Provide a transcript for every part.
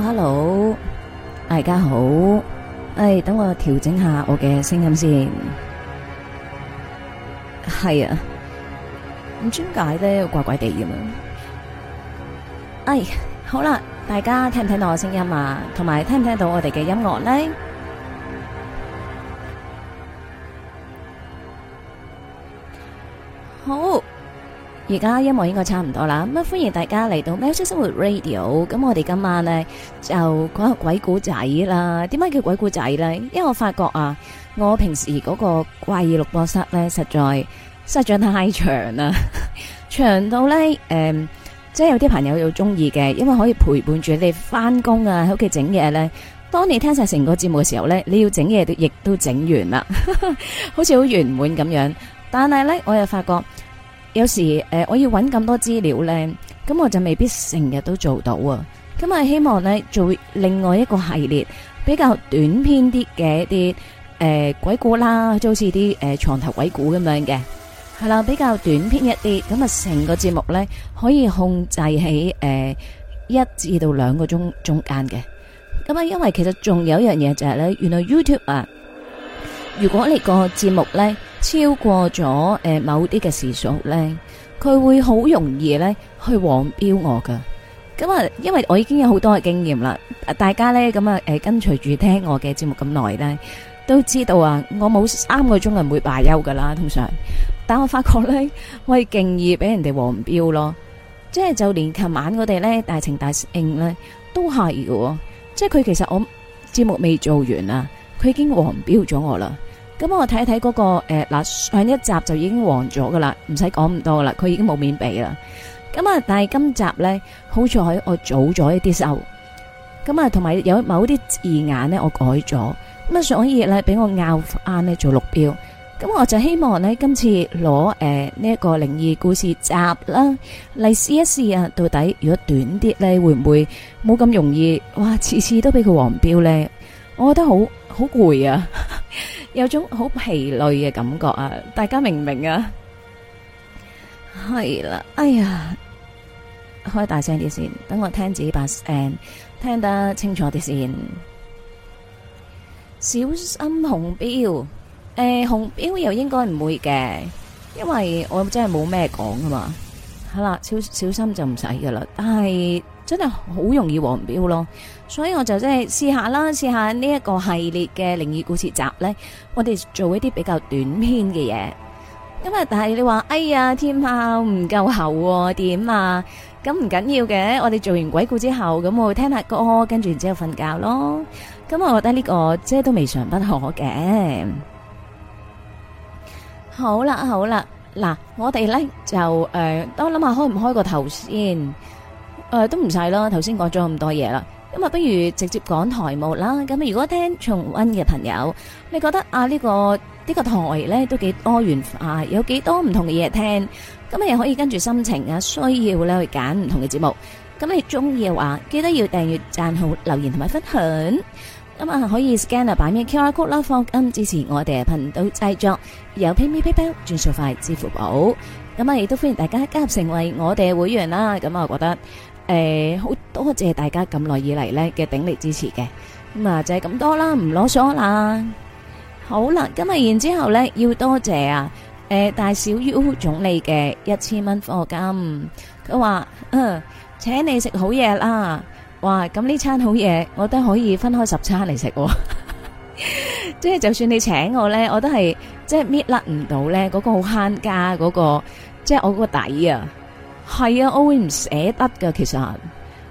hello，hello，大家好，誒，等我調整下我嘅聲音先，係啊，唔知點解咧，怪怪地咁樣，誒，好啦，大家聽唔聽到我聲音啊，同埋聽唔聽到我哋嘅音樂咧？而家音樂應該差唔多啦，咁歡迎大家嚟到喵式生活 Radio，咁我哋今晚呢，就講鬼故仔啦。點解叫鬼故仔呢？因為我發覺啊，我平時嗰個怪異錄播室呢，實在實在太長啦， 長到呢，誒、嗯，即係有啲朋友有中意嘅，因為可以陪伴住你哋翻工啊，喺屋企整嘢呢。當你聽晒成個節目嘅時候呢，你要整嘢亦都整完啦， 好似好圓滿咁樣。但係呢，我又發覺。有時誒，我要搵咁多資料呢，咁我就未必成日都做到啊。咁啊，希望呢，做另外一個系列，比較短篇啲嘅一啲誒、呃、鬼故啦，就好似啲誒床頭鬼故咁樣嘅，係啦，比較短篇一啲，咁啊成個節目呢，可以控制喺誒一至到兩個鐘中間嘅。咁啊，因為其實仲有一樣嘢就係、是、呢，原來 YouTube 啊。如果你個節目呢，超過咗誒，某啲嘅時數呢，佢會好容易呢去黃標我噶。咁啊，因為我已經有好多嘅經驗啦，大家呢，咁啊誒跟隨住聽我嘅節目咁耐呢，都知道啊，我冇三個鐘係唔會罷休噶啦，通常。但我發覺呢，我係勁易俾人哋黃標咯，即係就連琴晚我哋呢大情大應呢都係喎。即係佢其實我節目未做完啊。佢已經黃標咗我啦，咁我睇睇嗰個誒嗱，上一集就已經黃咗噶啦，唔使講咁多噶啦。佢已經冇面俾啦。咁啊，但係今集咧，好彩我早咗一啲收，咁啊，同埋有某啲字眼咧，我改咗，咁啊，所以咧俾我拗翻咧做綠標。咁我就希望咧今次攞誒呢一個靈異故事集啦嚟試一試啊，到底如果短啲咧會唔會冇咁容易？哇，次次都俾佢黃標咧，我覺得好。好攰啊，有種好疲累嘅感覺啊！大家明唔明啊？係啦，哎呀，開大聲啲先，等我聽自己把聲聽得清楚啲先。小心紅標，誒，紅標又應該唔會嘅，因為我真係冇咩講噶嘛。係啦，小小心就唔使噶啦，但係。真係好容易黃標咯，所以我就即係試下啦，試下呢一個系列嘅靈異故事集呢，我哋做一啲比較短篇嘅嘢。咁啊，但係你話哎呀，天喵啊，唔夠喉點啊？咁唔緊要嘅，我哋做完鬼故之後，咁我會聽下歌，跟住然之後瞓覺咯。咁我覺得呢個即係都未嘗不可嘅。好啦，好啦，嗱，我哋呢就誒，當我諗下開唔開個頭先。誒、呃，都唔晒啦，頭先講咗咁多嘢啦，咁啊不如直接講台務啦。咁啊，如果聽重溫嘅朋友，你覺得啊呢、這個呢、這個台咧都幾多元化，有幾多唔同嘅嘢聽，咁你又可以跟住心情啊需要咧去揀唔同嘅節目。咁你中意嘅話，記得要訂閱、讚好、留言同埋分享。咁啊可以 scan 啊擺咩 QR code 啦，放音支持我哋嘅頻道製作。有 PayMe PayPal 轉數快支付寶。咁啊亦都歡迎大家加入成為我哋嘅會員啦。咁我覺得。誒、嗯，好多謝大家咁耐以嚟嘅鼎力支持嘅，咁啊，就係咁多啦，唔囉嗦啦，好啦，咁啊，然之後呢要多謝啊，誒、呃，大小 U 總理嘅一千蚊課金，佢話、呃，請你食好嘢啦，哇，咁呢餐好嘢，我都可以分開十餐嚟食、啊，即 係就算你請我呢，我都係即係搣甩唔到呢嗰個好慳家嗰、那個，即、就、係、是、我嗰個底啊。係啊，我會唔捨得噶，其實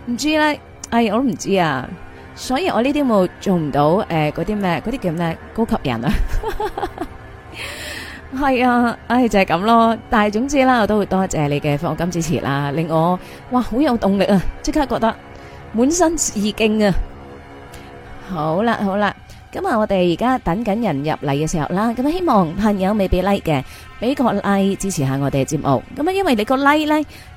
唔知咧，哎，我都唔知啊，所以我呢啲冇做唔到誒，嗰啲咩，嗰啲叫咩高級人啊？係啊，哎，就係咁咯。但係總之啦，我都會多謝你嘅課金支持啦，令我哇好有動力啊，即刻覺得滿身意勁啊！好啦好啦，咁啊，我哋而家等緊人入嚟嘅時候啦，咁啊，希望朋友未俾 like 嘅，俾個 like 支持下我哋嘅節目。咁啊，因為你個 like 咧。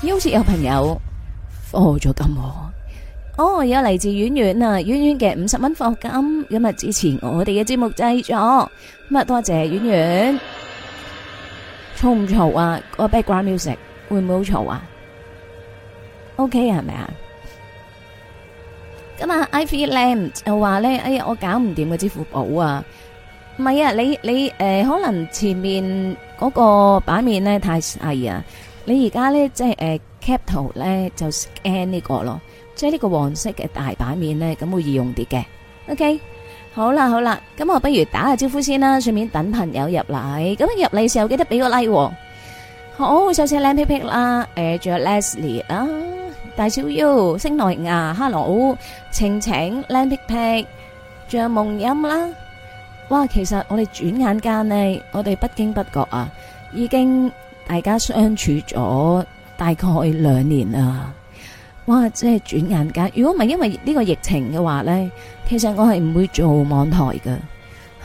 好似有朋友課咗 金哦，有嚟自婉婉啊，婉婉嘅五十蚊課金，今日支持我哋嘅節目製作，咁啊多謝婉婉。嘈唔嘈啊？個 background music 會唔會好嘈啊？OK 係咪啊？咁、okay, 啊，Ivy Lam 咧又話咧，哎呀，我搞唔掂個支付寶啊，唔係啊，你你誒、呃，可能前面嗰個版面咧太細啊。你而家咧，即係誒，cap 圖咧就 scan 呢個咯，即係呢個黃色嘅大版面咧，咁會易用啲嘅。OK，好啦好啦，咁我不如打下招呼先啦，順便等朋友入嚟。咁入嚟嘅時候記得俾個 like。好，首先靚皮皮啦，誒，仲有 Leslie 啦，大小 U，星諾亞，Hello，晴晴，靚皮皮，仲有夢音啦。哇，其實我哋轉眼間咧，我哋不經不覺啊，已經。大家相處咗大概兩年啦，哇！即係轉眼間，如果唔係因為呢個疫情嘅話呢，其實我係唔會做網台嘅，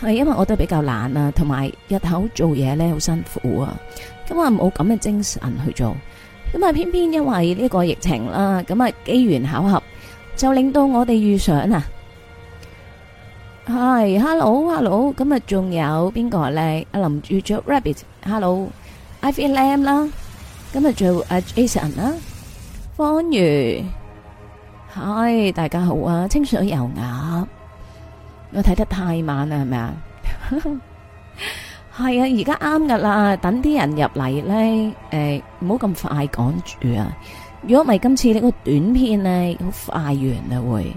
係因為我都比較懶啊，同埋日頭做嘢呢好辛苦啊，咁啊冇咁嘅精神去做，咁啊偏偏因為呢個疫情啦，咁啊機緣巧合就令到我哋遇上啊，係，hello hello，咁啊仲有邊個呢？阿林玉卓 rabbit，hello。Ivan Lam 啦，今日仲有 Ah Jason 啦，方如，嗨，大家好啊，清水油牙，我睇得太晚啦，係咪啊？係啊，而家啱噶啦，等啲人入嚟咧，誒，唔好咁快講住啊！如果唔係今次呢個短片咧，好快完啦會，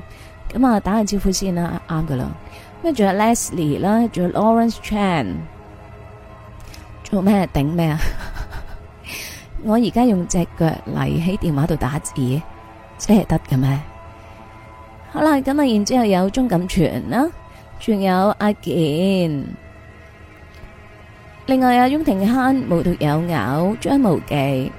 咁啊打下招呼先啦，啱噶啦。咁啊，仲有 Leslie 啦，仲有 Lawrence Chan。做咩頂咩啊！我而家用隻腳嚟，喺電話度打字，真係得嘅咩？好啦，咁啊，然之後有鍾錦泉啦，仲有阿健，另外阿雍庭坑、無獨有偶、張無忌，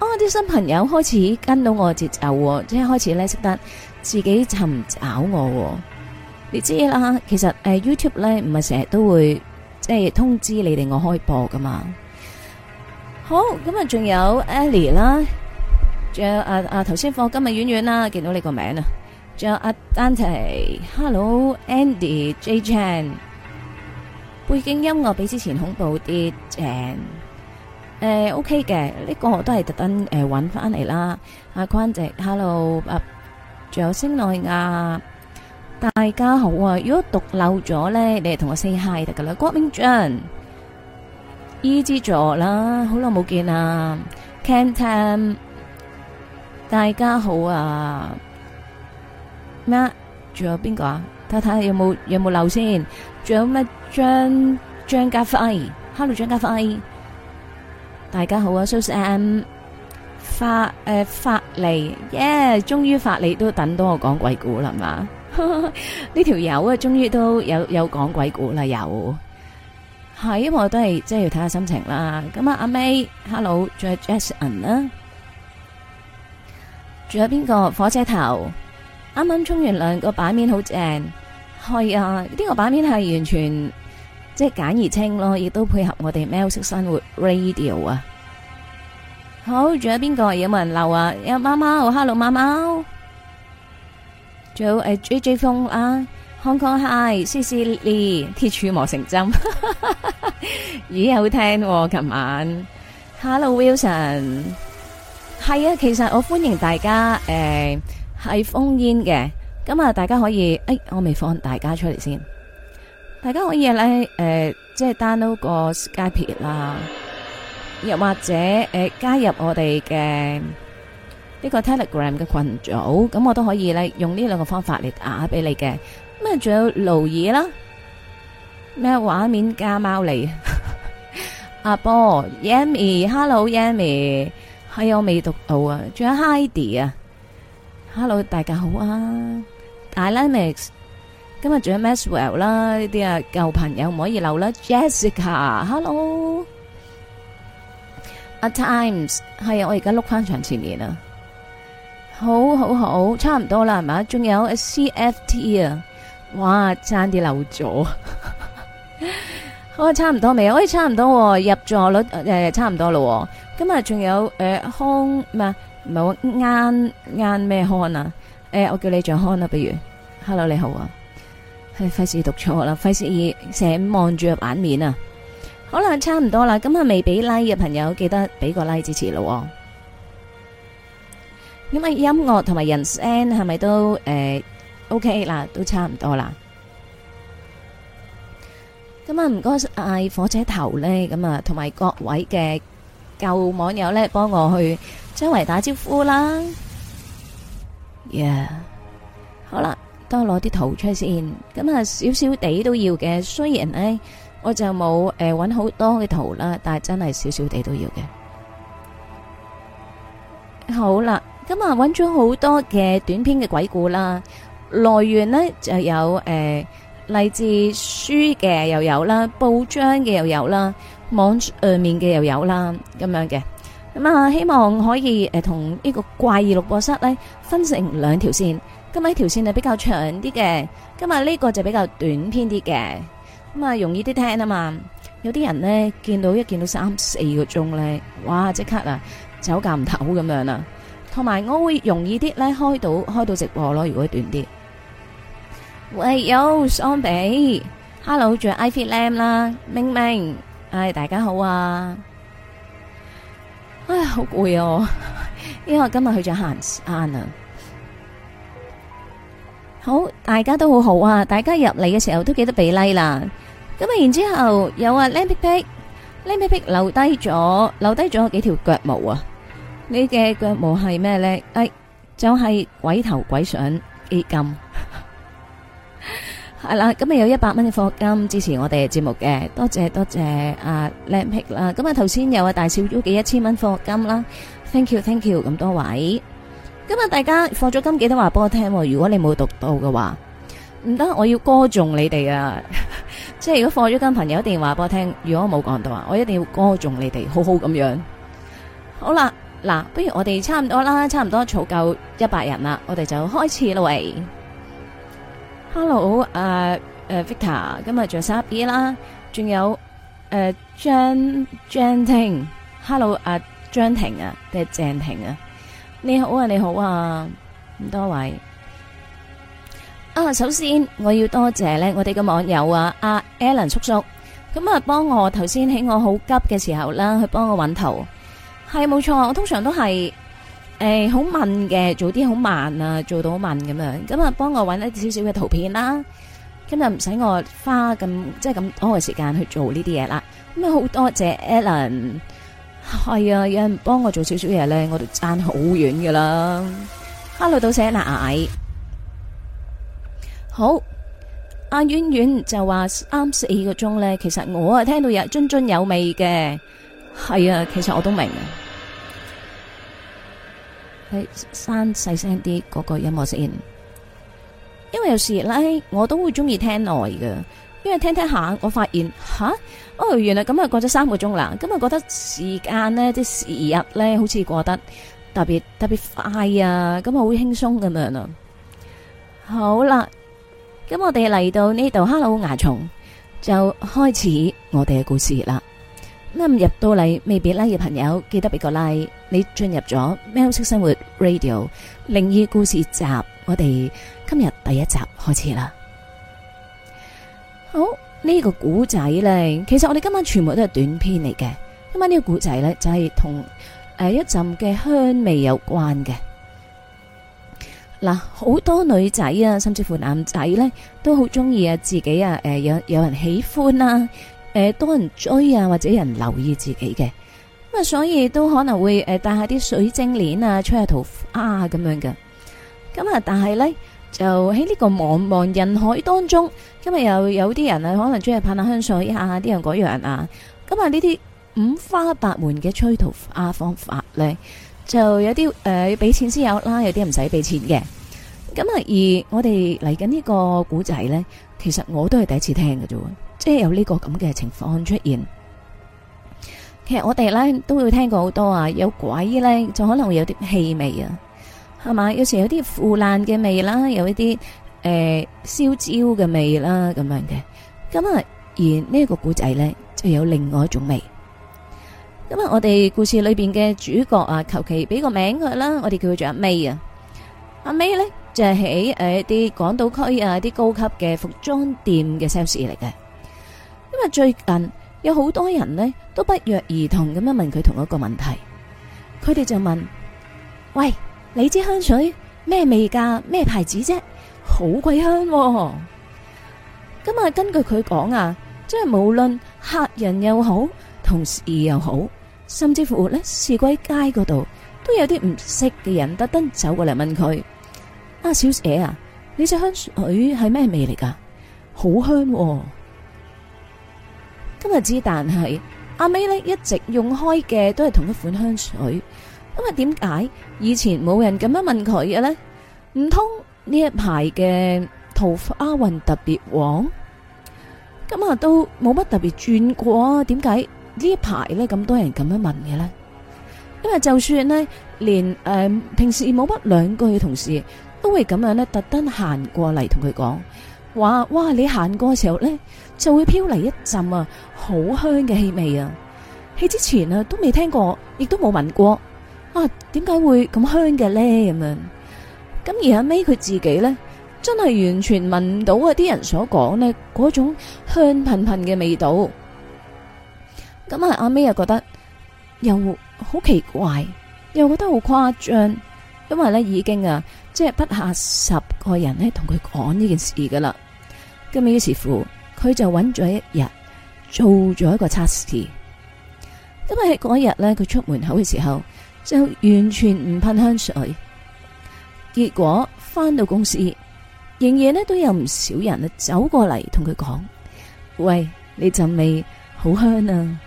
我啲新朋友開始跟到我節奏，即係開始咧識得自己尋找我，你知啦。其實誒，YouTube 咧唔係成日都會。即係通知你哋我開播噶嘛，好咁啊，仲有 Ellie 啦，仲有阿阿頭先放今日遠遠啦，見到你個名啊，仲有阿丹提，Hello Andy J Chan，背景音樂比之前恐怖啲，Chan，誒 OK 嘅，呢個我都係特登誒搵翻嚟啦，阿寬直，Hello，仲有星奈亞。大家好啊！如果讀漏咗咧，你哋同我 say hi 得噶啦。郭明俊，E 之助啦，好耐冇見啦。Cam Tam，大家好啊！咩？仲有邊個啊？睇睇有冇有冇漏先？仲有咩張張家輝？Hello，張家輝，大家好啊！Sousan，發誒發嚟耶！終於發嚟，都等到我講鬼故啦，係嘛？呢 條友啊，終於都有有，有講鬼故啦，有係，我都係即係要睇下心情啦。咁啊，阿 May，Hello，仲有 Jason 啦，仲有邊個火車頭？啱啱沖完涼，個版面好正，係啊，呢個版面係完全即係簡而清咯，亦都配合我哋喵式生活 Radio 啊。好，仲有邊個？有冇人留啊？有貓貓，hello，貓貓。仲有誒、呃、，J J 風啦、啊、Hong Kong High，C C L，鐵杵磨成針， 咦好聽喎、哦！琴晚，Hello Wilson，係啊，其實我歡迎大家誒係烽煙嘅，咁、呃、啊大家可以，誒、哎、我未放大家出嚟先，大家可以咧誒、呃、即係 download 個 Skype 啦，又或者誒、呃、加入我哋嘅。呢、這個 Telegram 嘅群組，咁我都可以咧用呢兩個方法嚟打俾你嘅。咩仲有勞爾啦？咩畫面加貓嚟？ 阿波 Yami，Hello Yami，係、哎、我未讀到啊。仲有 Heidi 啊，Hello 大家好啊。Dynamics，今日仲有 Maxwell 啦，呢啲啊舊朋友唔可以留啦。Jessica，Hello，Atimes 係、哎、啊，我而家碌翻場前面啊。好好好，差唔多啦，係咪？仲有 CFT 啊，哇，差啲漏咗。好啊，差唔多未？可、哎、以差唔多，入座率誒、呃，差唔多咯。今日仲有誒康唔係係啱啱咩康啊？誒、呃欸，我叫你做康啦，不如。Hello，你好啊。係費事讀錯啦，費事成日望住個版面啊。好啦，差唔多啦。今日未俾 like 嘅朋友，記得俾個 like 支持咯。因為音樂同埋人聲係咪都誒 OK 啦，都差唔多啦。咁啊唔該嗌火車頭咧，咁啊同埋各位嘅舊網友咧，幫我去周圍打招呼啦。Yeah，好啦，多攞啲圖出先，咁啊少少地都要嘅。雖然咧我就冇誒搵好多嘅圖啦，但係真係少少地都要嘅。好啦。咁、嗯、啊，揾咗好多嘅短篇嘅鬼故啦，來源呢就有誒，勵、呃、志書嘅又有啦，報章嘅又有啦，網上面嘅又有啦，咁樣嘅。咁、嗯、啊，希望可以誒同呢個怪異錄播室呢分成兩條線。今、嗯、日條線係比較長啲嘅，今日呢個就比較短篇啲嘅，咁、嗯、啊容易啲聽啊嘛。有啲人呢，見到一見到三四個鐘呢，哇，即刻啊走夾唔唞咁樣啊！同埋我會容易啲咧開到開到直播咯，如果短啲。喂，Yo，雙比，Hello，仲有 I，Fit，Lam 啦，明明，唉，大家好啊，唉，好攰哦，因為我今日去咗行山啊。好，大家都好好啊，大家入嚟嘅時候都記得俾 like 啦。咁啊，然之後有啊，Lam 皮皮，Lam 皮皮留低咗，留低咗幾條腳毛啊。你嘅腳毛係咩咧？哎，就係鬼頭鬼上基金，係啦。咁啊有一百蚊嘅課金支持我哋嘅節目嘅，多謝多謝啊叻撇啦。咁啊頭先有啊大少 U 嘅一千蚊課金啦，thank you thank you 咁多位。咁啊大家課咗金，記得話畀我聽。如果你冇讀到嘅話，唔得，我要歌頌你哋啊！即係如果課咗金，朋友一定要話畀我聽。如果我冇講到話，我一定要歌頌你哋，好好咁樣。好啦。嗱，不如我哋差唔多啦，差唔多儲夠一百人啦，我哋就開始啦喂。Hello，誒誒 Victor，c 今日仲三二啦，仲有誒張 n 婷，Hello j 阿張婷啊，定係鄭婷啊，你好啊你好啊，咁多位啊，首先我要多謝咧，我哋嘅網友啊阿、uh, Alan 叔叔，咁啊幫我頭先喺我好急嘅時候啦，去幫我揾圖。係冇錯，我通常都係誒好慢嘅，做啲好慢啊，做到好慢咁樣。咁啊，幫我搵一少少嘅圖片啦。今日唔使我花咁即係咁多嘅時間去做呢啲嘢啦。咁啊，好多謝 Allen。係啊，有人幫我做少少嘢咧，我哋爭好遠噶啦。Hello 到社奶，好。阿婉婉就話啱四個鐘咧，其實我啊聽到有津津有味嘅。係啊，其實我都明啊。喺閂細聲啲嗰個音樂先，因為有時咧，我都會中意聽耐噶。因為聽聽下，我發現吓，哦，原來咁啊，過咗三個鐘啦，咁啊，覺得時間咧，即係時日咧，好似過得特別特別快啊！咁啊，好輕鬆咁樣啊。好啦，咁我哋嚟到呢度，Hello 牙蟲，就開始我哋嘅故事啦。咁入到嚟，未俾 like 嘅朋友記得俾個 like。你進入咗《喵式生活 Radio》靈異故事集，我哋今日第一集開始啦。好，呢個古仔呢，其實我哋今晚全部都係短篇嚟嘅。今晚呢個古仔呢，就係同誒一陣嘅香味有關嘅。嗱，好多女仔啊，甚至乎男仔呢，都好中意啊，自己啊，誒、呃，有有人喜歡啊。誒、呃，多人追啊，或者人留意自己嘅，咁、嗯、啊，所以都可能會誒帶下啲水晶鏈啊，吹下桃花咁、啊、樣嘅。咁、嗯、啊，但係咧就喺呢個茫茫人海當中，今、嗯、日又有啲人啊，可能追下噴下香水、啊，下啲人嗰樣啊。咁、嗯、啊，呢啲五花八門嘅吹桃花、啊、方法咧，就有啲誒要俾錢先有啦，有啲唔使俾錢嘅。咁、嗯、啊，而我哋嚟緊呢個古仔咧，其實我都係第一次聽嘅啫。即係有呢個咁嘅情況出現，其實我哋咧都會聽過好多啊，有鬼咧就可能會有啲氣味啊，係嘛？有時有啲腐爛嘅味啦，有一啲誒燒焦嘅味啦，咁樣嘅。咁啊，而呢個古仔咧就有另外一種味。咁啊，我哋故事裏邊嘅主角啊，求其俾個名佢啦，我哋叫佢做阿 May 啊。阿 May 呢，就係喺誒啲港島區啊，啲高級嘅服裝店嘅 sales 嚟嘅。因為最近有好多人呢，都不約而同咁樣問佢同一個問題，佢哋就問：喂，你支香水咩味㗎？咩牌子啫？好鬼香喎！咁啊，根據佢講啊，即係無論客人又好，同事又好，甚至乎呢市歸街街嗰度都有啲唔識嘅人，特登走過嚟問佢：啊，小姐啊，你支香水係咩味嚟㗎？好香喎！今日知，但係阿 May 呢一直用開嘅都係同一款香水。因為點解以前冇人咁樣問佢嘅呢？唔通呢一排嘅桃花運特別旺？咁啊，都冇乜特別轉過。點解呢一排呢咁多人咁樣問嘅呢？因為就算呢連誒、呃、平時冇乜兩句同事都會咁樣呢特登行過嚟同佢講話，哇！你行過嘅時候呢？」就會飄嚟一陣啊，好香嘅氣味啊！喺之前啊，都未聽過，亦都冇聞過啊！點解會咁香嘅咧？咁樣咁而阿 May 佢自己咧，真係完全聞唔到啊！啲人所講呢嗰種香噴噴嘅味道，咁啊阿 May 又覺得又好奇怪，又覺得好誇張，因為咧已經啊，即係不下十個人咧同佢講呢件事噶啦。咁尾於是乎。佢就揾咗一日做咗一個測試，因為嗰日咧佢出門口嘅時候就完全唔噴香水，結果翻到公司，仍然咧都有唔少人咧走過嚟同佢講，喂，你陣味好香啊！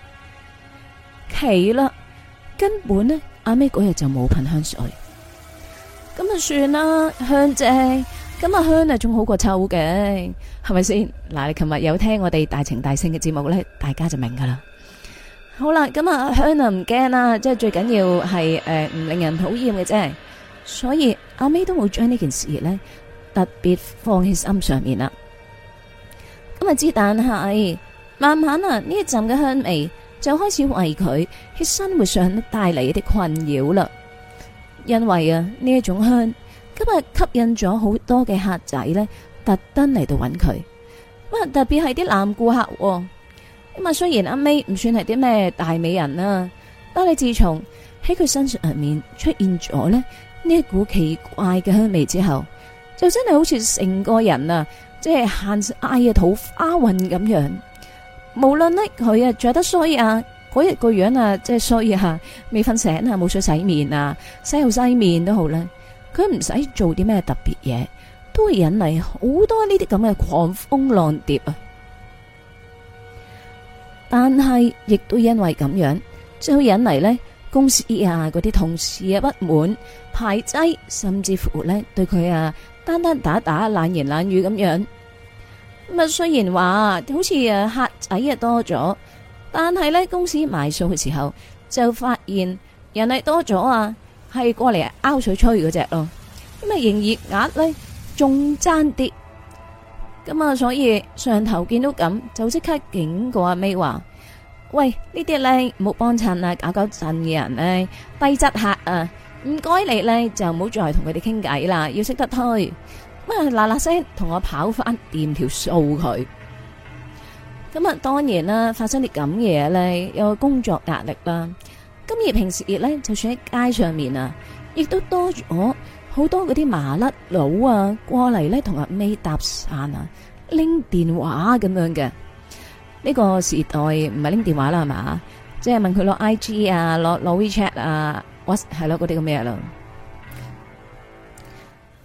奇啦，根本呢，阿 May 嗰日就冇噴香水，咁就算啦，香姐。咁阿香啊仲好過臭嘅，係咪先？嗱，你琴日有聽我哋大情大性嘅節目咧，大家就明噶啦。好啦，咁阿香啊唔驚啦，即係最緊要係誒唔令人討厭嘅啫。所以阿美都冇將呢件事咧特別放喺心上面啦。咁啊知，但係慢慢啊呢一陣嘅香味就開始為佢喺生活上帶嚟一啲困擾啦，因為啊呢一種香。今日吸引咗好多嘅客仔咧，特登嚟到揾佢。咁啊，特別係啲男顧客。咁啊，雖然阿 May 唔算係啲咩大美人啦，但係自從喺佢身上入面出現咗咧呢一股奇怪嘅香味之後，就真係好似成個人啊，即係喊嗌啊，桃花運咁樣。無論呢，佢啊着得衰啊，嗰日個樣啊即係衰啊，未瞓醒啊，冇想洗面啊，洗好晒面都好啦。佢唔使做啲咩特別嘢，都會引嚟好多呢啲咁嘅狂蜂浪蝶啊！但係亦都因為咁樣，就會引嚟呢公司啊嗰啲同事嘅、啊、不滿、排擠，甚至乎呢對佢啊單單打打、冷言冷語咁樣。咁啊，雖然話好似啊客仔啊多咗，但係呢公司埋數嘅時候就發現人係多咗啊！係過嚟拗水吹嗰隻咯，咁啊營業額咧仲爭啲，咁啊所以上頭見到咁就即刻警告阿 May 話：喂，呢啲咧冇幫襯啊，搞搞震嘅人咧，低質客啊，唔該你咧就唔好再同佢哋傾偈啦，要識得推，咁啊嗱嗱聲同我跑翻掂條數佢。咁啊，當然啦，發生啲咁嘅嘢咧，有個工作壓力啦。咁而平時亦咧，就算喺街上面啊，亦都多咗好多嗰啲麻甩佬啊過嚟咧，同阿 May 搭訕啊，拎、啊、電話咁樣嘅。呢、這個時代唔係拎電話啦，係嘛？即係問佢攞 I G 啊，攞攞 WeChat 啊，WhatsApp 係咯，嗰啲咁咩啦。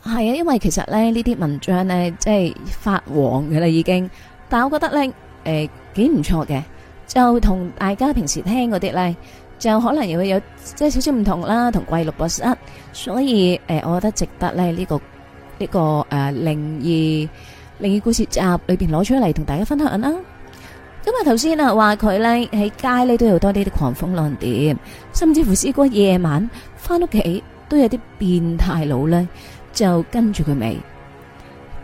係啊，啊，因為其實咧呢啲文章咧，即係發黃㗎啦，已經。但係我覺得咧，誒幾唔錯嘅，就同大家平時聽嗰啲咧。就可能又會有即係少少唔同啦，同《怪六博士》，所以誒，我覺得值得咧呢個呢個誒靈異靈異故事集裏邊攞出嚟同大家分享啦。咁啊頭先啊話佢咧喺街咧都有多啲啲狂蜂浪蝶，甚至乎試過夜晚翻屋企都有啲變態佬咧就跟住佢尾。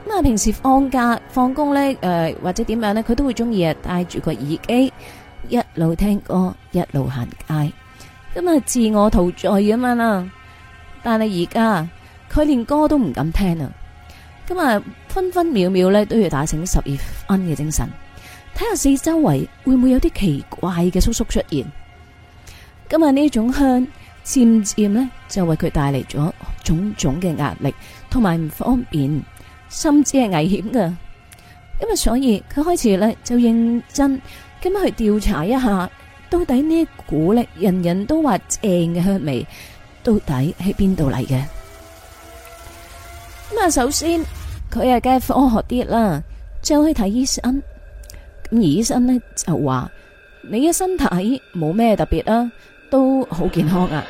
咁啊，平時放假放工咧誒或者點樣咧，佢都會中意啊戴住個耳機。一路聽歌，一路行街，咁啊自我陶醉啊嘛啦。但係而家佢連歌都唔敢聽啦，咁啊分分秒秒咧都要打醒十二分嘅精神，睇下四周圍會唔會會有啲奇怪嘅叔叔出現。今日呢種香漸漸呢就為佢帶嚟咗種種嘅壓力，同埋唔方便，甚至係危險㗎。因為所以佢開始咧就認真。咁去調查一下，到底呢股咧，人人都話正嘅香味，到底喺邊度嚟嘅？咁啊，首先佢係梗係科學啲啦，就去睇醫生。咁醫生呢就話你嘅身體冇咩特別啦，都好健康啊。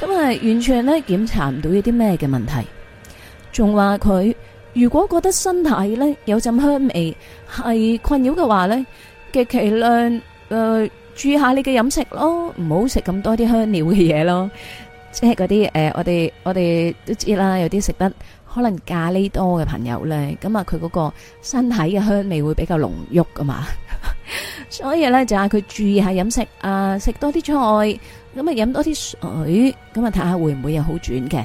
咁啊完全咧檢查唔到有啲咩嘅問題，仲話佢如果覺得身體咧有陣香味係困擾嘅話咧。極其量，誒，注意下你嘅飲食咯，唔好食咁多啲香料嘅嘢咯，即係嗰啲誒，我哋我哋都知啦，有啲食得可能咖喱多嘅朋友咧，咁啊佢嗰個身體嘅香味會比較濃郁噶嘛，所以咧就嗌佢注意下飲食啊，食多啲菜，咁啊飲多啲水，咁啊睇下會唔會有好轉嘅。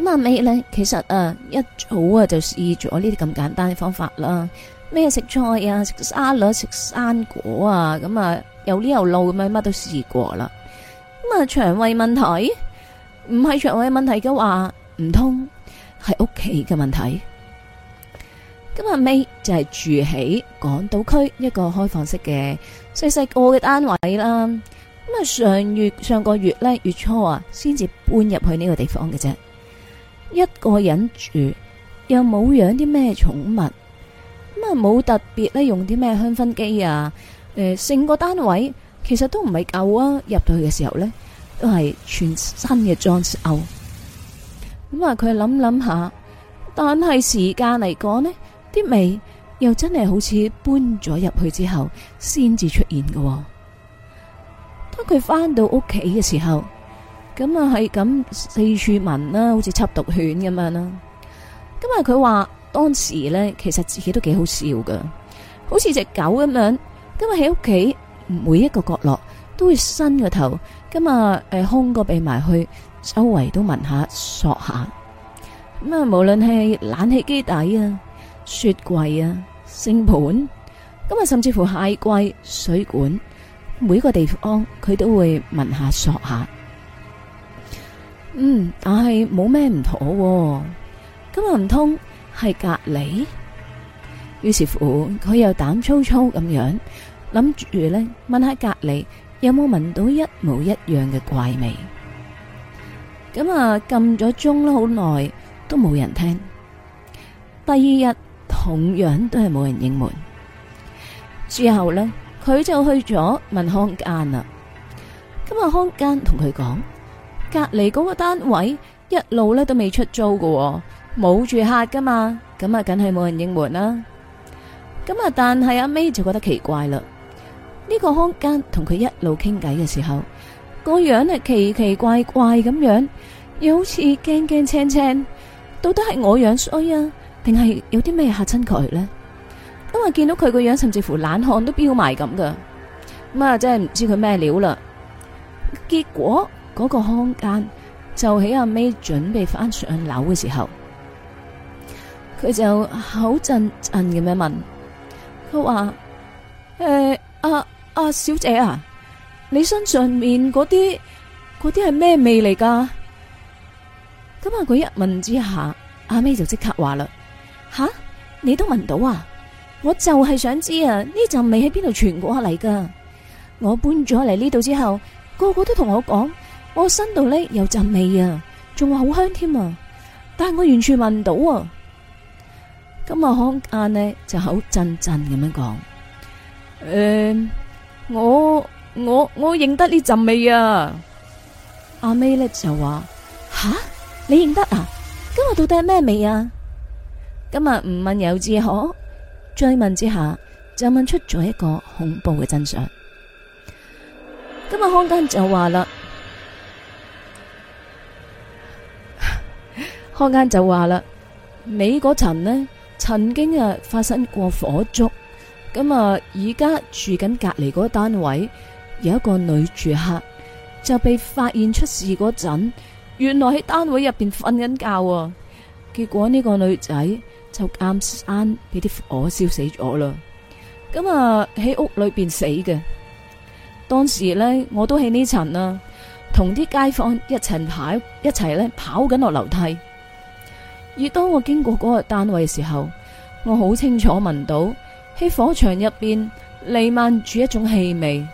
咁啊，阿尾呢，其實啊，一早啊就試咗呢啲咁簡單嘅方法啦。咩食菜啊，食沙律，食生果啊，咁啊，有呢有路咁樣，乜都試過啦。咁啊，腸胃問題唔係腸胃問題嘅話，唔通係屋企嘅問題。咁啊，阿尾就係住喺港島區一個開放式嘅細細個嘅單位啦。咁啊，上月上個月咧月初啊，先至搬入去呢個地方嘅啫。一個人住，又冇養啲咩寵物，咁啊，冇特別咧，用啲咩香薰機啊，誒，成個單位其實都唔係舊啊。入到去嘅時候咧，都係全新嘅裝修。咁、嗯、啊，佢諗諗下，但係時間嚟講呢，啲味又真係好似搬咗入去之後先至出現嘅。當佢翻到屋企嘅時候，咁啊，係咁四處聞啦，好似緝毒犬咁樣啦。今日佢話當時咧，其實自己都幾好笑噶，好似隻狗咁樣。今日喺屋企每一個角落都會伸個頭，今日誒，空個鼻埋去周圍都聞下索下。咁啊，無論係冷氣機底啊、雪櫃啊、星盆，今日甚至乎下櫃水管，每一個地方佢都會聞下索下。嗯，但係冇咩唔妥，今日唔通係隔籬？於是乎，佢又膽粗粗咁樣諗住咧，問下隔籬有冇聞到一模一樣嘅怪味。咁啊，撳咗鐘都好耐，都冇人聽。第二日同樣都係冇人應門。之後咧，佢就去咗問看更啦。今日看更同佢講。隔籬嗰個單位一路咧都未出租噶，冇住客噶嘛，咁啊梗係冇人應門啦。咁啊，但係阿 May 就覺得奇怪啦。呢個空間同佢一路傾偈嘅時候，個樣係奇奇怪怪咁樣，又好似驚驚青青，到底係我樣衰啊，定係有啲咩吓親佢呢？因為見到佢個樣，甚至乎冷汗都飆埋咁噶。咁啊，真係唔知佢咩料啦。結果。嗰、那個空間就喺阿 May 準備翻上樓嘅時候，佢就口震震咁樣問，佢話：，誒、欸，阿、啊、阿、啊、小姐啊，你身上面嗰啲嗰啲係咩味嚟噶？咁啊，佢一問之下，阿 May 就即刻話啦：，吓，你都聞到啊？我就係想知啊，呢陣味喺邊度傳過嚟噶？我搬咗嚟呢度之後，個個都同我講。我身度呢，有陣味啊，仲話好香添啊，但係我完全聞唔到啊。今日康間呢，就口震震咁樣講，誒、嗯，我我我認得呢陣味啊。阿 May 咧就話：吓，你認得啊？今日到底係咩味啊？今日唔問猶自可，追問之下，就問出咗一個恐怖嘅真相。今日康間就話啦。坊間就話啦，尾嗰層呢，曾經啊，發生過火燭，咁啊而家住緊隔離嗰單位有一個女住客，就被發現出事嗰陣，原來喺單位入邊瞓緊覺，結果呢個女仔就啱啱俾啲火燒死咗啦。咁啊喺屋裏邊死嘅，當時呢，我都喺呢層啊，同啲街坊一齊跑，一齊咧跑緊落樓梯。而當我經過嗰個單位嘅時候，我好清楚聞到喺火場入邊彌漫住一種氣味，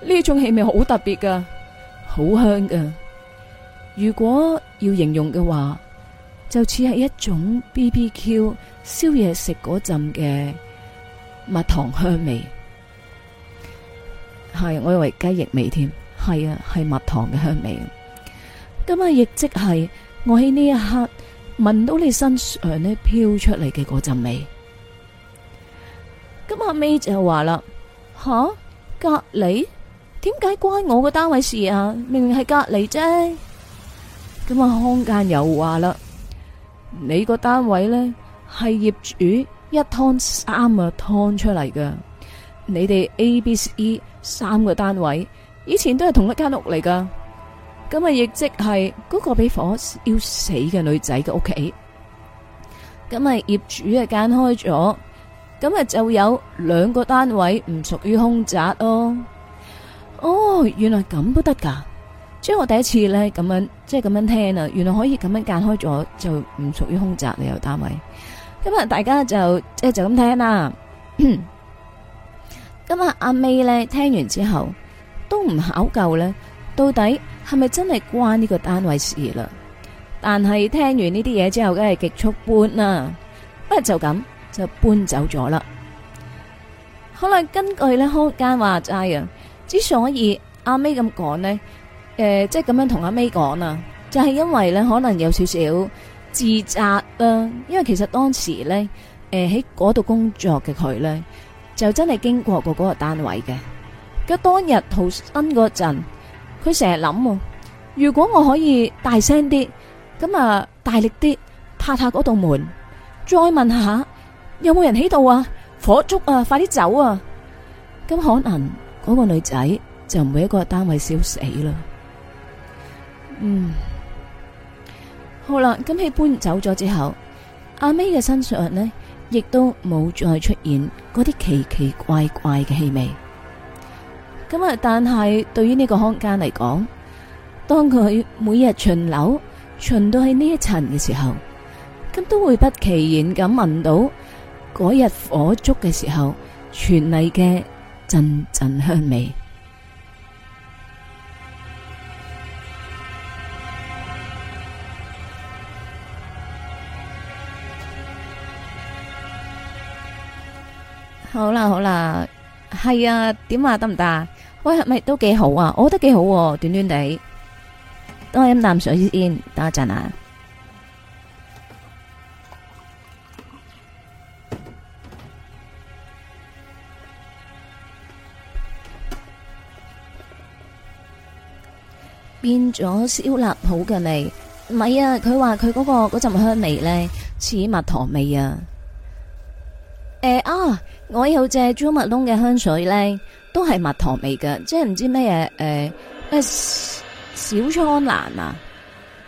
呢種氣味好特別噶，好香噶。如果要形容嘅話，就似係一種 B B Q 燒嘢食嗰陣嘅蜜糖香味，係我以為雞翼味添，係啊，係蜜糖嘅香味。咁啊，亦即係我喺呢一刻。聞到你身上呢，飄出嚟嘅嗰陣味，咁阿 May 就話啦，吓隔籬，點解關我個單位的事啊？明明係隔籬啫。咁啊，康間又話啦，你個單位咧係業主一劏三啊劏出嚟噶，你哋 A、B、C、三個單位以前都係同一間屋嚟噶。咁啊！亦即係嗰個俾火要死嘅女仔嘅屋企，咁啊，業主啊間開咗，咁啊就會有兩個單位唔屬於兇宅咯。哦，原來咁都得噶，即係我第一次咧咁樣，即係咁樣聽啊，原來可以咁樣間開咗就唔屬於兇宅嚟嘅單位。咁啊，大家就即係就咁聽啦。咁啊，阿 May 咧聽完之後都唔考究咧到底係咪真係關呢個單位事啦？但係聽完呢啲嘢之後，梗係極速搬啦，不過就咁就搬走咗啦。可能根據咧空間話齋啊，之所以阿 May 咁講呢，誒，即係咁樣同阿 May 講啊、呃，就係、是就是、因為呢，可能有少少自責啦。因為其實當時呢，誒喺嗰度工作嘅佢呢，就真係經過過嗰個單位嘅，咁當日逃身嗰陣。佢成日諗，如果我可以大聲啲，咁啊大力啲拍下嗰道門，再問下有冇人喺度啊？火燭啊，快啲走啊！咁可能嗰個女仔就唔會一個單位燒死啦。嗯，好啦，咁喺搬走咗之後，阿 May 嘅身上呢，亦都冇再出現嗰啲奇奇怪怪嘅氣味。咁啊！但係對於呢個看更嚟講，當佢每日巡樓巡到喺呢一層嘅時候，咁都會不期然咁聞到嗰日火燭嘅時候傳嚟嘅陣陣香味。好啦好啦，係啊，點啊得唔得啊？喂，咪都幾好啊！我覺得幾好，短短地。等我飲啖水先，等一陣啊。變咗燒臘好嘅味，唔係啊！佢話佢嗰個嗰陣香味呢，似蜜糖味啊！誒啊，我有隻朱蜜東嘅香水呢。都係蜜糖味嘅，即係唔知咩嘢，誒咩小蒼蘭啊，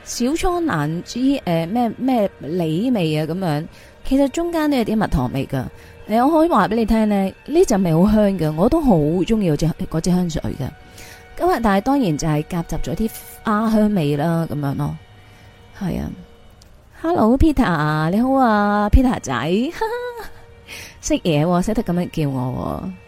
小蒼蘭之誒咩咩梨味啊咁樣，其實中間都有啲蜜糖味噶。誒，我可以話俾你聽咧，呢陣味好香嘅，我都好中意隻嗰隻香水嘅。咁啊，但係當然就係夾雜咗啲花香味啦，咁樣咯。係啊，Hello，Peter，你好啊，Peter 仔，識嘢喎，識得咁樣叫我喎。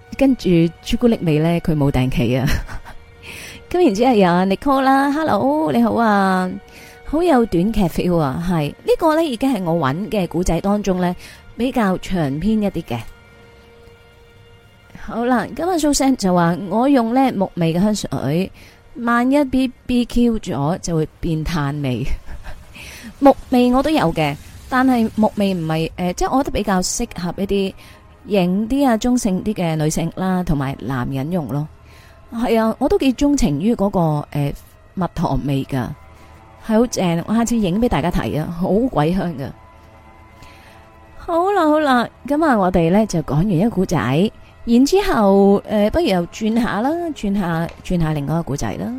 跟住朱古力味呢，佢冇定期啊！咁然之後有 Nicole 啦，Hello，你好啊，好有短劇 feel 啊，係呢個呢已經係我揾嘅古仔當中呢比較長篇一啲嘅。好啦，今日蘇生就話我用呢木味嘅香水，萬一 BBQ 咗就會變炭味。木味我都有嘅，但係木味唔係誒，即係我覺得比較適合一啲。影啲啊中性啲嘅女性啦，同埋男人用咯，係啊，我都幾鍾情於嗰個誒蜜糖味噶，係好正，我下次影俾大家睇啊，好鬼香噶。好啦好啦，咁啊我哋咧就講完一個故仔，然之後誒，不如又轉下啦，轉下轉下另外一個故仔啦。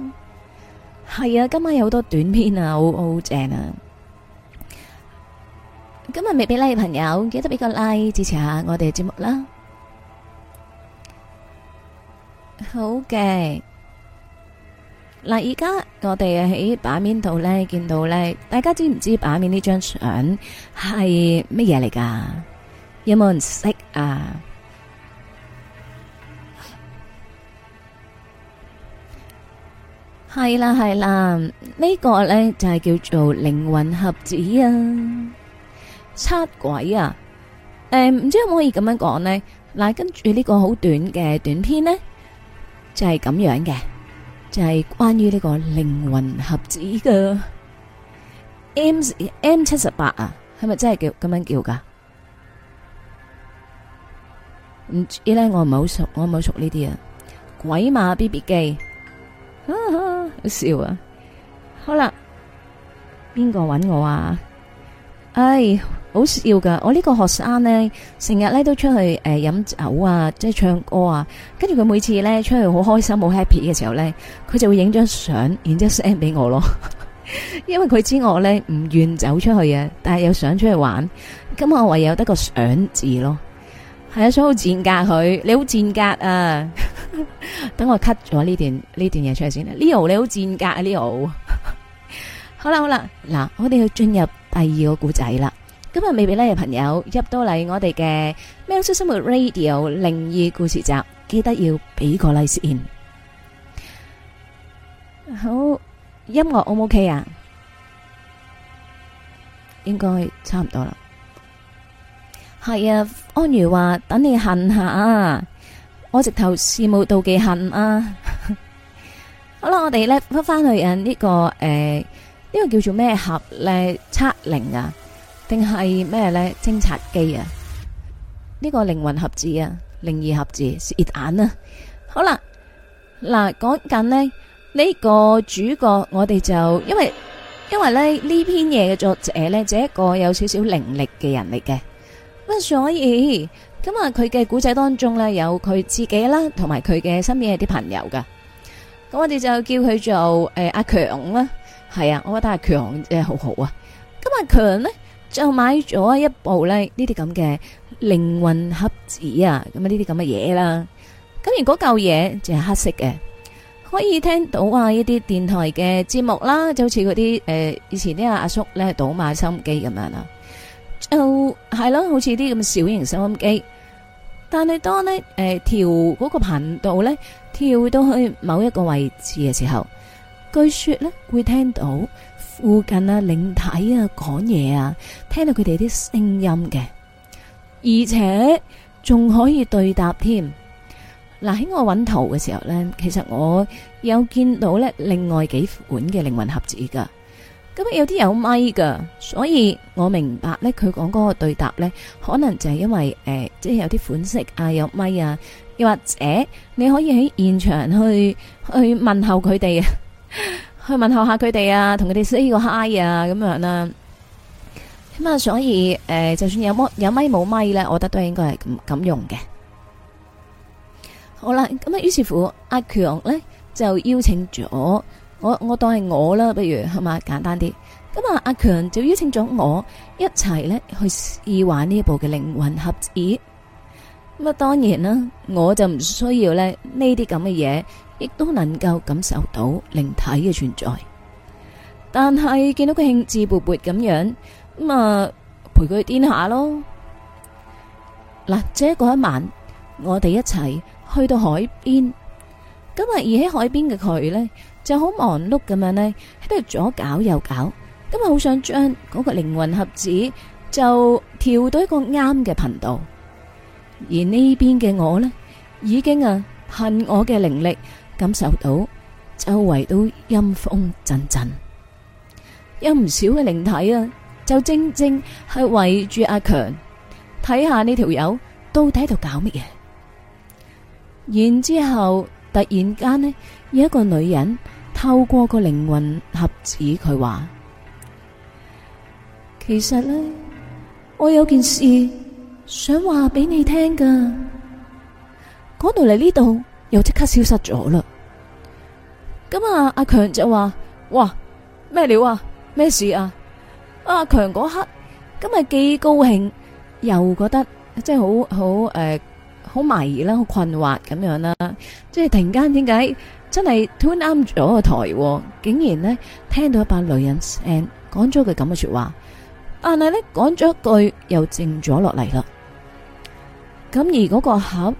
係啊，今晚有好多短片啊，好好正啊！今日未俾 like 嘅朋友，記得俾個 like 支持下我哋節目啦。好嘅，嗱，而家我哋喺版面度咧，見到咧，大家知唔知版面呢張相係乜嘢嚟噶？有冇人識啊？係啦，係啦，呢個咧就係叫做靈魂盒子啊！七鬼啊！誒，唔知可唔可以咁樣講咧？嗱，跟住呢個好短嘅短篇咧，就係咁樣嘅，就係關於呢個靈魂盒子嘅 M M78 啊，係咪真係叫咁樣叫噶唔知咧，我唔係好熟，我唔係好熟呢啲啊。鬼馬 B B 機，好笑啊！好啦，邊個搵我啊？哎！好笑噶！我呢個學生呢，成日咧都出去誒飲、呃、酒啊，即係唱歌啊。跟住佢每次咧出去好開心、好 happy 嘅時候呢，佢就會影張相，然之後 send 俾我咯。 因為佢知我呢唔願走出去啊，但係又想出去玩。咁我唯有得個想字咯。係啊，想好賤格佢，你好賤格啊！ 等我 cut 咗呢段呢段嘢出嚟先。Leo 你好賤格啊，Leo！ 好啦好啦，嗱，我哋要進入第二個故仔啦。今日未俾咧，朋友入到嚟我哋嘅《喵式生活 Radio》靈異故事集，記得要俾個 like 先。好，音樂 O 唔 OK 啊？應該差唔多啦。係啊，安如話等你恨下啊，我直頭羨慕妒忌恨啊。好啦，我哋咧翻翻去啊呢、這個誒呢、呃這個叫做咩盒咧測靈啊。定係咩呢？偵察機啊，呢、這個靈魂合字啊，靈異合字是眼啊。好啦，嗱講緊呢，呢、這個主角，我哋就因為因為咧呢這篇嘢嘅作者呢，就一個有少少靈力嘅人嚟嘅。咁啊，所以咁啊，佢嘅古仔當中呢，有佢自己啦，同埋佢嘅身邊嘅啲朋友噶。咁我哋就叫佢做誒、呃、阿強啦。係啊，我覺得阿強誒好好啊。咁阿強呢？就買咗一部咧呢啲咁嘅靈魂盒子啊，咁啊呢啲咁嘅嘢啦。咁而嗰嚿嘢就係黑色嘅，可以聽到啊一啲電台嘅節目啦，就好似嗰啲誒以前啲阿叔咧賭馬收音機咁樣啦。就係咯，好似啲咁嘅小型收音機。但係當咧誒調嗰個頻道咧調到去某一個位置嘅時候，據說咧會聽到。附近啊，靈體啊，講嘢啊，聽到佢哋啲聲音嘅，而且仲可以對答添。嗱，喺我揾圖嘅時候咧，其實我有見到咧另外幾款嘅靈魂盒子噶，咁啊有啲有咪噶，所以我明白咧佢講嗰個對答咧，可能就係因為誒，即係有啲款式啊有咪啊，又或者你可以喺現場去去問候佢哋啊。去問候下佢哋啊，同佢哋 say 個 hi 啊，咁樣啦。咁啊，所以誒、呃，就算有咪有咪冇咪咧，我覺得都應該係咁咁用嘅。好啦，咁啊，於是乎阿強咧就邀請咗我，我當是我當係我啦，不如係嘛簡單啲。咁啊，阿強就邀請咗我一齊咧去試玩呢一部嘅靈魂盒子。咁啊，當然啦，我就唔需要咧呢啲咁嘅嘢，亦都能夠感受到靈體嘅存在，但係見到佢興致勃勃咁樣咁啊陪佢癲下咯。嗱，即係嗰一晚，我哋一齊去到海邊。咁啊，而喺海邊嘅佢呢，就好忙碌咁樣呢，喺度左搞右搞。咁啊，好想將嗰個靈魂盒子就調到一個啱嘅頻道，而呢邊嘅我呢，已經啊，憑我嘅靈力。感受到周圍都陰風陣陣，有唔少嘅靈體啊，就正正係圍住阿強睇下呢條友到底喺度搞乜嘢。然之後突然間呢，有一個女人透過個靈魂盒子，佢話：其實呢，我有件事想話俾你聽噶。講到嚟呢度，又即刻消失咗嘞。咁啊！阿強就話：哇，咩料啊？咩事啊？阿強嗰刻咁係幾高興，又覺得即係好好誒，好、呃、迷啦，好困惑咁樣啦。即係突然間點解真係 turn 啱咗個台，哦，竟然呢聽到一把女人聲講咗句咁嘅說話，但係呢講咗一句又靜咗落嚟啦。咁而嗰個盒。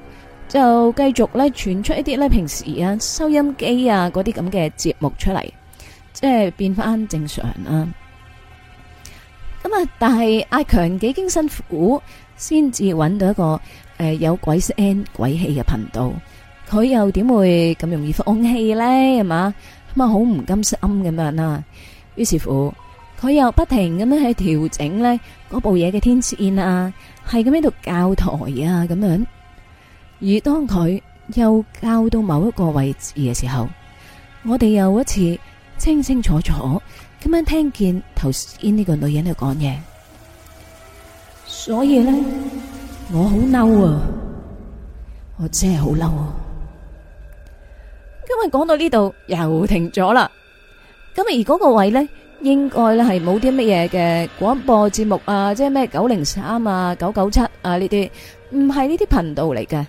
就繼續咧傳出一啲咧平時啊收音機啊嗰啲咁嘅節目出嚟，即係變翻正常啦。咁啊，但係阿強幾經辛苦，先至揾到一個誒、呃、有鬼聲鬼氣嘅頻道。佢又點會咁容易放棄咧？係嘛，咁啊，好唔甘心咁樣啦。於是乎，佢又不停咁樣去調整呢部嘢嘅天線啊，係咁喺度教台啊咁樣。而當佢又交到某一個位置嘅時候，我哋又一次清清楚楚咁樣聽見頭先呢個女人喺度講嘢，所以呢，我好嬲啊！我真係好嬲啊！因為講到呢度又停咗啦，咁而嗰個位呢，應該咧係冇啲乜嘢嘅廣播節目啊，即係咩九零三啊、九九七啊呢啲，唔係呢啲頻道嚟嘅。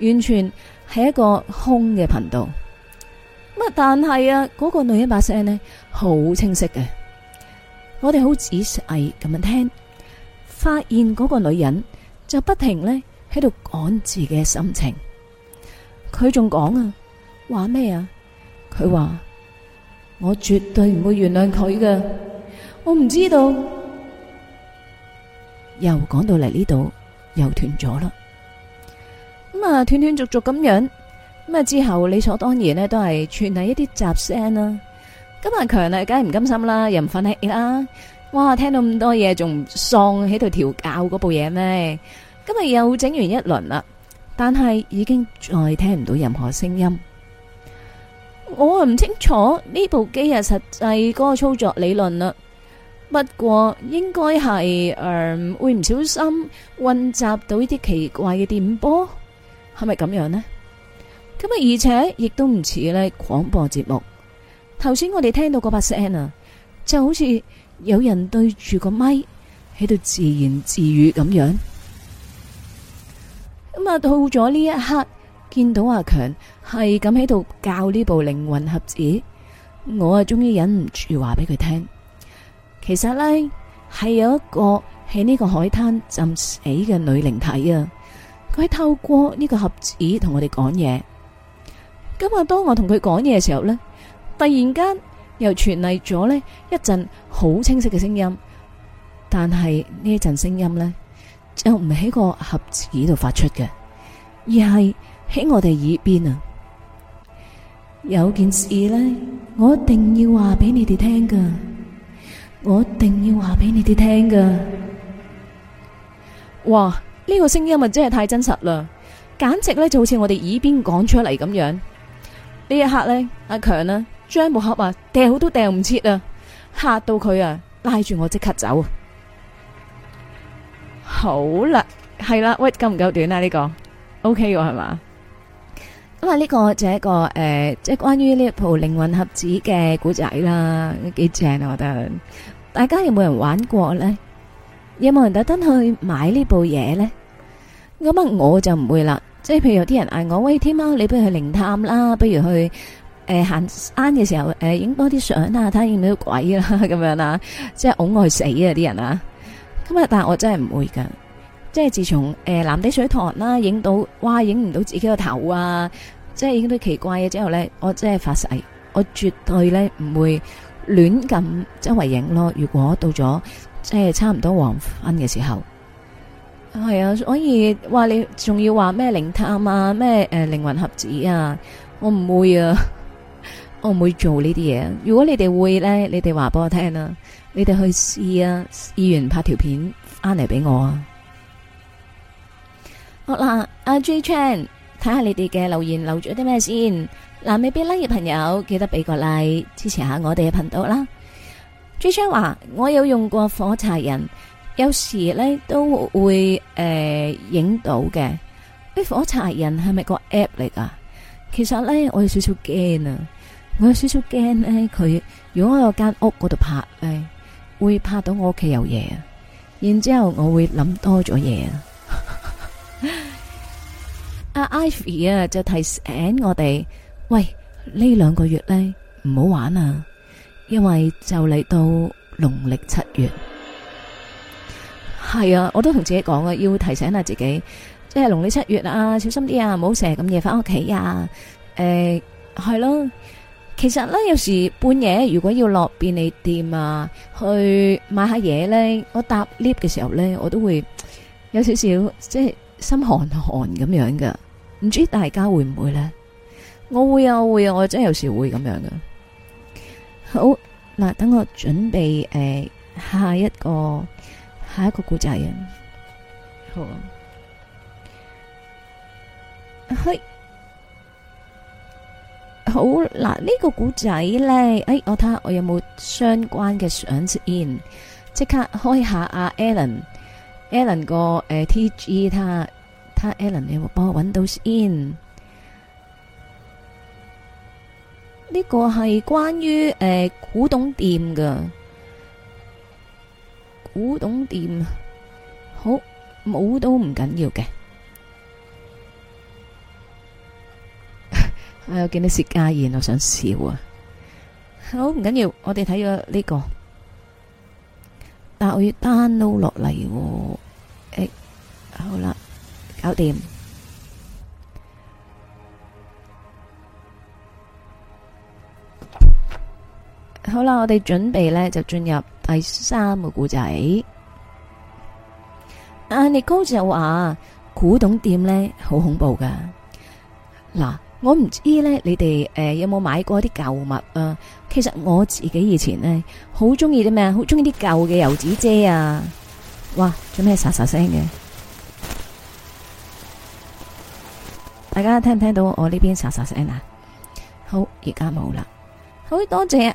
完全係一個空嘅頻道，乜？但係啊，嗰個女人把聲呢，好清晰嘅，我哋好仔細咁樣聽，發現嗰個女人就不停呢喺度講自己嘅心情。佢仲講啊，話咩啊？佢話，我絕對唔會原諒佢㗎，我唔知道。又講到嚟，呢度，又斷咗啦。啊，斷斷續續咁樣咁啊，之後理所當然咧，都係串嚟一啲雜聲啦。今日強啊，梗係唔甘心啦，又唔瞓息啦。哇，聽到咁多嘢，仲喪喺度調教嗰部嘢咩？今日又整完一輪啦，但係已經再聽唔到任何聲音。我唔清楚呢部機啊，實際嗰個操作理論啦，不過應該係誒會唔小心混雜到呢啲奇怪嘅電波。係咪咁樣呢？咁啊，而且亦都唔似呢廣播節目。頭先我哋聽到嗰把聲啊，就好似有人對住個咪喺度自言自語咁樣。咁啊，到咗呢一刻，見到阿強係咁喺度教呢部靈魂盒子，我啊終於忍唔住話俾佢聽。其實呢，係有一個喺呢個海灘浸死嘅女靈體啊！佢透過呢個盒子同我哋講嘢，咁啊，當我同佢講嘢嘅時候呢，突然間又傳嚟咗呢一陣好清晰嘅聲音，但係呢一陣聲音呢，就唔喺個盒子度發出嘅，而係喺我哋耳邊啊！有件事呢，我一定要話俾你哋聽噶，我一定要話俾你哋聽噶，哇！呢、這個聲音咪真係太真實啦，簡直咧就好似我哋耳邊講出嚟咁樣。呢一刻呢，阿強呢將木盒啊，掟好都掟唔切啊，吓到佢啊，拉住我即刻走。好啦，係啦，喂，夠唔夠短啊？呢、這個 O K 喎，係、okay、嘛？咁啊，呢、這個就是一個誒，即、呃、係、就是、關於呢一部靈魂盒子嘅古仔啦，幾正啊！我覺得，大家有冇人玩過呢？有冇人特登去買這部呢部嘢咧？咁啊，我就唔會啦。即係譬如有啲人嗌我，喂，天喵，你不如去靈探啦，不如去誒、呃、行山嘅時候誒影、呃、多啲相啊，睇下影唔到鬼啦咁樣啦。即係愛死啊啲人啊！咁啊但係我真係唔會噶。即係自從誒藍地水塘啦影到，哇影唔到自己個頭啊！即係影到奇怪嘅之後咧，我真係發誓，我絕對咧唔會亂咁周圍影咯。如果到咗。即係差唔多黃昏嘅時候，係、哎、啊，所以話你仲要話咩靈探啊，咩誒靈魂盒子啊，我唔會啊，我唔會做呢啲嘢。如果你哋會咧，你哋話俾我聽啦，你哋去試啊，試完拍條片翻嚟俾我啊。好啦，阿、啊、J Chan，睇下你哋嘅留言留咗啲咩先。嗱、啊，未俾 like 嘅朋友記得俾個 like，支持下我哋嘅頻道啦。J 張話我有用過火柴人，有時咧都會誒影、欸、到嘅。啲、欸、火柴人係咪個 app 嚟㗎？其實咧我有少少驚啊！我有少少驚咧，佢如果我有間屋嗰度拍咧，會拍到我屋企有嘢，然之後我會諗多咗嘢。阿、 啊、ivy 啊，就提醒我哋：，喂，呢兩個月咧唔好玩啊！因為就嚟到農曆七月，係啊，我都同自己講啊，要提醒下自己，即係農曆七月啊，小心啲啊，唔好成日咁夜翻屋企啊，誒，係咯、啊。其實咧，有時半夜如果要落便利店啊，去買下嘢咧，我搭 lift 嘅時候咧，我都會有少少即係心寒寒咁樣噶。唔知大家會唔會咧？我會啊，我會啊，我真係有時會咁樣噶。好，嗱，等我準備誒、呃、下一個下一個故仔啊！好啊，係好嗱，這個、故呢個故仔咧，誒、哎，我睇下我有冇相關嘅相先。即刻開一下阿、啊、Alan，Alan 個誒、呃、TG，睇下睇下 Alan，你有冇幫我搵到先？呢個係關於誒古董店嘅古董店，好冇都唔緊要嘅。我見到薛家燕，我想笑啊！好唔緊要，我哋睇咗呢個，但我要 download 落嚟。誒，好啦，搞掂。好啦，我哋準備咧就進入第三個故仔。阿尼高就話古董店咧好恐怖噶。嗱，我唔知咧，你哋誒、呃、有冇買過一啲舊物啊、呃？其實我自己以前咧好中意啲咩，好中意啲舊嘅油紙遮啊。哇，做咩沙沙聲嘅？大家聽唔聽到我呢邊沙沙聲啊？好，而家冇啦，好多謝，謝。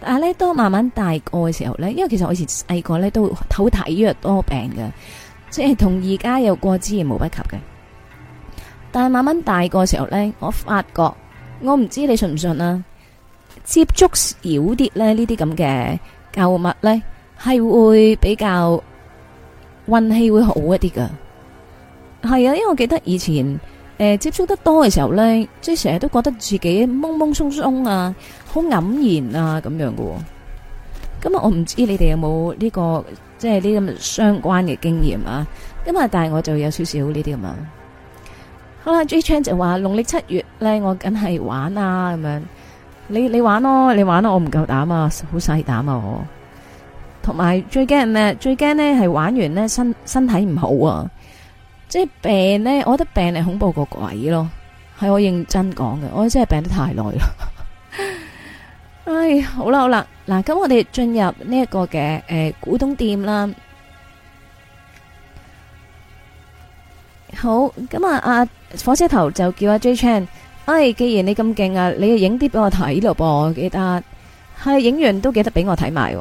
但係咧，都慢慢大個嘅時候咧，因為其實我以前細個咧都好體弱多病嘅，即係同而家有過之而無不及嘅。但係慢慢大個嘅時候咧，我發覺我唔知你信唔信啊？接觸少啲咧呢啲咁嘅舊物咧，係會比較運氣會好一啲噶。係啊，因為我記得以前。誒，接觸得多嘅時候呢，即係成日都覺得自己懵懵鬆鬆啊，好黯然啊，咁樣嘅。咁啊，我唔知你哋有冇呢個，即係呢咁相關嘅經驗啊。咁啊，但係我就有少少呢啲咁嘛。好啦，J Chan 就話農曆七月呢，我梗係玩啊，咁樣。你你玩咯，你玩咯，我唔夠膽啊，好細膽啊我。同埋最驚咩？最驚呢係玩完呢，身身體唔好啊。即係病呢，我覺得病係恐怖過鬼咯，係我認真講嘅，我真係病得太耐啦。哎，好啦好啦，嗱，咁我哋進入呢一個嘅誒古董店啦。好，咁啊啊火車頭就叫阿 J Chan，哎，既然你咁勁啊，你就影啲俾我睇咯噃，我記得係影完都記得俾我睇埋。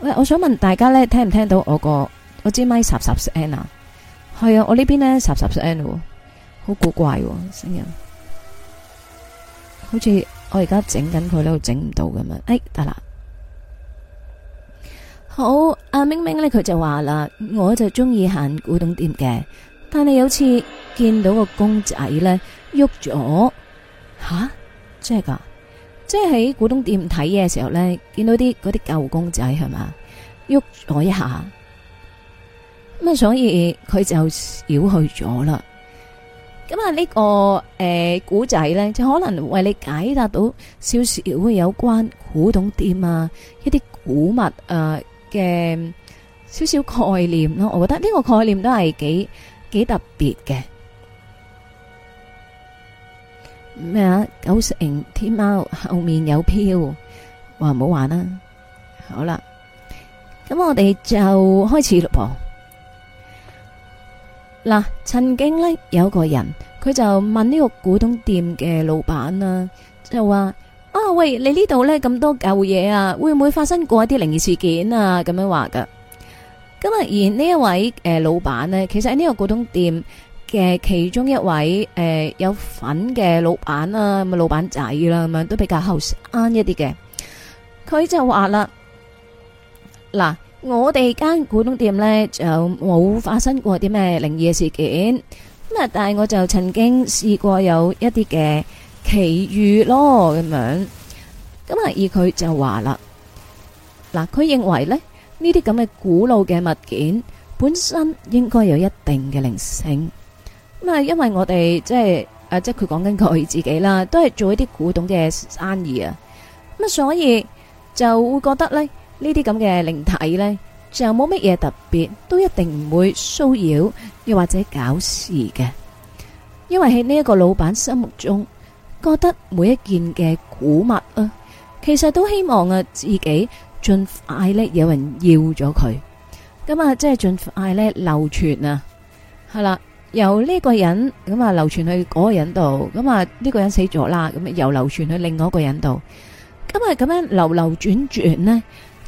喂，我想問大家呢，聽唔聽到我個？我知咪十十聲啊，係、嗯、啊，我呢邊咧十雜聲，好古怪聲音，好似我而家整緊佢呢度整唔到咁樣。哎，得啦，好阿明明呢，佢就話啦，我就中意行古董店嘅，但係有次見到個公仔呢，喐、啊、咗，吓，真係噶，即係喺古董店睇嘢嘅時候呢，見到啲嗰啲舊公仔係嘛，喐咗一下。咁啊，所以佢就少去咗啦。咁啊，呢個誒古仔咧，就可能為你解答到少少有關古董店啊一啲古物誒嘅少少概念咯。我覺得呢個概念都係幾幾特別嘅。咩啊？九成天貓後面有飄，話，唔好玩啦。好啦，咁我哋就開始咯，噃。嗱，曾經咧，有個人，佢就問呢個古董店嘅老闆啊，就話：啊喂，你呢度呢，咁多舊嘢啊，會唔會發生過一啲靈異事件啊？咁樣話噶。咁啊，而呢一位誒、呃、老闆呢，其實喺呢個古董店嘅其中一位誒、呃、有份嘅老闆啦、啊，咁啊老闆仔啦，咁樣都比較後生一啲嘅。佢就話啦，嗱。我哋間古董店呢，就冇發生過啲咩靈異嘅事件咁啊，但係我就曾經試過有一啲嘅奇遇咯，咁樣咁啊，而佢就話啦，嗱，佢認為呢呢啲咁嘅古老嘅物件本身應該有一定嘅靈性咁啊，因為我哋即係誒，即係佢講緊佢自己啦，都係做一啲古董嘅生意啊，咁啊，所以就會覺得呢。呢啲咁嘅靈體呢，就冇乜嘢特別，都一定唔會騷擾，又或者搞事嘅。因為喺呢一個老闆心目中，覺得每一件嘅古物啊，其實都希望啊自己盡快呢有人要咗佢，咁啊即係盡快呢流傳啊，係啦，由呢個人咁啊流傳去嗰個人度，咁啊呢個人死咗啦，咁啊又流傳去另外一個人度，咁啊咁樣流流轉轉呢。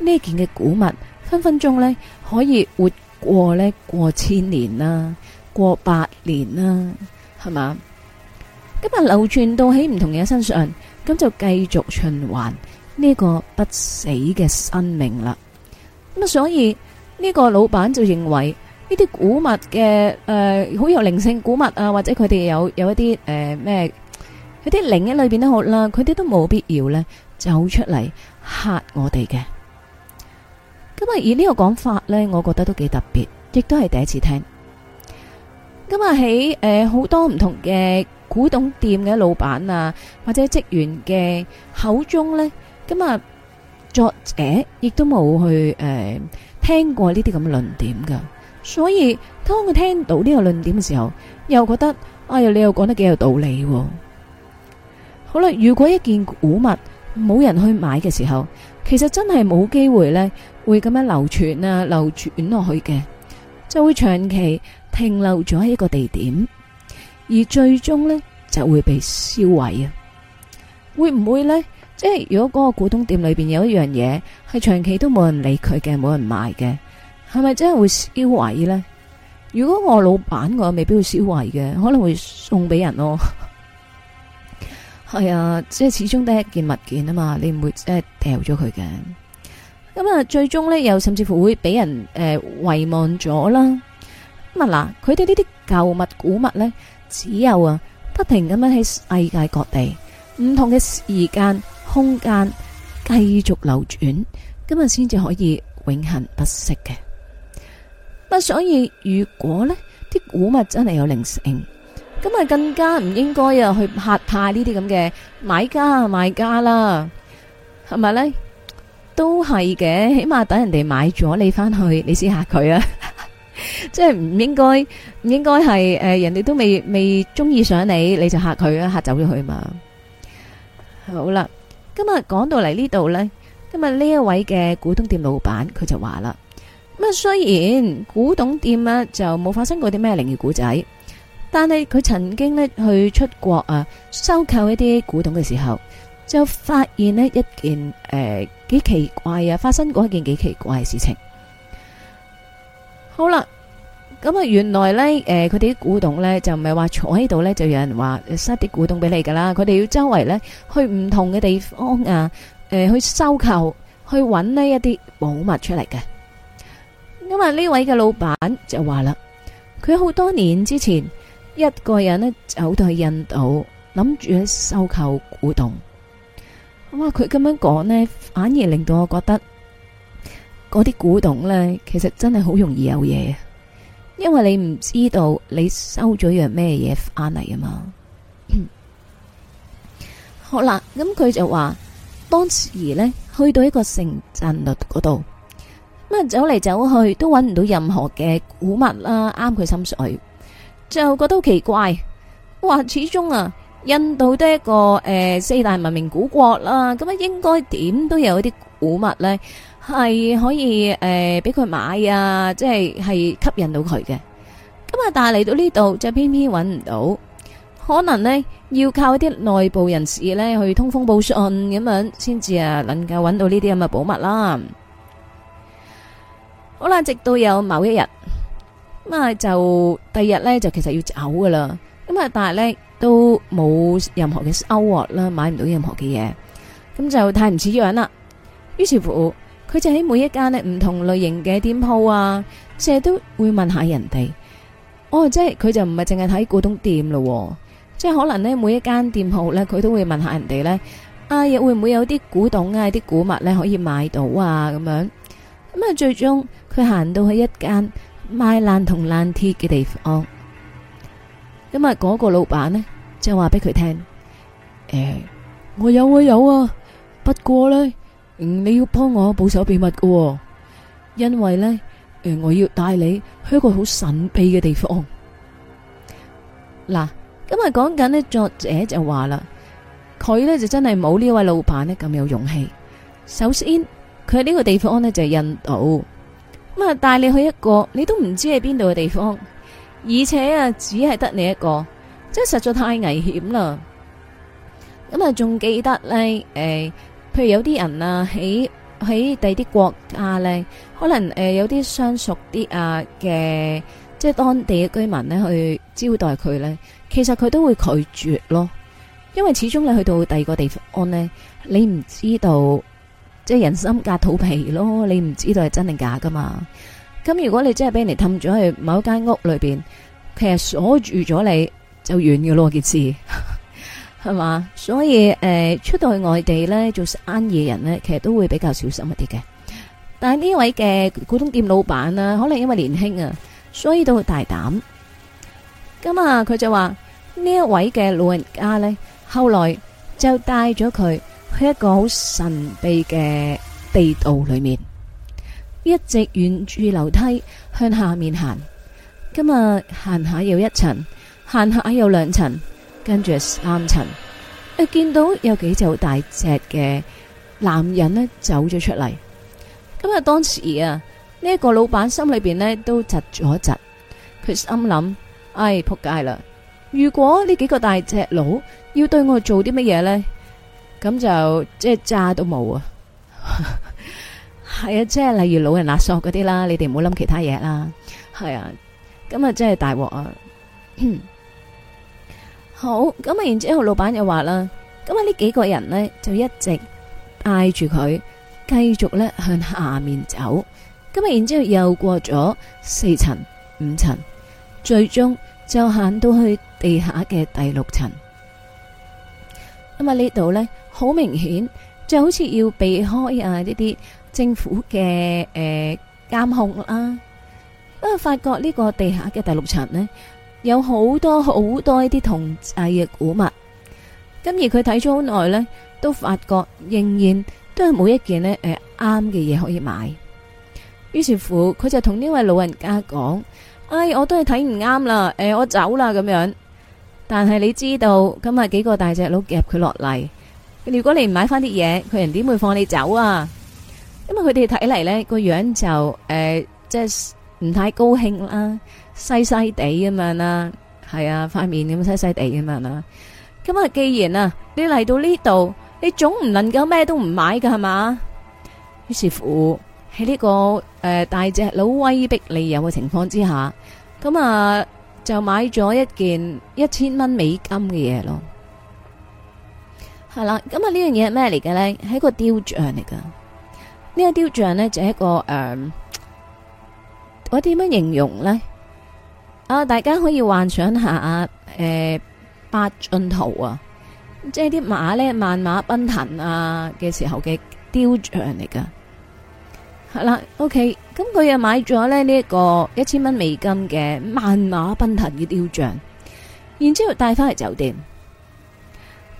呢件嘅古物分分鐘呢，可以活過呢過千年啦，過百年啦，係嘛？今日流傳到喺唔同人身上，咁就繼續循環呢個不死嘅生命啦。咁所以呢個老闆就認為呢啲古物嘅誒好有靈性，古物啊或者佢哋有有一啲誒咩，佢啲靈喺裏邊都好啦，佢哋都冇必要呢走出嚟吓我哋嘅。咁啊，以呢個講法呢，我覺得都幾特別，亦都係第一次聽。咁啊，喺誒好多唔同嘅古董店嘅老闆啊，或者職員嘅口中呢，咁啊，作者亦都冇去誒聽過呢啲咁嘅論點噶。所以，當佢聽到呢個論點嘅時候，又覺得哎呀，你又講得幾有道理喎。好啦，如果一件古物冇人去買嘅時候，其實真係冇機會呢。會咁樣流傳啊，流傳落去嘅，就會長期停留咗喺一個地點，而最終呢，就會被銷毀啊！會唔會呢？即係如果嗰個古董店裏邊有一樣嘢係長期都冇人理佢嘅，冇人賣嘅，係咪真係會銷毀呢？如果我老闆我未必會銷毀嘅，可能會送俾人咯，哦。係 啊，即係始終都係一件物件啊嘛，你唔會即係掉咗佢嘅。咁啊，最終呢又甚至乎會俾人誒遺、呃、忘咗啦。咁啊嗱，佢哋呢啲舊物古物呢，只有啊不停咁樣喺世界各地唔同嘅時間空間繼續流轉，今日先至可以永恒不息嘅。不，所以如果呢啲古物真係有靈性，咁、嗯、啊更加唔應該啊去嚇怕呢啲咁嘅買家啊賣家啦，係咪呢？都係嘅，起碼等人哋買咗你翻去，你先嚇佢啊！ 即係唔應該，唔應該係誒，人哋都未未中意上你，你就嚇佢啊，嚇走咗佢嘛。好啦，今日講到嚟呢度呢，今日呢一位嘅古董店老闆，佢就話啦，咁啊雖然古董店呢就冇發生過啲咩靈異古仔，但係佢曾經呢去出國啊收購一啲古董嘅時候。就發現一件誒幾、呃、奇怪啊！發生過一件幾奇怪嘅事情。好啦，咁啊，原來呢，誒、呃，佢哋啲古董呢，就唔係話坐喺度呢，就有人話塞啲古董俾你噶啦。佢哋要周圍呢，去唔同嘅地方啊，誒、呃、去收購，去揾呢一啲寶物出嚟嘅。咁啊呢位嘅老闆就話啦，佢好多年之前一個人呢走到去印度，諗住去收購古董。哇！佢咁樣講呢，反而令到我覺得嗰啲古董呢，其實真係好容易有嘢，因為你唔知道你收咗樣咩嘢返嚟啊嘛。 好啦，咁佢就話當時呢，去到一個城鎮嗰度，咁啊走嚟走去都揾唔到任何嘅古物啦，啊，啱佢心水，就覺得奇怪。話始終啊～印度都係一個誒、呃、四大文明古國啦，咁啊應該點都有啲古物咧，係可以誒俾佢買啊，即係係吸引到佢嘅。咁啊，但係嚟到呢度就偏偏揾唔到，可能呢要靠一啲內部人士咧去通風報信咁樣，先至啊能夠揾到呢啲咁嘅寶物啦。好啦，直到有某一日，咁啊就第二日咧就其實要走噶啦。咁啊，但係咧。都冇任何嘅收穫啦，買唔到任何嘅嘢，咁就太唔似樣啦。於是乎，佢就喺每一間呢唔同類型嘅店鋪啊，成日都會問下人哋。哦，即係佢就唔係淨係睇古董店咯，啊，即係可能呢，每一間店鋪呢，佢都會問下人哋呢，啊，又會唔會有啲古董啊、啲古物呢可以買到啊咁樣。咁啊，最終佢行到去一間賣爛同爛鐵嘅地方。今日嗰個老闆呢，即係話俾佢聽，誒、欸，我有啊有啊，不過呢，嗯、你要幫我保守秘密噶、哦，因為呢，誒、欸，我要帶你去一個好神秘嘅地方。嗱，今日講緊呢，作者就話啦，佢呢就真係冇呢位老闆呢咁有勇氣。首先，佢喺呢個地方呢，就係、是、印度，咁啊帶你去一個你都唔知係邊度嘅地方。而且啊，只係得你一個，即係實在太危險啦。咁啊，仲記得呢？誒，譬如有啲人啊，喺喺第啲國家呢，可能誒有啲相熟啲啊嘅，即係當地嘅居民呢，去招待佢呢，其實佢都會拒絕咯，因為始終你去到第二個地方呢，你唔知道，即係人心隔肚皮咯，你唔知道係真定假噶嘛。咁如果你真係俾人哋氹咗去某一間屋裏邊，其實鎖住咗你就遠嘅咯件事，係嘛？所以誒，出到去外地咧，做生意人咧，其實都會比較小心一啲嘅。但係呢一位嘅古董店老闆啦，可能因為年輕啊，所以都好大膽。咁啊，佢就話呢一位嘅老人家咧，後來就帶咗佢去一個好神秘嘅地道裏面。一直沿住樓梯向下面行，今日行下有一層，行下有兩層，跟住三層。一見到有幾隻好大隻嘅男人呢，走咗出嚟。今日當時啊，呢、這、一個老闆心裏邊呢都窒咗一窒，佢心諗：，唉、哎，仆街啦！如果呢幾個大隻佬要對我做啲乜嘢呢？咁就即係渣都冇啊！ 係啊，即係例如老人勒索嗰啲啦，你哋唔好諗其他嘢啦。係啊，咁啊真係大鑊啊！好，咁啊，然之後老闆又話啦，咁啊呢幾個人呢，就一直嗌住佢，繼續咧向下面走。咁啊，然之後又過咗四層、五層，最終就行到去地下嘅第六層。咁啊呢度呢，好明顯就好似要避開啊呢啲。這些政府嘅誒監控啦、啊，因為發覺呢個地下嘅第六層呢，有好多好多啲銅製嘅古物。跟住佢睇咗好耐呢，都發覺仍然都係冇一件呢誒啱嘅嘢可以買。於是乎，佢就同呢位老人家講：唉，我都係睇唔啱啦，誒，我走啦咁樣。但係你知道，今日幾個大隻佬夾佢落嚟，如果你唔買返啲嘢，佢人點會放你走啊？咁啊！佢哋睇嚟咧個樣就誒，即係唔太高興啦，細細地咁樣啦，係啊，塊面咁細細地咁樣啦。咁啊，既然啊你嚟到呢度，你總唔能夠咩都唔買噶係嘛？於是乎喺呢個誒、呃、大隻佬威逼利誘嘅情況之下，咁啊就買咗一件一千蚊美金嘅嘢咯。係啦，咁啊呢樣嘢係咩嚟嘅咧？係一個雕像嚟噶。呢、這個雕像呢，就係一個誒、呃，我點樣形容呢？啊，大家可以幻想一下誒、呃、八駿圖啊，即係啲馬呢，萬馬奔騰啊嘅時候嘅雕像嚟㗎。係、啊、啦，OK，咁佢又買咗呢一個一千蚊美金嘅萬馬奔騰嘅雕像，然之後帶翻嚟酒店。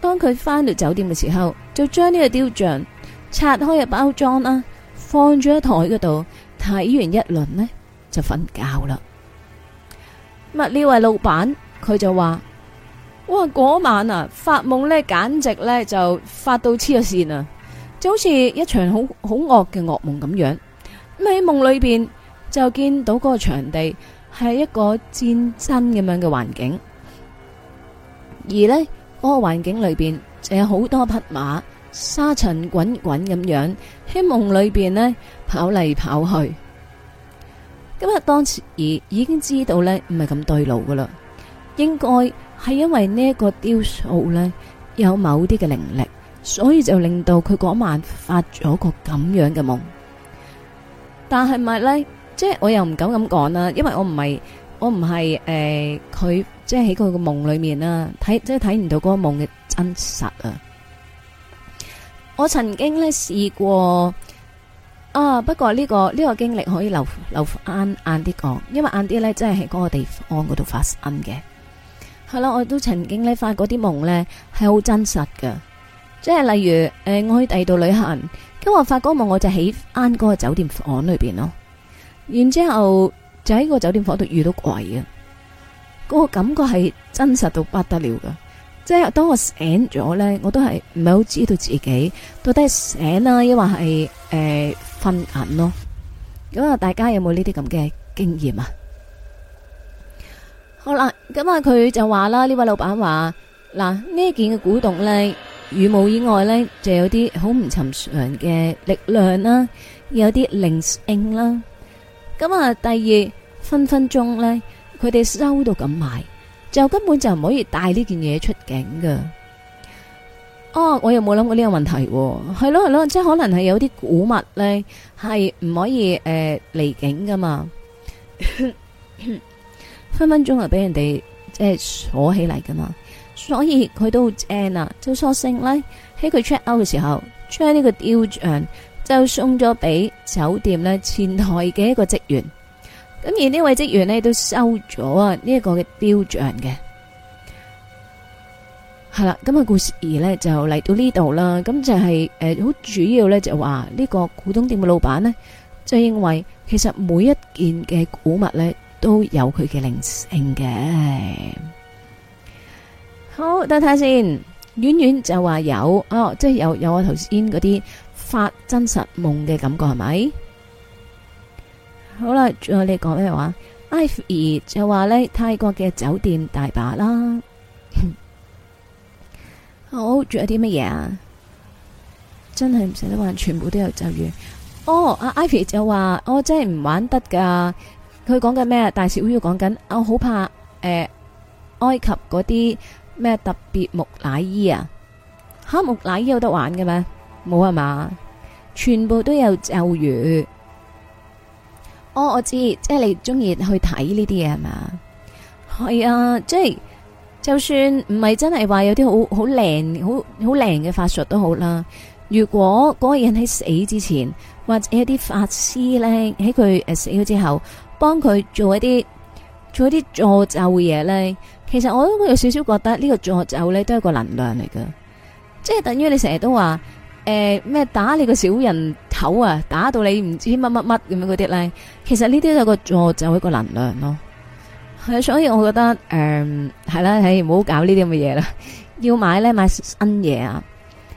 當佢翻到酒店嘅時候，就將呢個雕像，拆開嘅包裝啦，放咗喺台嗰度，睇完一輪呢就瞓覺啦。咁呢位老闆佢就話，哇，嗰晚啊發夢呢簡直呢就發到黐咗線啊，就好似一場好好惡嘅惡夢咁樣。咁喺夢裏邊就見到嗰個場地係一個戰爭咁樣嘅環境，而呢、呢個環境裏邊就有好多匹馬，沙塵滾滾咁樣喺夢裏邊呢跑嚟跑去，今日當時已已經知道呢，唔係咁對路噶啦，應該係因為呢一個雕塑呢，有某啲嘅靈力，所以就令到佢嗰晚發咗個咁樣嘅夢。但係咪呢？即係我又唔敢咁講啦，因為我唔係我唔係誒，佢、呃、即係喺佢嘅夢裏面啦，睇即係睇唔到嗰個夢嘅真實啊。我曾經咧試過，啊，不過呢、這個呢、這個經歷可以留留返晏啲講，因為晏啲咧真係喺嗰個地方嗰度發生嘅。係、嗯、啦，我都曾經咧發嗰啲夢咧係好真實噶，即係例如誒、呃、我去第二度旅行，咁我發嗰個夢我就喺啱嗰個酒店房裏邊咯，然之後就喺個酒店房度遇到鬼啊，嗰、那個感覺係真實到不得了噶。即係當我醒咗咧，我都係唔係好知道自己到底係醒啦，亦或抑或係誒瞓眼咯。咁啊，大家有冇呢啲咁嘅經驗啊？好啦，咁啊，佢就話啦，呢位老闆話嗱，呢件嘅古董咧，羽毛以外咧，就有啲好唔尋常嘅力量啦，有啲靈性啦。咁啊，第二分分鐘咧，佢哋收到咁賣。就根本就唔可以帶呢件嘢出境噶。哦，我又冇諗過呢個問題，啊，係咯係咯，即係可能係有啲古物咧，係唔可以誒離、呃、境噶嘛， 分分鐘係俾人哋即係鎖起嚟噶嘛。所以佢都好正啦，啊，就索性咧喺佢 check out 嘅時候，將呢個雕像就送咗俾酒店咧前台嘅一個職員。咁而呢位職員呢，都收咗啊呢一個嘅雕像嘅。係啦，咁啊故事二呢，就嚟到呢度啦，咁就係誒好主要呢，就話呢個古董店嘅老闆呢，就認為其實每一件嘅古物呢，都有佢嘅靈性嘅。好，睇睇先，婉婉就話有哦，即係有有我頭先嗰啲發真實夢嘅感覺係咪？好啦，仲有你講咩話？Ivy 就話呢，泰國嘅酒店大把啦。 好，仲有啲乜嘢啊？真係唔捨得玩，全部都有咒語。哦，阿 Ivy 就話我、哦、真係唔玩得噶。佢講緊咩？大笑 U 講緊我好怕誒、呃、埃及嗰啲咩特別木乃伊啊？哈木乃伊有得玩嘅咩？冇係嘛？全部都有咒語。哦、我知，即係你中意去睇呢啲嘢係嘛？係啊，即係就算唔係真係話有啲好好靚、好好靚嘅法術都好啦。如果嗰個人喺死之前，或者有一啲法師咧喺佢誒死咗之後，幫佢做一啲做一啲助咒嘅嘢咧，其實我都會有少少覺得呢個助咒咧都係個能量嚟噶即係等於你成日都話。誒、呃、咩打你個小人頭啊！打到你唔知乜乜乜咁樣嗰啲咧，其實呢啲有個哦就一個能量咯。所以我覺得誒係啦，唔、嗯、唔好搞呢啲咁嘅嘢啦。要買咧買新嘢啊！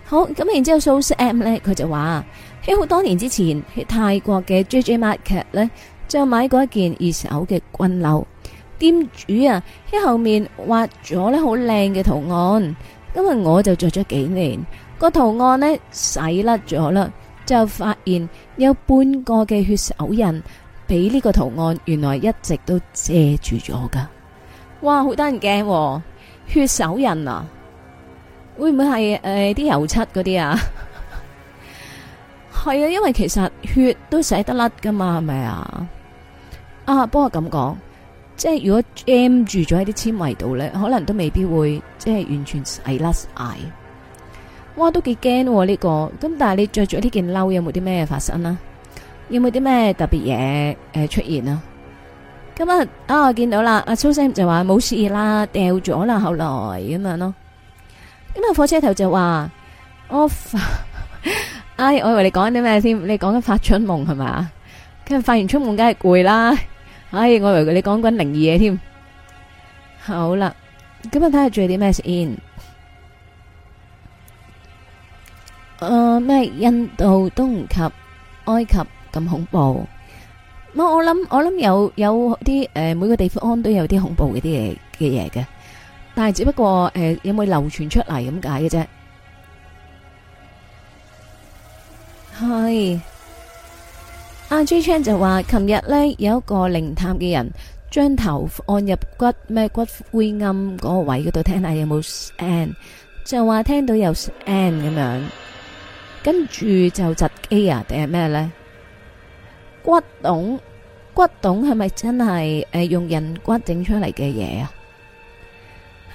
好，咁然之後，蘇斯 M 咧佢就話喺好多年之前喺泰國嘅 J J Market 咧，就買過一件二手嘅軍褸，店主啊喺後面畫咗咧好靚嘅圖案，因為我就着咗幾年。個圖案呢，洗甩咗啦，就發現有半個嘅血手印，俾呢個圖案原來一直都遮住咗噶。哇，好得人驚！血手印啊，會唔會係誒啲油漆嗰啲啊？係 啊，因為其實血都洗得甩噶嘛，係咪啊？啊，不過咁講，即係如果 M 住咗喺啲纖維度呢，可能都未必會即係完全洗甩晒。哇，都幾驚呢個，咁但係你着咗呢件褸有冇啲咩發生啊？有冇啲咩特別嘢誒出現啊？今日啊我見到啦，阿蘇生就話冇事啦，掉咗啦，後來咁樣咯。咁啊，火車頭就話我，哎，我以為你講緊啲咩添？你講緊發春夢係嘛？今日發完春夢梗係攰啦，哎，我以為你講緊靈異嘢添。好啦，今日睇下仲有啲咩事。誒，咩印度都唔及埃及咁恐怖。咁我諗，我諗有有啲誒，每個地方都有啲恐怖嘅啲嘢嘅。但係只不過誒，有冇流傳出嚟咁解嘅啫。係阿朱昌就話，琴日呢有一個靈探嘅人，將頭按入骨咩骨灰龕嗰個位嗰度，聽下有冇聲，就話聽到有聲咁樣。跟住就窒機啊，定係咩呢？骨董骨董係咪真係誒用人骨整出嚟嘅嘢啊？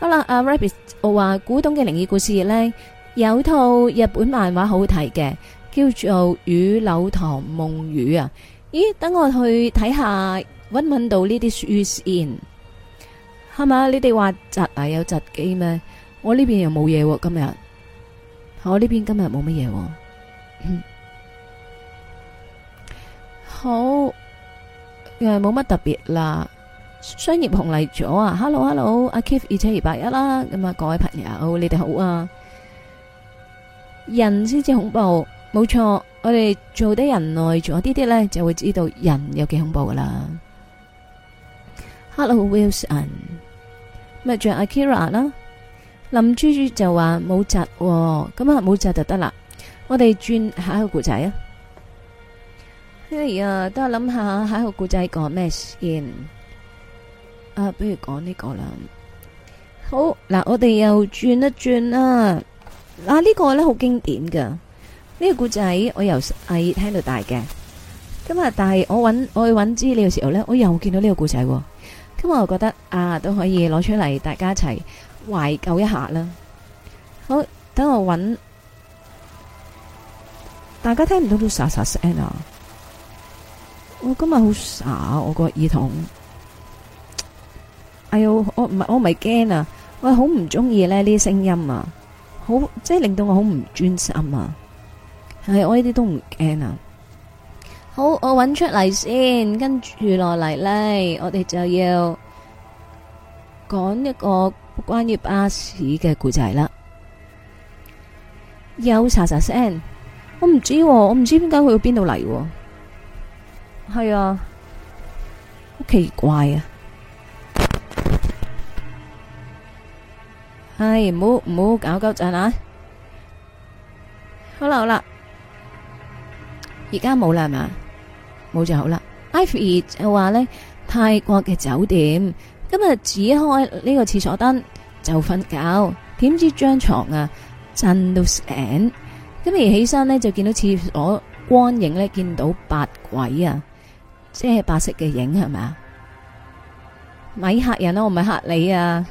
好啦，阿、啊、Rabbit，我話古董嘅靈異故事呢，有一套日本漫畫好睇嘅，叫做《雨柳堂夢雨》啊。咦？等我去睇下，搵唔搵到呢啲書先？係咪你哋話窒啊有窒機咩？我呢邊又冇嘢喎，今日我呢邊今日冇乜嘢喎。 好，又係冇乜特別啦。商業紅嚟咗啊！Hello，Hello，阿 Kif 二七二八一啦。咁啊，各位朋友，你哋好啊！人先至恐怖，冇錯。我哋做啲人類咗啲啲呢，就會知道人有幾恐怖噶啦。Hello，Wilson，咪仲再阿 Kira 啦。林珠珠就話冇窒，咁啊冇窒就得啦。我哋轉下一個故仔，hey, 啊！哎呀，等我諗下下一個故仔講咩先？啊，不如講呢個啦。好，嗱、啊，我哋又轉一轉啦，啊。啊，這個，呢個咧好經典噶，呢，這個故仔我由細聽到大嘅。咁啊，但係我揾我去揾資料嘅時候呢，我又見到呢個故仔。咁，啊，我又覺得啊，都可以攞出嚟，大家一齊懷舊一下啦。好，等我揾。大家聽唔到都沙沙聲啊！我今日好傻，我個耳筒。哎呦，我唔係，我唔係驚啊！我好唔中意呢啲聲音啊，好即係令到我好唔專心啊！係我呢啲都唔驚啊！好，我搵出嚟先，跟住落嚟呢，我哋就要講一個關於巴士嘅故仔啦。有沙沙聲。我唔知、啊，我唔知點解去到邊度嚟，係啊，好奇怪啊！唉，唔、啊、好唔好搞交雜啦！好啦好啦，而家冇啦係嘛，冇就好啦。Ivy 就話呢，泰國嘅酒店今日只開呢個廁所燈就瞓覺，點知張床啊震到醒。今日起身咧，就見到廁所光影咧，見到八鬼啊，即係白色嘅影係咪啊？咪嚇人咯，我唔係嚇你啊！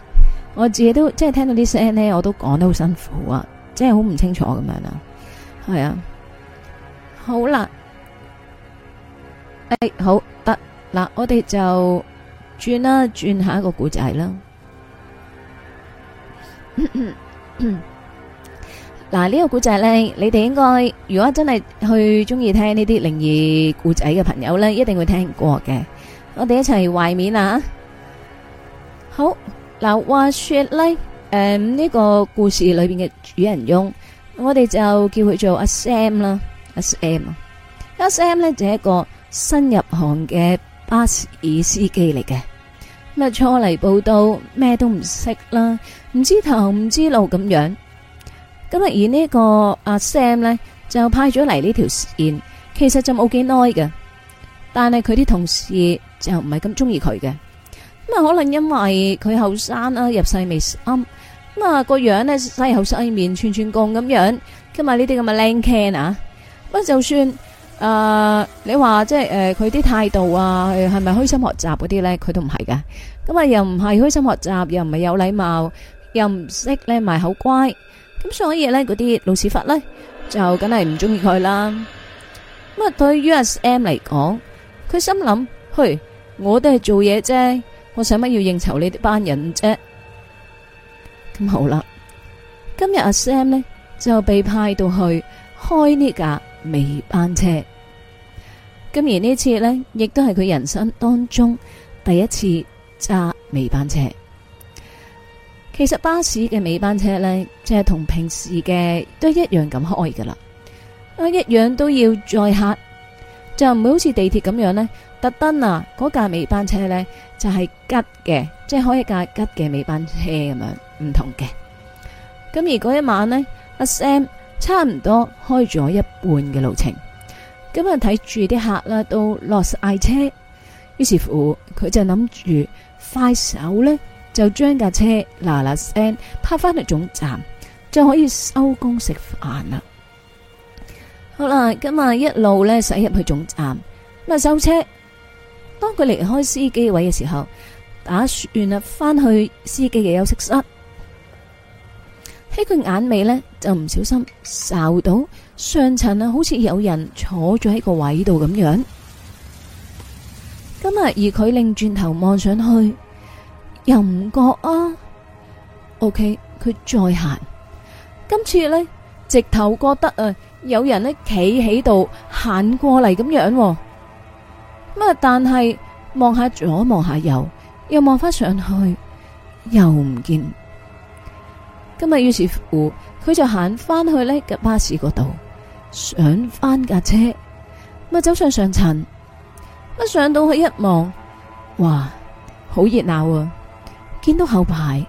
我自己都即係聽到啲聲咧，我都講得好辛苦啊，即係好唔清楚咁樣啊，係啊，好啦，誒、哎，好得嗱，我哋就轉啦、啊，轉下一個古仔啦。 嗱，呢個古仔咧，你哋應該如果真係去中意聽呢啲靈異故仔嘅朋友咧，一定會聽過嘅。我哋一齊懷緬啊！好嗱，話說咧，誒，呢個故事裏邊嘅主人翁，我哋就叫佢做阿 Sam 啦，阿 Sam，阿 Sam 咧就係一個新入行嘅巴士司機嚟嘅，初嚟報到咩都唔識啦，唔知頭唔知路咁樣。咁啊，而呢個阿 Sam 咧就派咗嚟呢條線，其實就冇幾耐嘅，但係佢啲同事就唔係咁中意佢嘅。咁啊，可能因為佢後生啦，入世未啱。咁啊，個樣咧細口細面串串貢咁樣，加埋呢啲咁嘅靚 can 啊。咁啊，就算誒，你話即係誒，佢啲態度啊，係咪開心學習嗰啲咧？佢都唔係噶。咁啊，又唔係開心學習，又唔係有禮貌，又唔識咧，埋好乖。咁所以呢，嗰啲老屎忽呢，就梗係唔中意佢啦。咁啊，對於阿 Sam 嚟講，佢心諗，去我都係做嘢啫，我使乜要應酬你班人啫？咁好啦，今日阿 Sam 呢，就被派到去開呢架尾班車。今而呢次呢，亦都係佢人生當中第一次揸尾班車。其實巴士嘅尾班車呢，即係同平時嘅都一樣咁開噶啦，啊一樣都要載客，就唔會好似地鐵咁樣呢。特登啊嗰架尾班車呢，就係吉嘅，即係開一架吉嘅尾班車咁樣，唔同嘅。咁而嗰一晚呢，阿 Sam 差唔多開咗一半嘅路程，咁啊睇住啲客啦都落晒車，於是乎佢就諗住快手呢。就將架車嗱嗱聲拍翻去總站，就可以收工食飯啦。好啦，今日一路呢，駛入去總站咁啊收車。當佢離開司機位嘅時候，打算啊翻去司機嘅休息室。喺佢眼尾呢，就唔小心睄到上層啊，好似有人坐咗喺個位度咁樣。今日而佢擰轉頭望上去。又唔覺啊。OK，佢再行，今次咧直頭覺得啊，有人咧企喺度行過嚟咁樣，啊。喎。但係望下左，望下右，又望翻上去，又唔見。今日於是乎，佢就行翻去呢架巴士嗰度，上翻架車，咁走上上層，一上到去一望，哇，好熱鬧啊！見到後排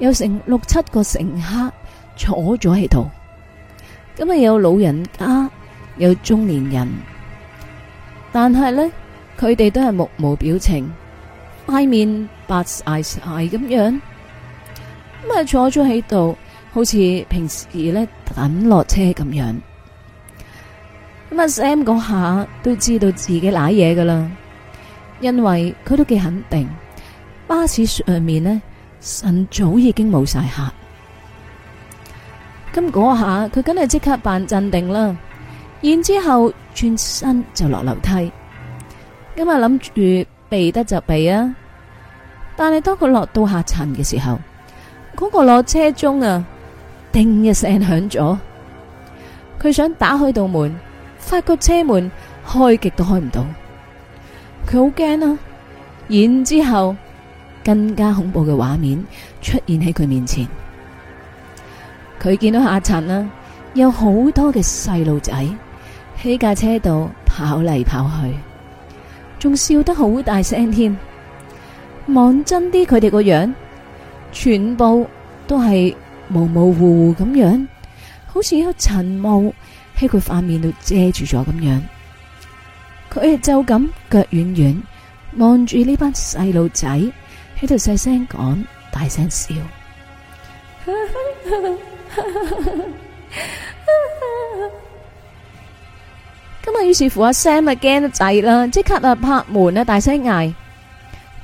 有成六七個乘客坐咗喺度，咁啊，有老人家、有中年人，但係咧佢哋都係目無表情，塊面白晒晒咁樣，咁啊坐咗喺度，好似平時咧等落車咁樣。咁啊，Sam 嗰下都知道自己瀨嘢噶啦，因為佢都幾肯定。巴士上面呢神，早已經冇晒客。咁嗰下佢梗係即刻扮鎮定啦，然之後轉身就落樓梯。咁啊諗住避得就避啊，但係當佢落到下層嘅時候，嗰、嗰個落車鐘啊，叮一聲響咗。佢想打開道門，發覺車門開極都開唔到。佢好驚啊！然之後。更加恐怖嘅畫面出現喺佢面前，佢見到阿陳啊，有好多嘅細路仔喺架車度跑嚟跑去，仲笑得好大聲添。望真啲，佢哋個樣，全部都係模模糊糊咁樣，好似有層霧喺佢塊面度遮住咗咁樣。佢就咁腳軟軟，望住呢班細路仔，喺度細聲講，大聲笑。咁啊，於是乎阿 Sam 驚得滯啦，即刻啊拍門啦，大聲嗌。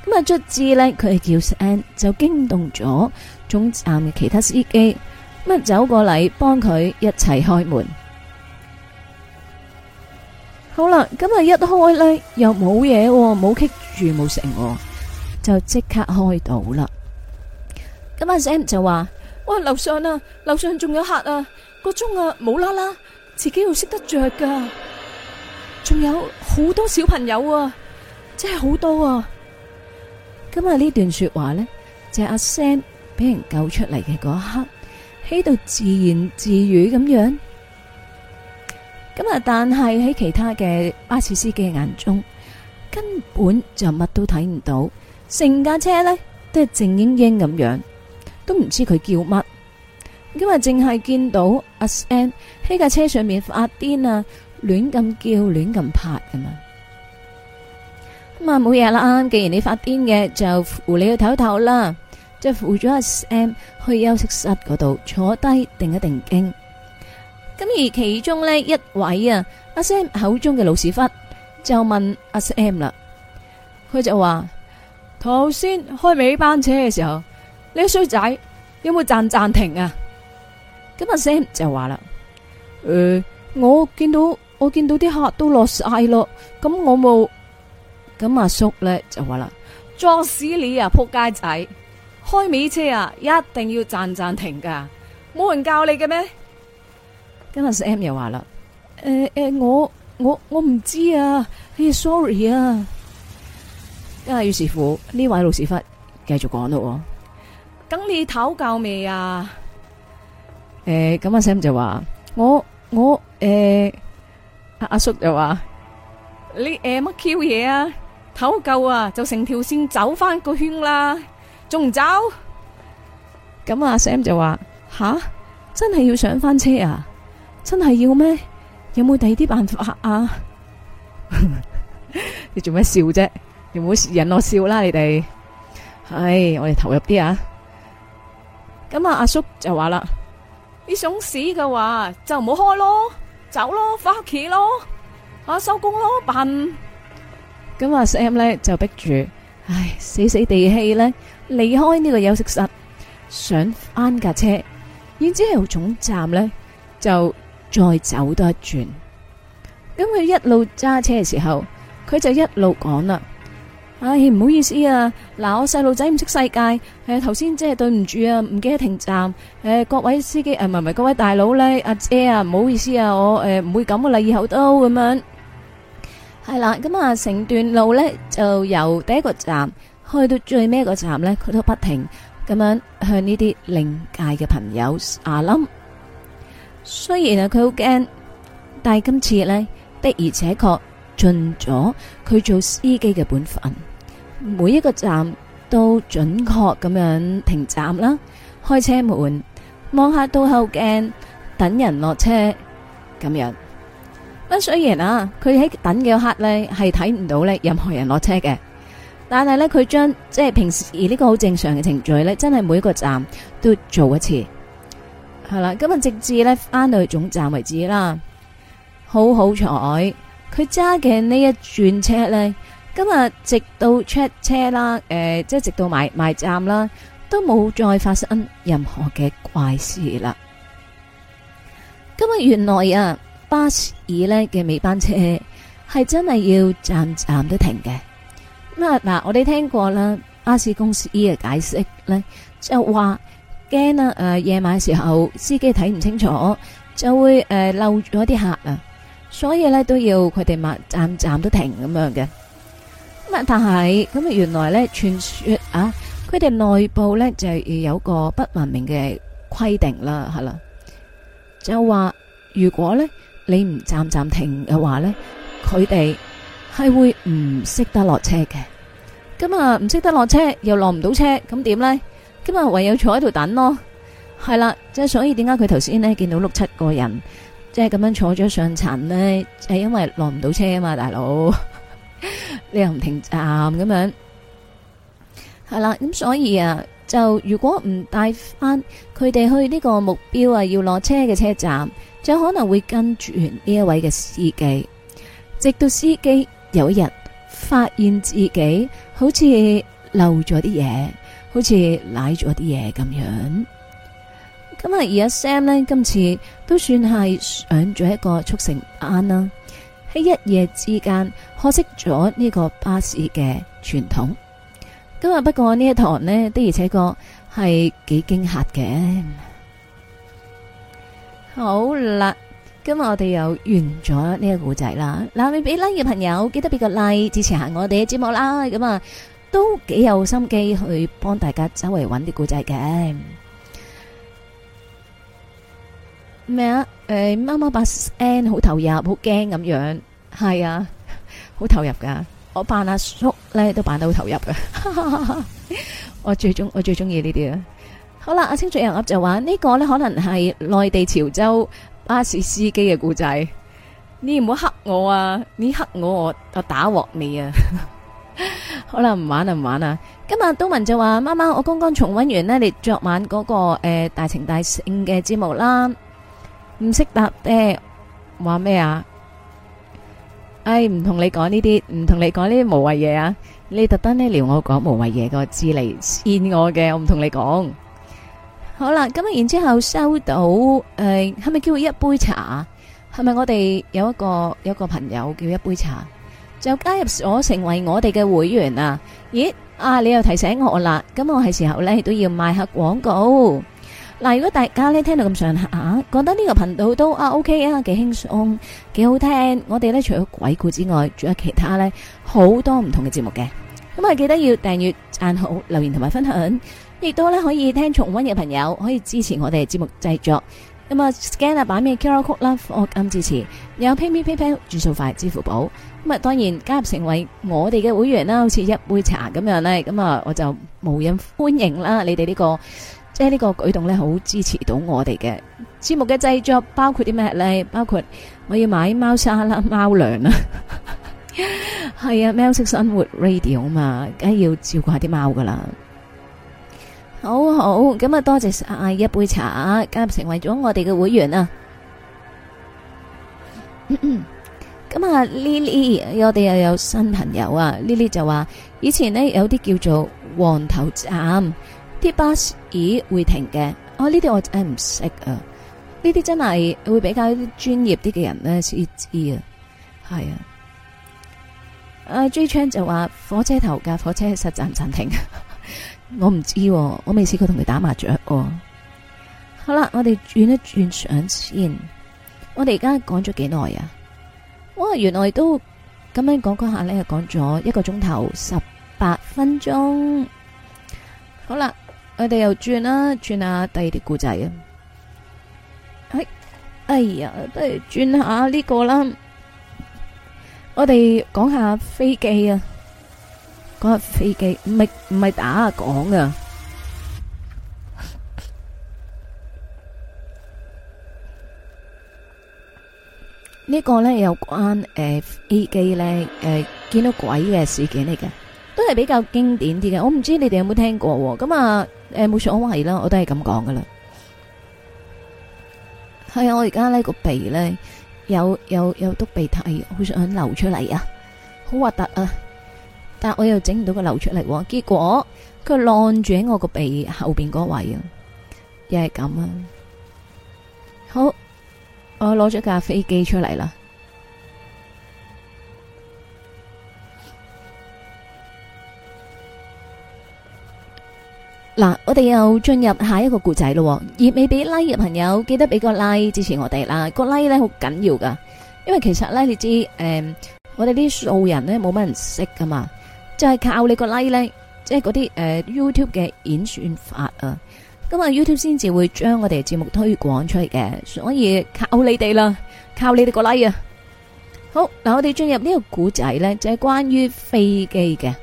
咁啊，卒之咧，佢係叫 Sam 就驚動咗總站嘅其他司機，咁啊走過嚟幫佢一齊開門。好啦，咁啊一開咧，又冇嘢，冇棘住，冇成。就即刻開到啦！咁阿 Sam 就話：哇，樓上啊，樓上仲有客啊，個鐘啊冇啦啦，自己要識得着噶，仲有好多小朋友啊，真係好多啊！今日呢段說話呢，就係阿 Sam 俾人救出嚟嘅，嗰一刻，喺度自言自語咁樣。咁啊，但係喺其他嘅巴士司機眼中，根本就乜都睇唔到。成架車呢，都係靜英英咁樣，都唔知佢叫乜，今日淨係見到阿 Sam 喺架車上面發癲啊，亂咁叫，亂咁拍咁啊。咁啊，冇嘢啦。既然你發癲嘅，就扶你去唞唞啦，就扶咗阿 Sam 去休息室嗰度坐低定一定驚。咁而其中呢一位啊，阿 Sam 口中嘅老屎忽就問阿 Sam 啦，佢就話。頭先開尾班車嘅時候，呢個衰仔有冇暫暫停啊？咁阿 sam 就話啦：，誒、呃，我見到我見到啲客都落晒咯，咁我冇。咁阿叔咧就話啦：，撞死你啊，仆街仔！開尾車啊，一定要暫暫停噶，冇人教你嘅咩？咁阿 sam 又話啦：，誒、呃、誒、呃，我我我唔知道啊，sorry 啊。因為於是乎呢位老屎忽繼續講咯。咁你唞夠未啊？誒、呃，咁阿 Sam 就話我我誒、呃、阿叔就話你誒乜 Q 嘢啊？唞夠啊，就成條線走翻個圈啦，仲唔走？咁、嗯、阿、啊、Sam 就話吓真係要上翻車啊？真係要咩？有冇第二啲辦法啊？ 你做咩笑啫？唔好引我笑啦，你哋唉我哋投入啲啊。咁啊，阿叔就話啦：你想死嘅話就唔好開咯，走咯，翻屋企咯，啊收工咯，笨。咁啊，阿 Sam 咧就逼住，唉死死地氣咧離開呢個休息室，想翻架車，然之後總站咧就再走多一轉。咁佢一路揸車嘅時候，佢就一路講啦。唉，唔好意思啊！嗱，我細路仔唔識世界，誒，頭先真係對唔住啊，唔記得停站，誒，各位司機，誒，唔係唔係，各位大佬咧，阿姐啊，唔好意思啊，我誒唔會咁噶啦，以後都咁樣。係啦，咁啊，成段路咧就由第一個站開到最尾一個站咧，佢都不停咁樣向呢啲另界嘅朋友牙冧。雖然啊，佢好驚，但係今次咧的而且確盡咗佢做司機嘅本分。每一個站都準確咁樣停站啦，開車門，望下倒後鏡，等人落車咁樣。咁雖然啊，佢喺等嘅刻呢係睇唔到咧任何人落車嘅，但係呢，佢將即係平時而呢個好正常嘅程序呢，真係每一個站都做一次。係啦，咁啊，直至呢翻到去總站為止啦。好好彩，佢揸嘅呢一轉車呢。今日直到出車啦，誒、呃，即係直到埋埋站啦，都冇再發生任何嘅怪事啦。今日原來啊，巴士呢嘅尾班車係真係要站站都停嘅。咁啊嗱，我哋聽過啦，巴士公司嘅解釋呢，就話驚啊，誒、呃，夜晚時候司機睇唔清楚，就會誒、呃、漏咗啲客啊，所以呢，都要佢哋咪站站都停咁樣嘅。但係咁啊，原來咧，傳說啊，佢哋內部咧就係有個不文明嘅規定啦，係啦，就話如果咧你唔站站停嘅話咧，佢哋係會唔識得落車嘅。咁啊，唔識得落車又落唔到車，咁點咧？咁啊，唯有坐喺度等咯。係啦，即係所以點解佢頭先咧見到六七個人，即係咁樣坐咗上層咧，係因為落唔到車啊嘛，大佬。 你又唔停站咁樣，係啦，咁所以啊，就如果唔帶翻佢哋去呢個目標啊，要落車嘅車站，就可能會跟住呢一位嘅司機，直到司機有一日發現自己好似漏咗啲嘢，好似賴咗啲嘢咁樣。咁啊，而阿 Sam 呢，今次都算係上咗一個速成班啦。喺一夜之間，可惜咗呢個巴士嘅傳統。今日不過呢一堂呢，的而且確係幾驚嚇嘅。好啦，今日我哋又完咗呢一個故仔啦。嗱，未俾 Like 嘅朋友記得俾個 Like 支持下我哋嘅節目啦。咁啊，都幾有心機去幫大家周圍揾啲故仔嘅咩？誒、嗯，貓貓把聲好投入，好驚咁樣，係啊，好投入噶。我扮阿叔咧，都扮得好投入噶。 我最中，我最中意呢啲啊。好啦，阿青嘴人就話呢、這個呢可能係內地潮州巴士司機嘅故仔。你唔好嚇我啊！你嚇我，我我打鑊你啊！ 好啦，唔玩啊，唔玩啊！今日都文就話貓貓，我剛剛重溫完呢你昨晚嗰、那個誒、呃、大情大性嘅節目啦。唔識答，誒，話咩啊？哎，唔同你講呢啲，唔同你講呢啲無謂嘢啊！你特登呢撩我講無謂嘢個字嚟騙我嘅，我唔同你講。好啦，咁然之後收到誒，係咪叫一杯茶？係咪我哋有一個有一個朋友叫一杯茶，就加入我成為我哋嘅會員啊？咦，啊你又提醒我啦，咁我係時候呢都要賣下廣告。嗱，如果大家咧聽到咁上下，覺得呢個頻道都啊 OK 啊，幾輕鬆，幾好聽。我哋咧除咗鬼故之外，仲有其他咧好多唔同嘅節目嘅。咁啊，記得要訂閱、讚好、留言同埋分享，亦都咧可以聽重温嘅朋友可以支持我哋節目製作。咁啊，Scan 啊版面 QR code 啦，咁支持，有 PayMe PayPal 轉數快，支付寶。咁啊，當然加入成為我哋嘅會員啦，好似一杯茶咁樣咧。咁啊，我就無任歡迎啦，你哋呢、這個。即係呢個舉動咧，好支持到我哋嘅節目嘅製作，包括啲咩咧？包括我要買貓砂啦、貓糧啦，係啊，喵式生活 Radio 啊嘛，梗係要照顧下啲貓噶啦。好好，咁啊多謝阿阿一杯茶啊，加入成為咗我哋嘅會員啊。咁咳咳啊，Lily 我哋又有新朋友啊，Lily 就話以前呢，有啲叫做黃頭站。啲巴士咦會停嘅，哦呢啲我真係唔識啊，呢啲真係會比較專業啲嘅人咧先知啊，係啊，阿 J Chan 就話火車頭架火車實站暫停， 我唔知喎，我未試過同佢打麻雀喎，好啦，我哋轉一轉上先，我哋而家講咗幾耐啊？哇、哦、原來都咁樣講嗰下呢，講咗一個鐘頭十八分鐘，好啦。我哋又轉啦，轉下第二啲故仔啊！哎，哎呀，不如轉下呢個啦。我哋講下飛機啊，講下飛機，唔係唔係打啊講噶。呢個咧有關誒飛機咧，誒見到鬼嘅事件嚟嘅。都係比較經典啲嘅，我唔知你哋有冇聽過咁啊？誒，冇錯，我係啦，我都係咁講噶啦。係啊，我而家呢個鼻咧有有有督鼻涕，好想流出嚟啊，好核突啊！但我又整唔到佢流出嚟，結果佢晾住喺我個鼻後邊嗰位啊，又係咁啊！好，我攞咗架飛機出嚟啦。嗱，我哋又進入下一個故仔咯，而未俾 like 嘅朋友記得俾個 like 支持我哋啦，個 like 咧好緊要噶，因為其實咧你知，誒、嗯，我哋啲素人咧冇乜人識噶嘛，就係、是、靠你個 like 咧，即係嗰啲誒 YouTube 嘅演算法啊，咁、嗯、啊 YouTube 先至會將我哋節目推廣出嚟嘅，所以靠你哋啦，靠你哋個 like 啊，好，嗱，我哋進入呢個故仔咧，就係、是、關於飛機嘅。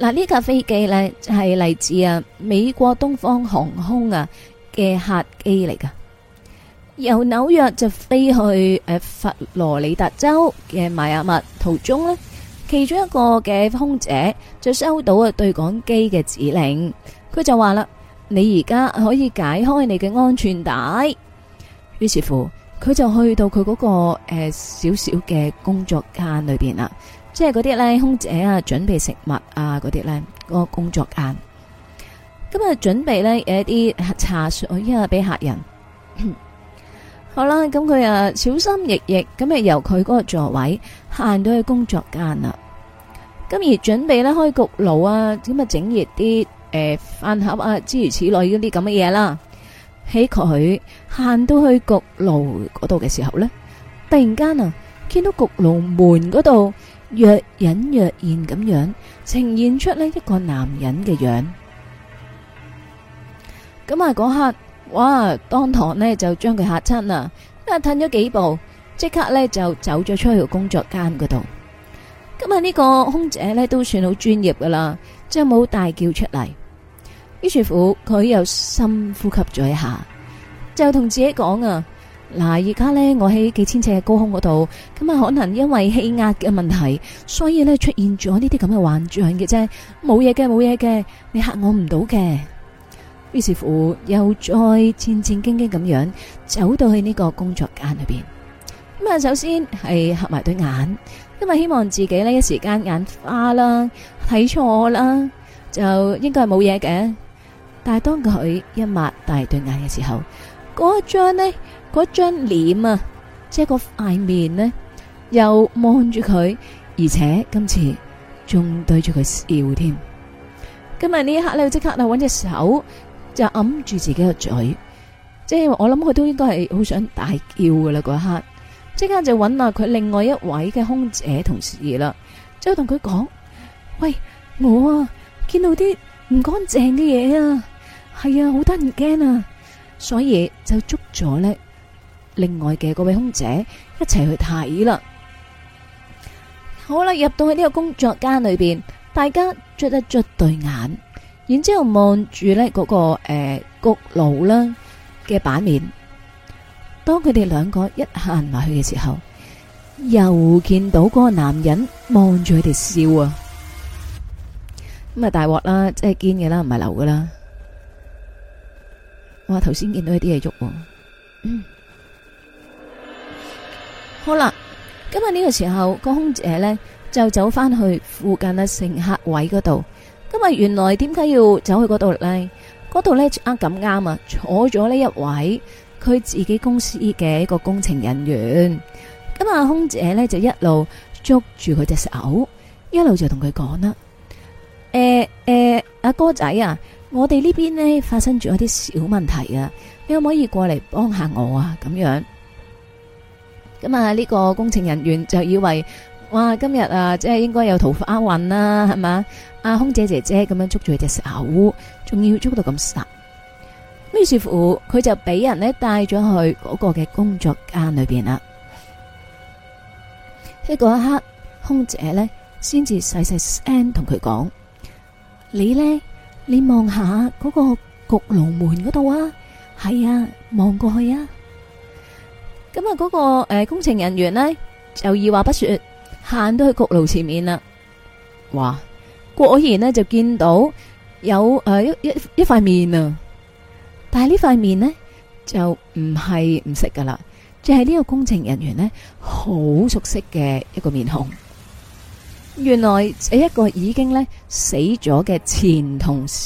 嗱，呢架飛機呢係嚟、就是、自啊美國東方航空啊嘅客機嚟噶，由紐約就飛去誒、呃、佛羅里達州嘅邁阿密，途中呢其中一個嘅空姐就收到啊對講機嘅指令，佢就話啦：你而家可以解開你嘅安全帶。於是乎，佢就去到佢嗰、那個、呃、小小嘅工作間裏邊啦。即係嗰啲咧，空姐啊，準備食物啊，嗰啲咧，嗰、嗰個工作間。今日準備咧有一啲茶水啊，依家俾客人。 好啦，咁佢啊小心翼翼，咁啊由佢嗰個座位行到去工作間啦。咁而準備咧開焗爐啊，咁啊整熱啲誒飯盒啊，諸如此類嗰啲咁嘅嘢啦。喺佢行到去焗爐嗰度嘅時候呢，突然間啊，見到焗爐門嗰度，若隱若現咁樣呈現出呢一個男人嘅樣子，咁啊嗰刻哇當堂呢就將佢嚇親啦，因為褪咗幾步，即刻呢就走咗出去個工作間嗰度。咁啊呢個空姐呢都算好專業噶啦，真係冇大叫出嚟，於是乎佢又深呼吸咗一下，就同自己講啊。嗱，而家咧我喺幾千尺嘅高空嗰度，咁啊可能因為氣壓嘅問題，所以咧出現咗呢啲咁嘅幻象嘅啫，冇嘢嘅，冇嘢嘅，你吓我唔到嘅。於是乎，又再戰戰兢兢咁樣走到去呢個工作間裏邊。咁啊，首先係合埋對眼，因為希望自己呢一時間眼花啦、睇錯啦，就應該係冇嘢嘅。但係當佢一擘大對眼嘅時候，嗰張呢。嗰張臉啊，即係嗰塊面咧，又望住佢，而且今次仲對住佢笑添。今日呢一刻咧，即刻就搵隻手就揞住自己個嘴，即係我諗佢都應該係好想大叫噶啦。嗰一刻，即刻就搵下佢另外一位嘅空姐同事啦，即係同佢講，喂，我啊見到啲唔乾淨嘅嘢啊，係啊，好得人驚啊，所以就捉咗咧。另外嘅嗰位空姐一齊去睇啦，好啦，入到去呢個工作間裏邊，大家捽一捽對眼，然之後望住呢嗰個誒焗爐啦嘅版面。當佢哋兩個一行埋去嘅時候，又見到嗰個男人望住佢哋笑啊！咁啊大鑊啦，即係堅嘅啦，唔係流嘅啦。我話頭先見到一啲嘢喐。嗯。好啦，今日呢個時候個空姐呢就走翻去附近嘅乘客位嗰度。今日原來點解要走去嗰度呢？嗰度呢，咁啱啊，坐咗呢一位佢自己公司嘅一個工程人員。咁啊，空姐呢就一路捉住佢隻手，一路就同佢講啦：，誒、欸、誒，阿、欸、哥仔啊，我哋呢邊呢發生咗一啲小問題啊，你可唔可以過嚟幫下我啊？咁樣。咁啊！呢個工程人員就以為，哇！今日啊，即係應該有桃花運啦，係嘛？啊，空姐姐姐咁樣捉住佢隻石猴，仲要捉到咁實。於是乎，佢就俾人咧帶咗去嗰個嘅工作間裏邊啦。喺嗰一刻，空姐咧先至細細聲同佢講：，你咧，你望下嗰個焗爐門嗰度啊，係啊，望過去啊。咁啊，嗰個誒工程人員咧，就二話不說，行到去焗爐前面啦。哇果然咧就見到有誒一一一塊面啊，但係呢塊面咧就唔係唔識噶啦，即係呢個工程人員咧好熟悉嘅一個面孔。原來係一個已經咧死咗嘅前同事。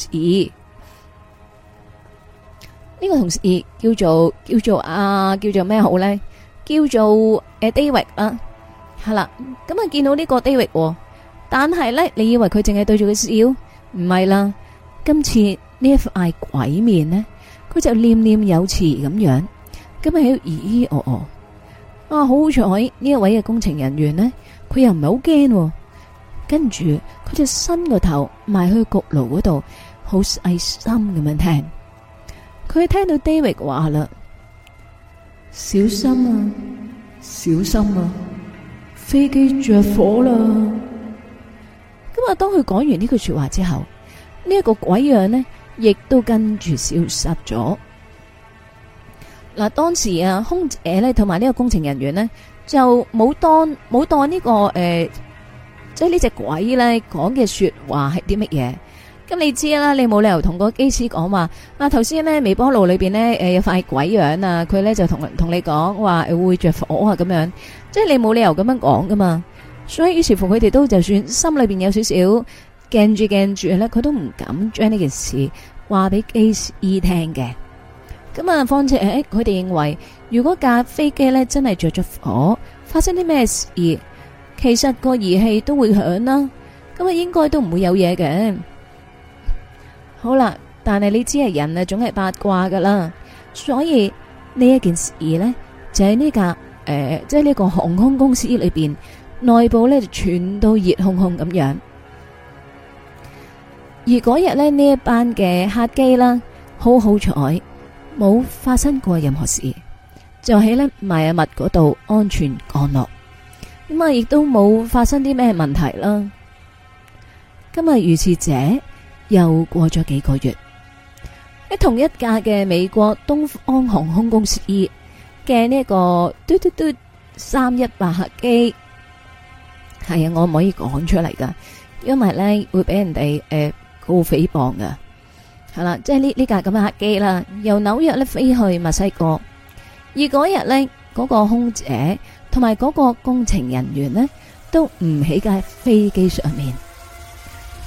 呢個同事叫做叫做啊，叫做咩好咧？叫做誒，David 啊，係啦。咁啊，見到呢個 David，但係咧，你以為佢淨係對住佢笑？唔係啦，今次呢一副鬼面咧，佢就念念有詞咁樣，咁啊喺度咿咿哦哦。啊，好彩呢一位嘅工程人員咧，佢又唔係好驚。跟住佢就伸個頭埋去焗爐嗰度，好細心咁樣聽。佢聽到 David 話啦，小心啊，小心啊，飛機着火啦！咁啊，當佢講完呢句說話之後，呢一個鬼樣咧，亦都跟住消失咗。嗱，當時啊，空姐咧同埋呢個工程人員咧，就冇當冇當呢個誒，即係呢隻鬼咧講嘅說話係啲乜嘢？咁你知啦，你冇理由同個機師講話啊。頭先呢，微波爐裏邊呢，誒有塊鬼樣啊。佢呢就同同你講話會着火啊，咁樣即係、就是、你冇理由咁樣講噶嘛。所以於是乎，佢哋都就算心裏邊有少少驚住驚住咧，佢、啊、都唔敢將呢件事話俾機師聽嘅。咁啊，況且佢哋認為如果架飛機呢真係着咗火，發生啲咩事，其實個儀器都會響啦。咁啊，應該都唔會有嘢嘅。好啦，但係你知係人啊，總係八卦噶啦，所以呢一件事呢，就係呢架誒，即係呢個航空公司裏邊內部呢，就全都熱烘烘咁樣。而嗰日呢，呢一班嘅客機啦，好好彩，冇發生過任何事，就喺呢邁阿密嗰度安全降落，咁啊亦都冇發生啲咩問題啦。今日如事者。又過咗幾個月，喺同一架嘅美國東方航空公司嘅呢一個嘟嘟嘟三一八客機，係啊，我唔可以講出嚟噶，因為咧會俾人哋誒告誹謗噶，係啦，即係呢呢架咁嘅客機啦，由紐約咧飛去墨西哥，而嗰日咧嗰個空姐同埋嗰個工程人員咧都唔喺架飛機上面，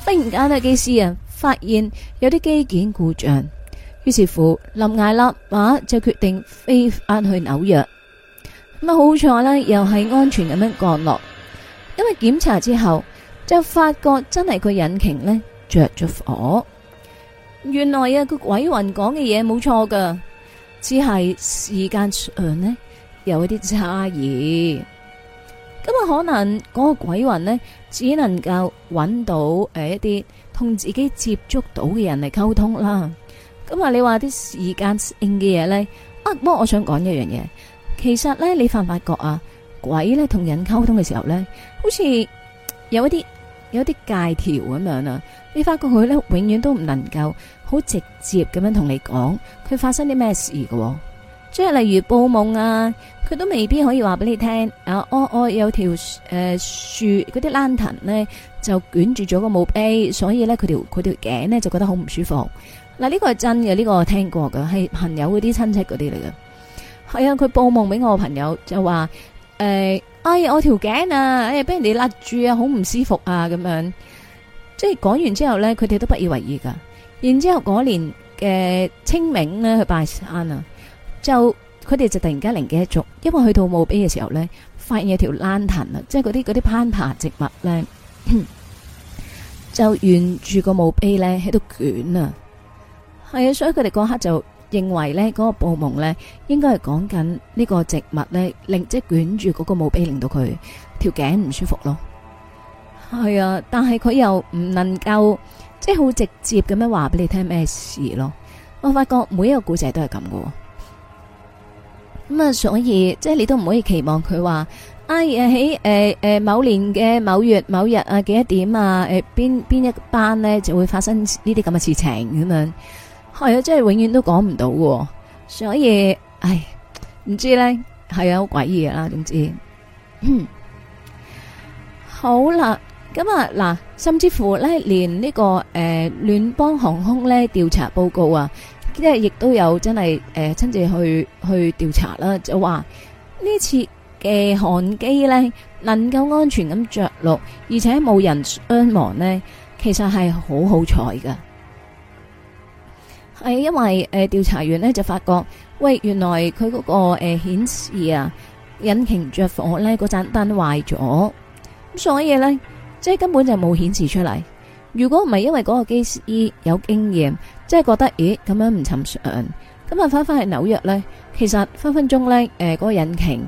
忽然間咧機師啊！發現有啲機件故障，於是乎林艾立馬就決定飛翻去紐約。咁啊，好彩呢又係安全咁樣降落。因為檢查之後就發覺真係佢引擎呢着咗火。原來啊，個鬼魂講嘅嘢冇錯噶，只係時間上呢有一啲差異。咁啊，可能嗰個鬼魂呢，只能夠揾到誒一啲。同自己接觸到嘅人嚟溝通啦，咁啊，你話啲時間性嘅嘢咧，啊，不過我想講一樣嘢，其實咧，你發唔發覺啊？鬼咧同人溝通嘅時候咧，好似有一啲有一啲戒條咁樣啊，你發覺佢咧永遠都唔能夠好直接咁樣同你講佢發生啲咩事嘅，即係例如報夢啊，佢都未必可以話俾你聽啊。我、啊、我、啊、有一條誒、啊、樹嗰啲纜藤咧。那些就捲住咗個墓碑，所以咧佢條佢條頸咧就覺得好唔舒服。嗱、啊、呢、這個係真嘅，呢、這個我聽過噶，係朋友嗰啲親戚嗰啲嚟噶。係啊，佢報夢俾我個朋友就話：誒、欸，哎我條頸啊，哎俾人哋勒住啊，好唔舒服啊咁樣。即係講完之後咧，佢哋都不以為意噶。然之後嗰年嘅清明咧去拜山啊，就佢哋就突然間靈機一觸，因為去到墓碑嘅時候咧，發現有條爛藤啊，即係嗰啲嗰啲攀爬植物咧。就沿住個墓碑呢喺度捲啊，係啊，所以佢哋嗰刻就認為呢嗰個布夢呢應該係講緊呢個植物呢，令即係捲住嗰個墓碑，令到佢條頸唔舒服咯。係啊，但係佢又唔能夠即係好直接咁樣話俾你聽咩事咯。我發覺每一個古仔都係咁嘅，咁啊，所以即係你都唔可以期望佢話。哎誒喺誒誒某年嘅某月某日啊幾多點啊誒邊邊一班呢就會發生呢啲咁嘅事情咁樣係、哎、啊真係永遠都講唔到嘅，所以唉唔知咧係啊好詭異啦，總之嗯好啦咁啊嗱，甚至乎咧連呢、這個誒聯邦航空咧調查報告啊，即係亦都有真係誒親自去去調查啦，就話呢次。嘅航機呢能夠安全咁着陸，而且冇人傷亡呢，其實係好好彩㗎。係因為誒調、呃、查員呢就發覺，喂，原來佢嗰、那個誒顯、呃、示啊引擎着火呢嗰盞燈壞咗，咁所以呢，即係根本就冇顯示出嚟。如果唔係因為嗰個機師有經驗，即係覺得，咦咁樣唔尋常，咁啊翻翻去紐約呢，其實分分鐘呢，誒、呃、嗰、那個引擎。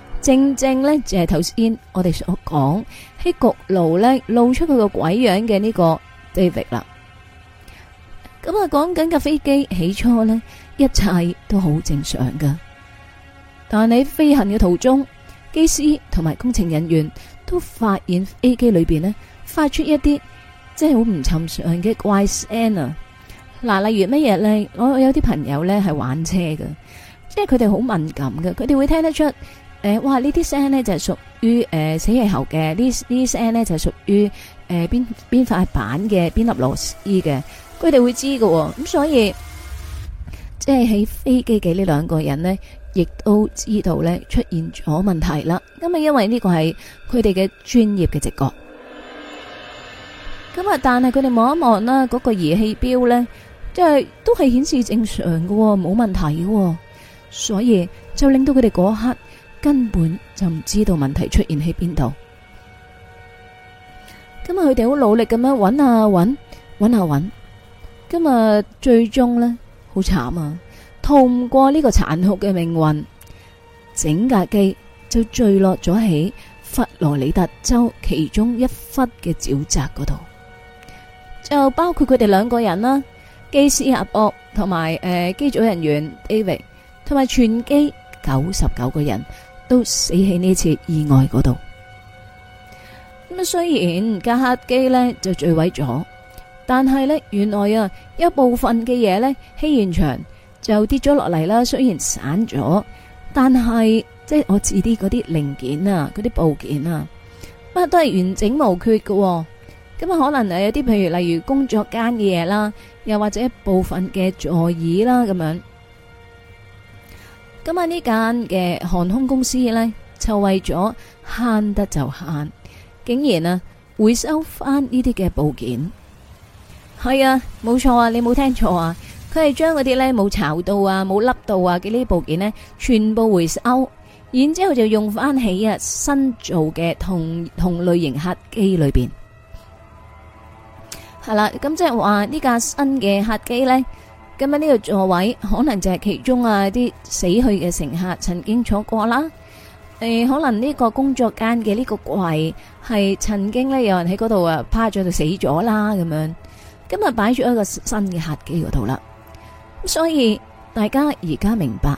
正正咧，就係頭先我哋所講喺焗爐咧露，露出佢個鬼樣嘅呢個 David 啦。咁啊，講緊架飛機起初呢，一切都好正常噶。但係你飛行嘅途中，機師同埋工程人員都發現飛機裏邊呢發出一啲即係好唔尋常嘅怪聲啊。嗱，例如乜嘢咧，我有啲朋友咧係玩車嘅，即係佢哋好敏感嘅，佢哋會聽得出。誒，哇！呢啲聲呢，呃、聲就係屬於誒死氣喉嘅，呢啲聲呢，就係屬於誒邊邊塊板嘅邊粒螺絲嘅，佢哋會知㗎。咁，所以即係喺飛機嘅呢兩個人呢，亦都知道呢出現咗問題啦。咁啊，因為呢個係佢哋嘅專業嘅直覺。咁啊，但係佢哋望一望啦，嗰個儀器表呢，即、就、係、是、都係顯示正常嘅，冇問題嘅，所以就令到佢哋嗰刻。根本就唔知道問題出現喺邊度。今日佢哋好努力咁樣揾下揾，揾下揾。今日最終呢，好慘啊！逃唔過呢個殘酷嘅命運，整架機就墜落咗喺佛羅里達州其中一忽嘅沼澤嗰度，就包括佢哋兩個人啦，機師阿博同埋誒機組人員 David，同埋全機九十九個人。都死喺呢次意外嗰度。咁啊，雖然架客機呢就墜毀咗，但係呢，原來啊一部分嘅嘢，呢喺現場就跌咗落嚟啦。雖然散咗，但係即係我自己嗰啲零件啊，嗰啲部件啊，乜都係完整無缺嘅。咁啊，可能誒、啊、有啲譬如例如工作間嘅嘢啦，又或者部分嘅座椅啦咁樣。今晚呢間嘅航空公司咧，就為咗慳得就慳，竟然啊回收翻呢啲嘅部件。係啊，冇錯啊，你冇聽錯啊，佢係將嗰啲咧冇炒到啊、冇凹到啊嘅呢啲部件咧，全部回收，然之後就用翻起啊新做嘅同同類型客機裏邊。係啦，咁即係話呢架新嘅客機咧。今日呢個座位可能就係其中啊啲死去嘅乘客曾經坐過啦，誒可能呢個工作間嘅呢個櫃係曾經咧有人喺嗰度啊趴住喺度死咗啦咁樣，今日擺咗一個新嘅客機嗰度啦，咁所以大家而家明白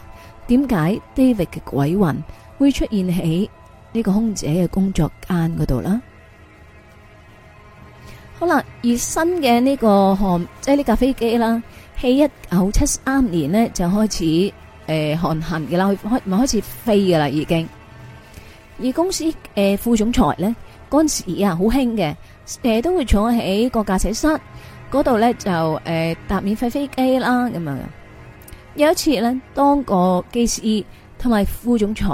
點解 David 嘅鬼魂會出現喺呢個空姐嘅工作間嗰度啦。好啦，而新嘅呢個航即係呢架飛機啦。喺一九七三年咧就開始誒航行嘅啦，開咪開始飛嘅啦已經。而公司誒副總裁咧嗰陣時啊好興嘅，誒都會坐喺個駕駛室嗰度咧就誒搭免費飛機啦咁樣。有一次咧，當個機師同埋副總裁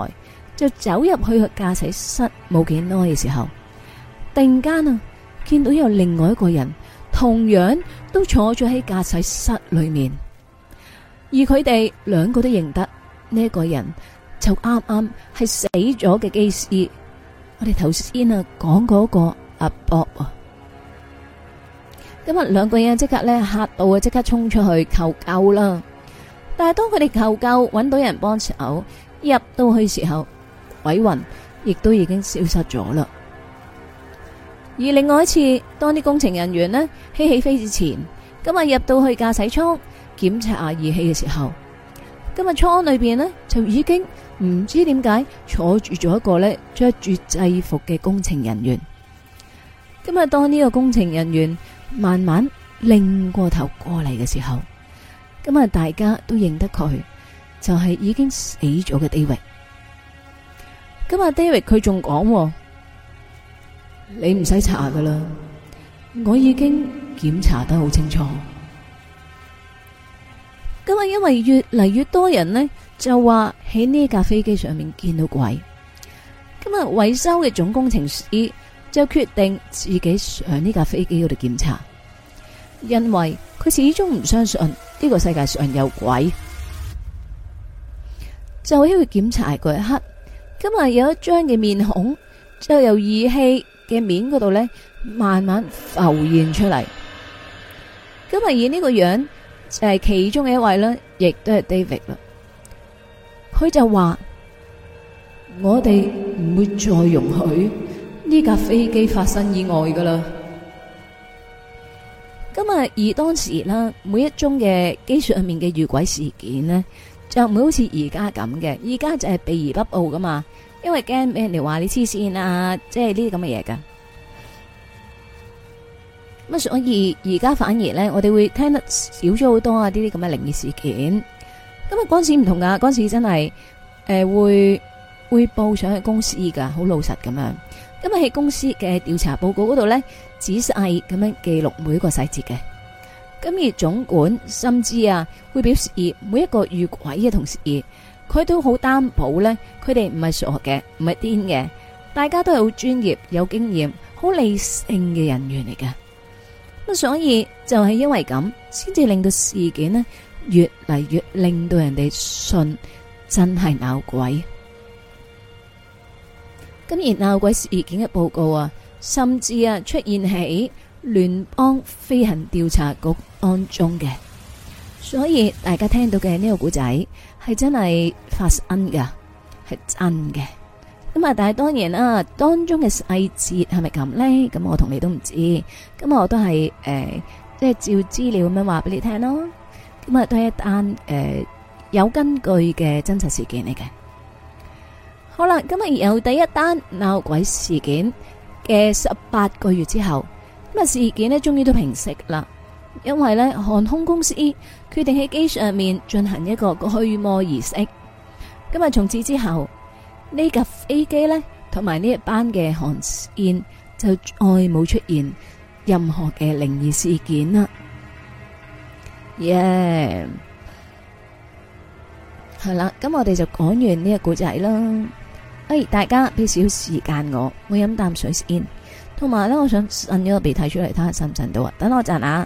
就走入去個駕駛室冇幾耐嘅時候，突然間啊見到有另外一個人同樣。都坐咗喺駕駛室裏面，而佢哋兩個都認得呢一個人，就啱啱係死咗嘅機師。我哋頭先啊講嗰個阿伯，今日兩個人即刻咧吓到啊，即刻衝出去求救啦。但係當佢哋求救，搵到人幫手入到去時候，鬼魂亦都已經消失咗啦。而另外一次，當啲工程人員呢喺起飛之前，噉咪入到去駕駛艙檢查下儀器嘅時候，噉咪艙裏邊呢就已經唔知點解坐住咗一個呢着住制服嘅工程人員。噉咪當呢個工程人員慢慢擰過頭過嚟嘅時候，噉咪大家都認得佢，就係已經死咗嘅 David。噉咪 David 佢仲講喎。你唔使查噶啦，我已經檢查得好清楚。今日因為越嚟越多人呢，就話喺呢架飛機上面見到鬼，今日維修嘅總工程師就決定自己上呢架飛機嗰度檢查，因為佢始終唔相信呢個世界上有鬼。 就喺佢檢查嗰一刻，今日有一張嘅面孔就由儀器。嘅面嗰度咧，慢慢浮現出嚟。咁日以呢個樣子，誒、就是，其中嘅一位咧，亦都係地力啦。佢就話： 我哋唔會再容許呢架飛機發生意外噶啦。咁日 而當時啦，每一宗嘅機上面嘅遇鬼事件呢，就唔會好似而家咁嘅，而家就係避而不報噶嘛。因為驚俾人哋話你黐線啊，即係呢啲咁嘅嘢噶。咁所以而家反而咧，我哋會聽得少咗好多啊！呢啲咁嘅靈異事件。咁日嗰時唔同噶，嗰時真係誒、呃、會會報上去公司噶，好老實咁樣。咁日喺公司嘅調查報告嗰度咧，仔細咁樣記錄每一個細節嘅。咁而總管甚至啊，會表示每一個遇鬼嘅同事佢都好擔保呢，佢哋唔係傻嘅，唔係癲嘅，大家都係好專業、有經驗、好理性嘅人員嚟嘅。咁所以就係因為咁，先至令到事件呢越嚟越令到人哋信，真係鬧鬼。今年鬧鬼事件嘅報告啊，甚至啊出現喺聯邦飛行調查局當中嘅。所以大家聽到嘅呢個故仔。係真係發生噶，係真嘅。咁啊，但係當然啦，當中嘅細節係咪咁呢？咁我同你都唔知。咁我都係誒、即、呃、係、就是、照資料咁樣話俾你聽咯。咁啊，都係一單誒有根據嘅真實事件嚟嘅。好啦，今日由第一單鬧鬼事件嘅十八個月之後，咁、這、啊、個、事件呢終於都平息啦。因為呢，航空公司決定喺機上面進行一個驅魔儀式。今日從此之後，呢架飛機呢，同埋呢一班嘅航綫就再冇出現任何嘅靈異事件啦。耶、yeah.，係啦，咁我哋就講完呢個古仔啦。哎，大家俾少時間我，我飲啖水先，同埋呢，我想擤咗個鼻涕出嚟睇下，信唔信到啊？等我陣啊！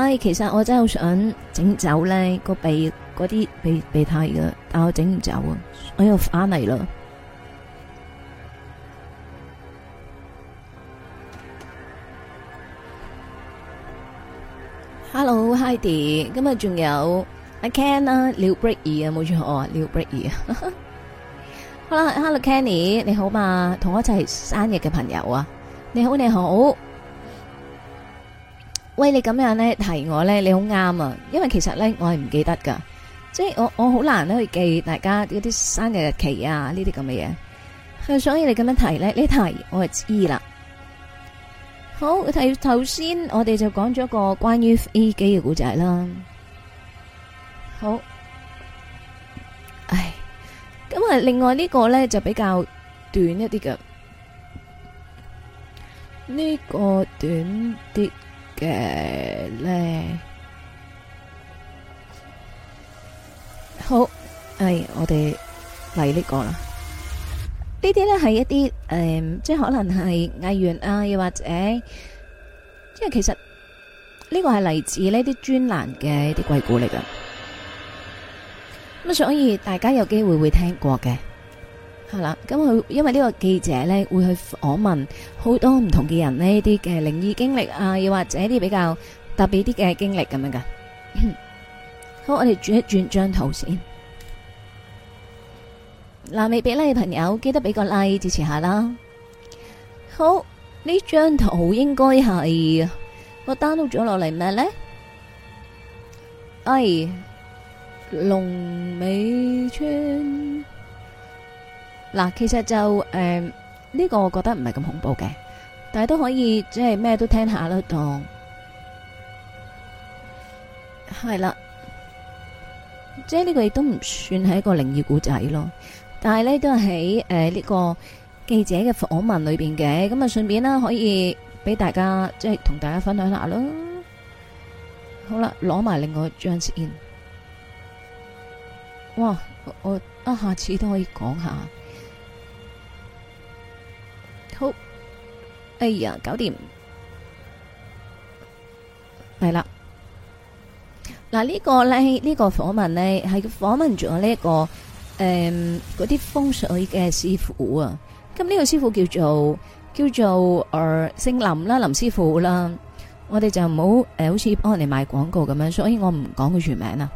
哎，其實我真係好想整走咧個鼻嗰啲鼻鼻涕嘅，但我整唔走啊，我又返嚟啦。Hello Heidi，今日仲有阿 Ken 啊，廖 Brady 啊，冇錯，我話廖 Brady 啊。好啦，Hello Kenny，你好嘛？同我一齊生日嘅朋友啊，你好，你好。喂，你咁樣咧提我咧，你好啱啊！因為其實咧，我係唔記得噶，即係我我好難咧去記大家嗰啲生日日期啊，呢啲咁嘅嘢。係，所以你咁樣提咧，呢題我係知啦。好，睇頭先我哋就講咗個關於飛機嘅古仔啦。好，唉，咁啊，另外呢個咧就比較短一啲噶，呢個短啲。嘅咧，好，係我哋嚟呢個啦。呢啲咧係一啲誒、呃，即係可能係藝員啊，又或者，即係其實呢、這個係嚟自呢啲專欄嘅一啲鬼故嚟噶。咁所以大家有機會會聽過嘅。係啦，咁佢因為呢個記者咧會去訪問好多唔同嘅人咧，一啲嘅靈異經歷啊，又或者一啲比較特別啲嘅經歷咁樣噶。好，我哋轉一轉張圖先。嗱，未俾 like 嘅朋友記得俾個 like 支持下啦。好，呢張圖應該係我 download 咗落嚟咩咧？哎，龍尾村。嗱，其實就誒呢、嗯這個我覺得唔係咁恐怖嘅，但係都可以即係咩都聽下咯，當係、哦、啦，即係呢個亦都唔算係一個靈異故仔咯，但係呢都係喺誒呢個記者嘅訪問裏邊嘅，咁啊順便啦可以俾大家即係同大家分享下咯，好啦，攞埋另外張先，哇，我，我下次也可以一下次都可以講下。哎呀，搞掂係啦。嗱，這個、呢個咧，呢、這個訪問咧，係訪問咗呢一個誒，嗰、呃、啲風水嘅師傅啊。咁呢個師傅叫做叫做誒、呃，姓林啦，林師傅啦。我哋就唔好誒，好似幫人哋賣廣告咁樣，所以我唔講佢全名啊。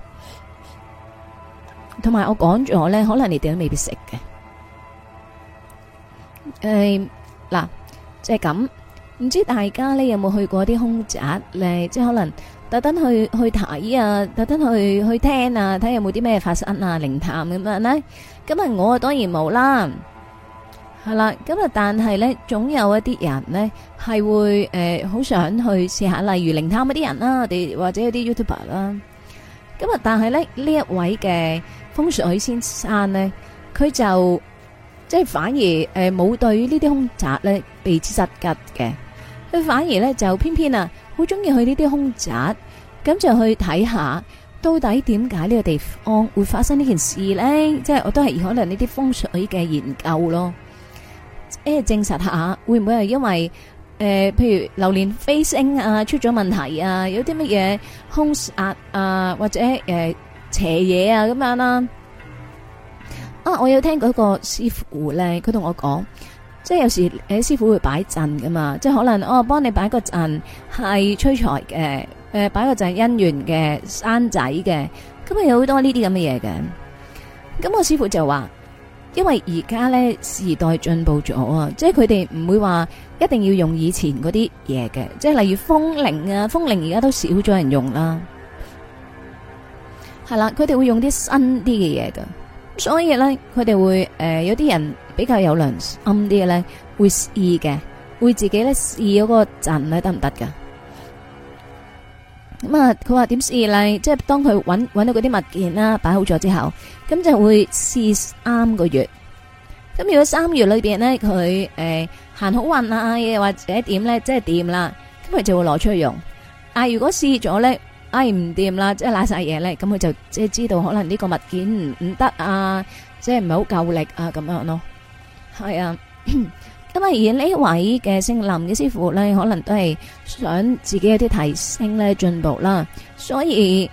同埋我講咗咧，可能你哋都未必識嘅。誒、呃，嗱。即係咁，唔知大家咧有冇去過啲空宅咧？即係可能特登去去睇啊，特登去去聽啊，睇有冇啲咩發生啊？靈探咁樣咧？咁啊我啊當然冇啦，係啦。咁啊但係咧，總有一啲人咧係會誒，好想去試下，例如靈探嗰啲人啦，我哋或者有啲 YouTuber 啦。咁啊但係咧，呢一位嘅風水先生咧，佢就。即係反而誒，冇、呃、對呢啲空宅咧，避之則吉嘅，佢反而咧就偏偏啊，好中意去呢啲空宅，咁就去睇下到底點解呢個地方會發生呢件事咧？即係我都係可能呢啲風水嘅研究咯，誒、呃、證實下會唔會係因為誒、呃，譬如流年飛星啊，出咗問題啊，有啲乜嘢空壓啊，或者誒邪嘢啊咁樣啦、啊。啊！我要聽嗰個師傅咧，佢同我講，即係有時誒，師傅會擺陣噶嘛，即係可能我、哦、幫你擺個陣係催財嘅，誒、呃、擺個陣姻緣嘅、生仔嘅，咁啊有好多呢啲咁嘅嘢嘅。咁我師傅就話，因為而家咧時代進步咗啊，即係佢哋唔會話一定要用以前嗰啲嘢嘅，即係例如風鈴啊，風鈴而家都少咗人用啦，係啦，佢哋會用啲新啲嘅嘢噶。所以咧，佢哋會誒有啲人比較有良心啲嘅咧，會試嘅，會自己咧試嗰個陣咧得唔得㗎？咁啊，佢話點試咧？即係當佢搵搵到嗰啲物件啦，擺好咗之後，咁就會試三個月。咁如果三月裏邊咧，佢誒行好運啊，又或者點咧，即係掂啦，咁佢就會攞出去用。但，如果試咗咧？哎，唔掂啦，即係拉晒嘢咧，咁佢就即係知道可能呢個物件唔唔得啊，即係唔係好夠力啊，咁樣咯。係啊，咁啊，而呢位嘅姓林嘅師傅咧，可能都係想自己有啲提升咧，進步啦，所以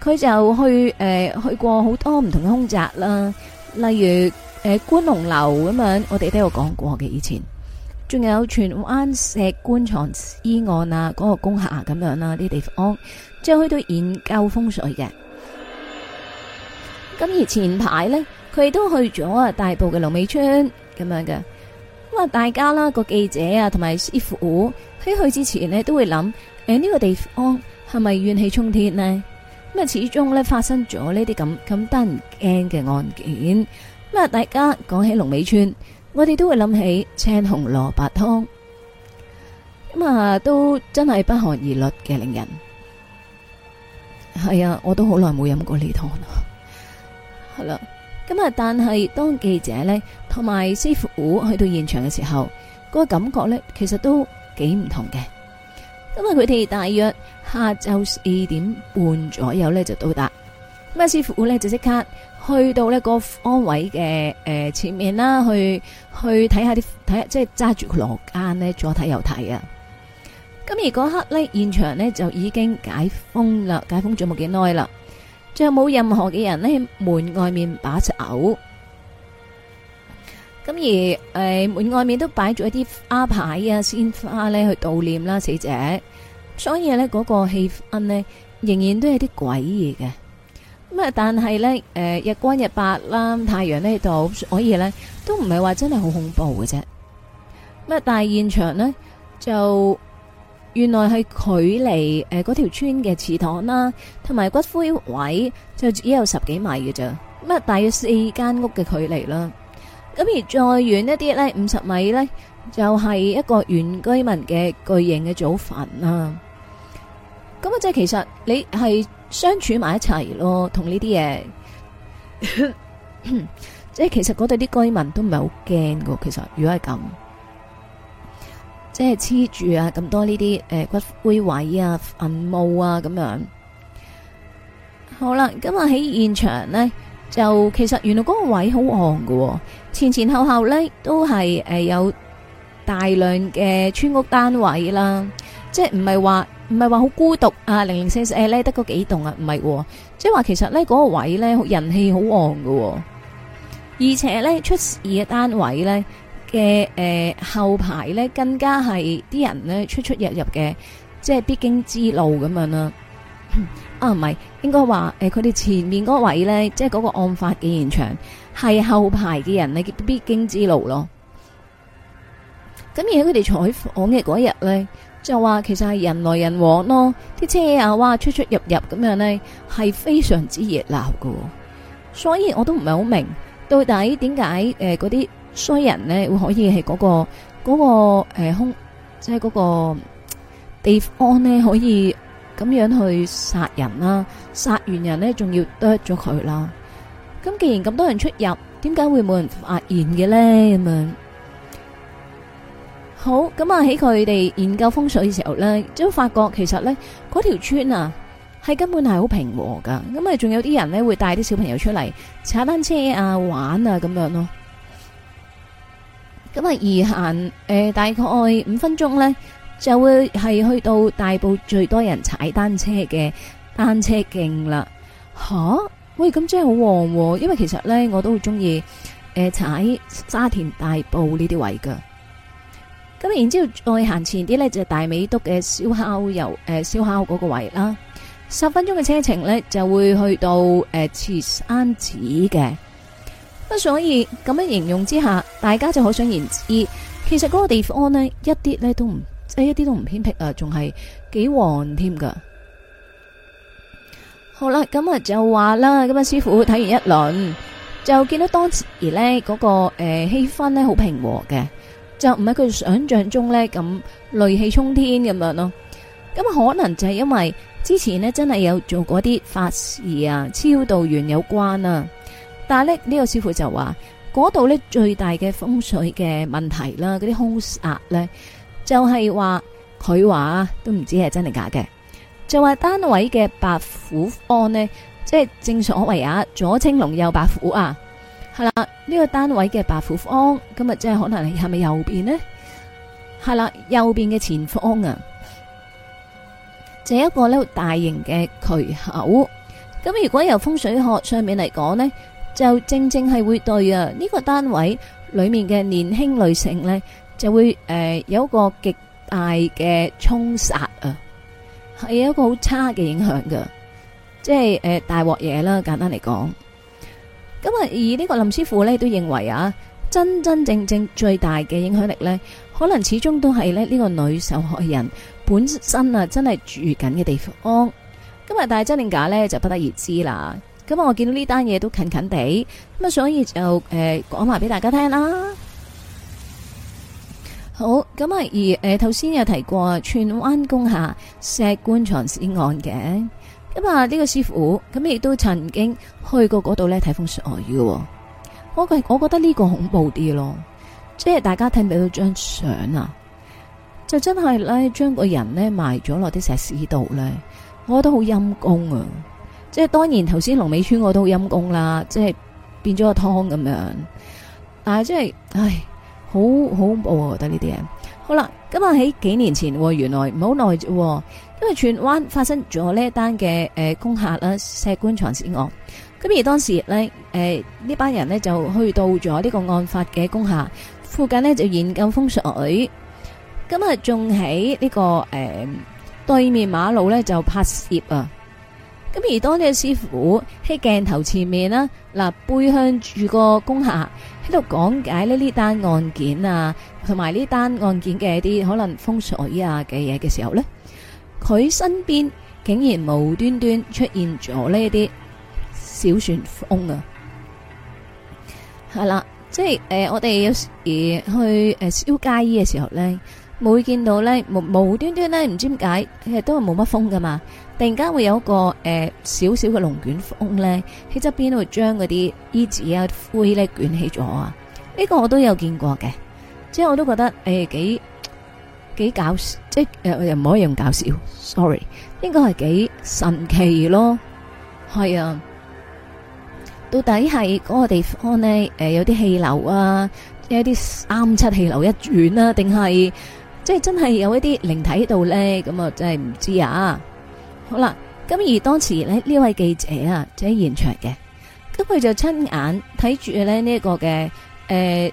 佢就去誒去過好多唔同嘅空宅啦，例如誒觀龍樓咁樣，我哋都有講過嘅以前。仲有荃灣石棺藏屍案啊，嗰個工廈咁樣啦，啲地方，即係去到研究風水嘅。咁而前排呢，佢都去咗大埔嘅龍尾村咁樣嘅。咁啊，大家啦，個記者啊，同埋師傅喺去之前呢，都會諗誒，呢個地方係咪怨氣沖天呢？咁啊，始終呢發生咗呢啲咁咁得人驚嘅案件。咁啊，大家講起龍尾村，我哋都會諗起青紅蘿蔔湯，咁啊都真係不寒而慄嘅令人。係啊，我都好耐冇飲過呢湯啦。係啦，咁啊，但係當記者呢同埋師傅去到現場嘅時候，嗰個感覺呢其實都幾唔同嘅。因為佢哋大約下晝四點半左右呢就到達，咁啊師傅呢就即刻。去到呢個方位嘅，誒前面啦，去去睇下啲睇即係揸住個羅間呢，左睇右睇啊！咁而嗰刻呢，現場呢，就已經解封啦，解封咗冇幾耐啦，就冇任何嘅人喺門外面把只口，咁而誒門外面都擺咗一啲花牌啊、鮮花呢去悼念啦死者，所以呢，嗰個氣氛呢，仍然都係啲鬼嘢嘅。咁啊！但係咧，誒，日光日白啦，太陽呢度，所以咧，都唔係話真係好恐怖嘅啫。咁啊，大現場呢就原來係距離誒嗰條村嘅祠堂啦，同埋骨灰位就只有十幾米嘅咋。咁啊，大約四間屋嘅距離啦。咁而再遠一啲咧，五十米呢，就係一個原居民嘅巨型嘅祖墳啦。咁啊，即係其實你係。相處埋一齊咯，同呢啲嘢，即係其實嗰度啲居民都唔係好驚噶。其實如果係咁，即係黐住啊咁多呢啲誒骨灰位啊墳墓啊咁樣。好啦，咁啊喺現場呢，就其實原來嗰個位好旺噶，前前後後呢，都係誒、呃、有大量嘅村屋單位啦，即係唔係話。唔係話好孤獨啊，零零四四誒咧得嗰幾棟啊，唔係、喎，即係話其實咧嗰、嗰個位咧人氣好旺噶、喎，而且咧出事嘅單位咧嘅誒後排咧更加係啲人咧出出入入嘅，即係必經之路咁樣啦、嗯。啊唔係，應該話誒佢哋前面嗰位咧，即係嗰個案發嘅現場係後排嘅人咧必經之路咯。咁而喺佢哋採訪嘅嗰日咧。就話其實係人來人往咯，啲車啊，哇出出入入咁樣呢係非常之熱鬧噶。所以我都唔係好明到底點解誒嗰啲衰人呢會可以係嗰、嗰個、嗰個誒、呃、空，即係嗰個地方呢可以咁樣去殺人啦、啊，殺完人呢仲要剁咗佢啦。咁既然咁多人出入，點解會冇人發現嘅呢？咁、嗯、樣？好，咁啊，喺佢哋研究風水嘅時候呢，就發覺其實呢，嗰條村啊，係根本係好平和噶。咁啊，仲有啲人呢，會帶啲小朋友出嚟踩單車啊、玩啊咁樣咯。咁啊，而行誒、呃，大概五分鐘呢，就會係去到大埔最多人踩單車嘅單車徑啦。吓，喂，咁真係好旺喎、啊！因為其實呢，我都好中意誒踩沙田大埔呢啲位噶。咁然之後再行前啲呢，就係、大美督嘅燒烤油誒、呃，燒烤嗰個位啦。十分鐘嘅車程呢，就會去到誒慈、呃、山寺嘅。咁所以咁樣形容之下，大家就可想而知，其實嗰個地方呢，一啲咧都唔即係一啲都唔偏僻啊，仲係幾旺添噶。好啦，咁啊就話啦，咁啊師傅睇完一輪，就見到當時呢嗰、嗰個誒、呃、氣氛呢，好平和嘅。就唔係佢想象中呢，咁戾氣沖天咁樣咯。咁可能就係因為之前呢，真係有做過啲法事啊、超度完有關啊。但係呢、這個師傅就話，嗰度呢，最大嘅風水嘅問題啦，嗰啲空殺呢，就係話佢話都唔知係真定假嘅，就話單位嘅白虎方呢，即係正所謂啊，左青龍右白虎啊。係啦，呢個單位嘅白虎方，咁日即係可能係咪右邊呢？係啦，右邊嘅前方啊，這、就是、一個呢大型嘅渠口。咁如果由風水學上面嚟講呢，就正正係會對啊呢、這個單位裏面嘅年輕女性呢，就會誒、呃、有一個極大嘅沖殺啊，係一個好差嘅影響噶，即係誒、呃、大鑊嘢啦，簡單嚟講。咁啊，而呢個林師傅呢都認為啊，真真正正最大嘅影響力呢，可能始終都係呢呢個女受害人本身啊，真係住緊嘅地方。咁啊，但係真定假呢，就不得而知啦。咁啊，我見到呢單嘢都近近地，咁啊，所以就誒講埋俾大家聽啦。好，咁啊，而誒頭先有提過，荃灣工廈石棺藏屍案嘅。咁啊，呢個師傅咁亦都曾經去過嗰度咧睇風雪外語嘅，我覺我覺得呢個恐怖啲咯，即係大家睇唔睇到張相啊，就真係咧將個人咧埋咗落啲石屎度咧，我覺得好陰公啊！即係當然頭先龍尾村我都好陰公啦，即係變咗個湯咁樣，但係即係唉，好好恐怖、哦、我覺得呢啲人，好啦，咁啊喺幾年前，原來唔好耐啫。因為荃灣發生咗呢一單嘅誒，工廈啦，石棺藏屍案。咁而當時咧，誒、呃、呢班人呢就去到咗呢個案發嘅工廈附近呢，就研究風水。咁日仲喺呢個誒、呃、對面馬路咧就拍攝啊。咁、嗯、而當隻師傅喺鏡頭前面啦，嗱背向住個工廈喺度講解呢呢單案件啊，同埋呢單案件嘅一啲可能風水啊嘅嘢嘅時候咧。佢身邊竟然無端端出現咗呢啲小旋風啊！係啦，即係誒、呃，我哋有時去誒、呃、燒街衣嘅時候呢，每見到呢無無端端呢，唔知點解，其、呃、實都係冇乜風噶嘛，突然間會有一個誒少少嘅龍捲風呢，喺側邊會將嗰啲衣紙啊灰呢捲起咗啊！呢、呢個我都有見過嘅，即係我都覺得誒幾。呃幾搞笑即係又唔可以用搞笑，sorry，應該係幾神奇咯。係啊，到底係嗰個地方呢？誒、呃，有啲氣流啊，即一啲啱出氣流一轉啊，定係即係真係有一啲靈體喺度呢？咁啊真係唔知啊。好啦，咁而當時咧呢這位記者啊，就喺現場嘅，咁佢就親眼睇住咧呢一、這個嘅誒。呃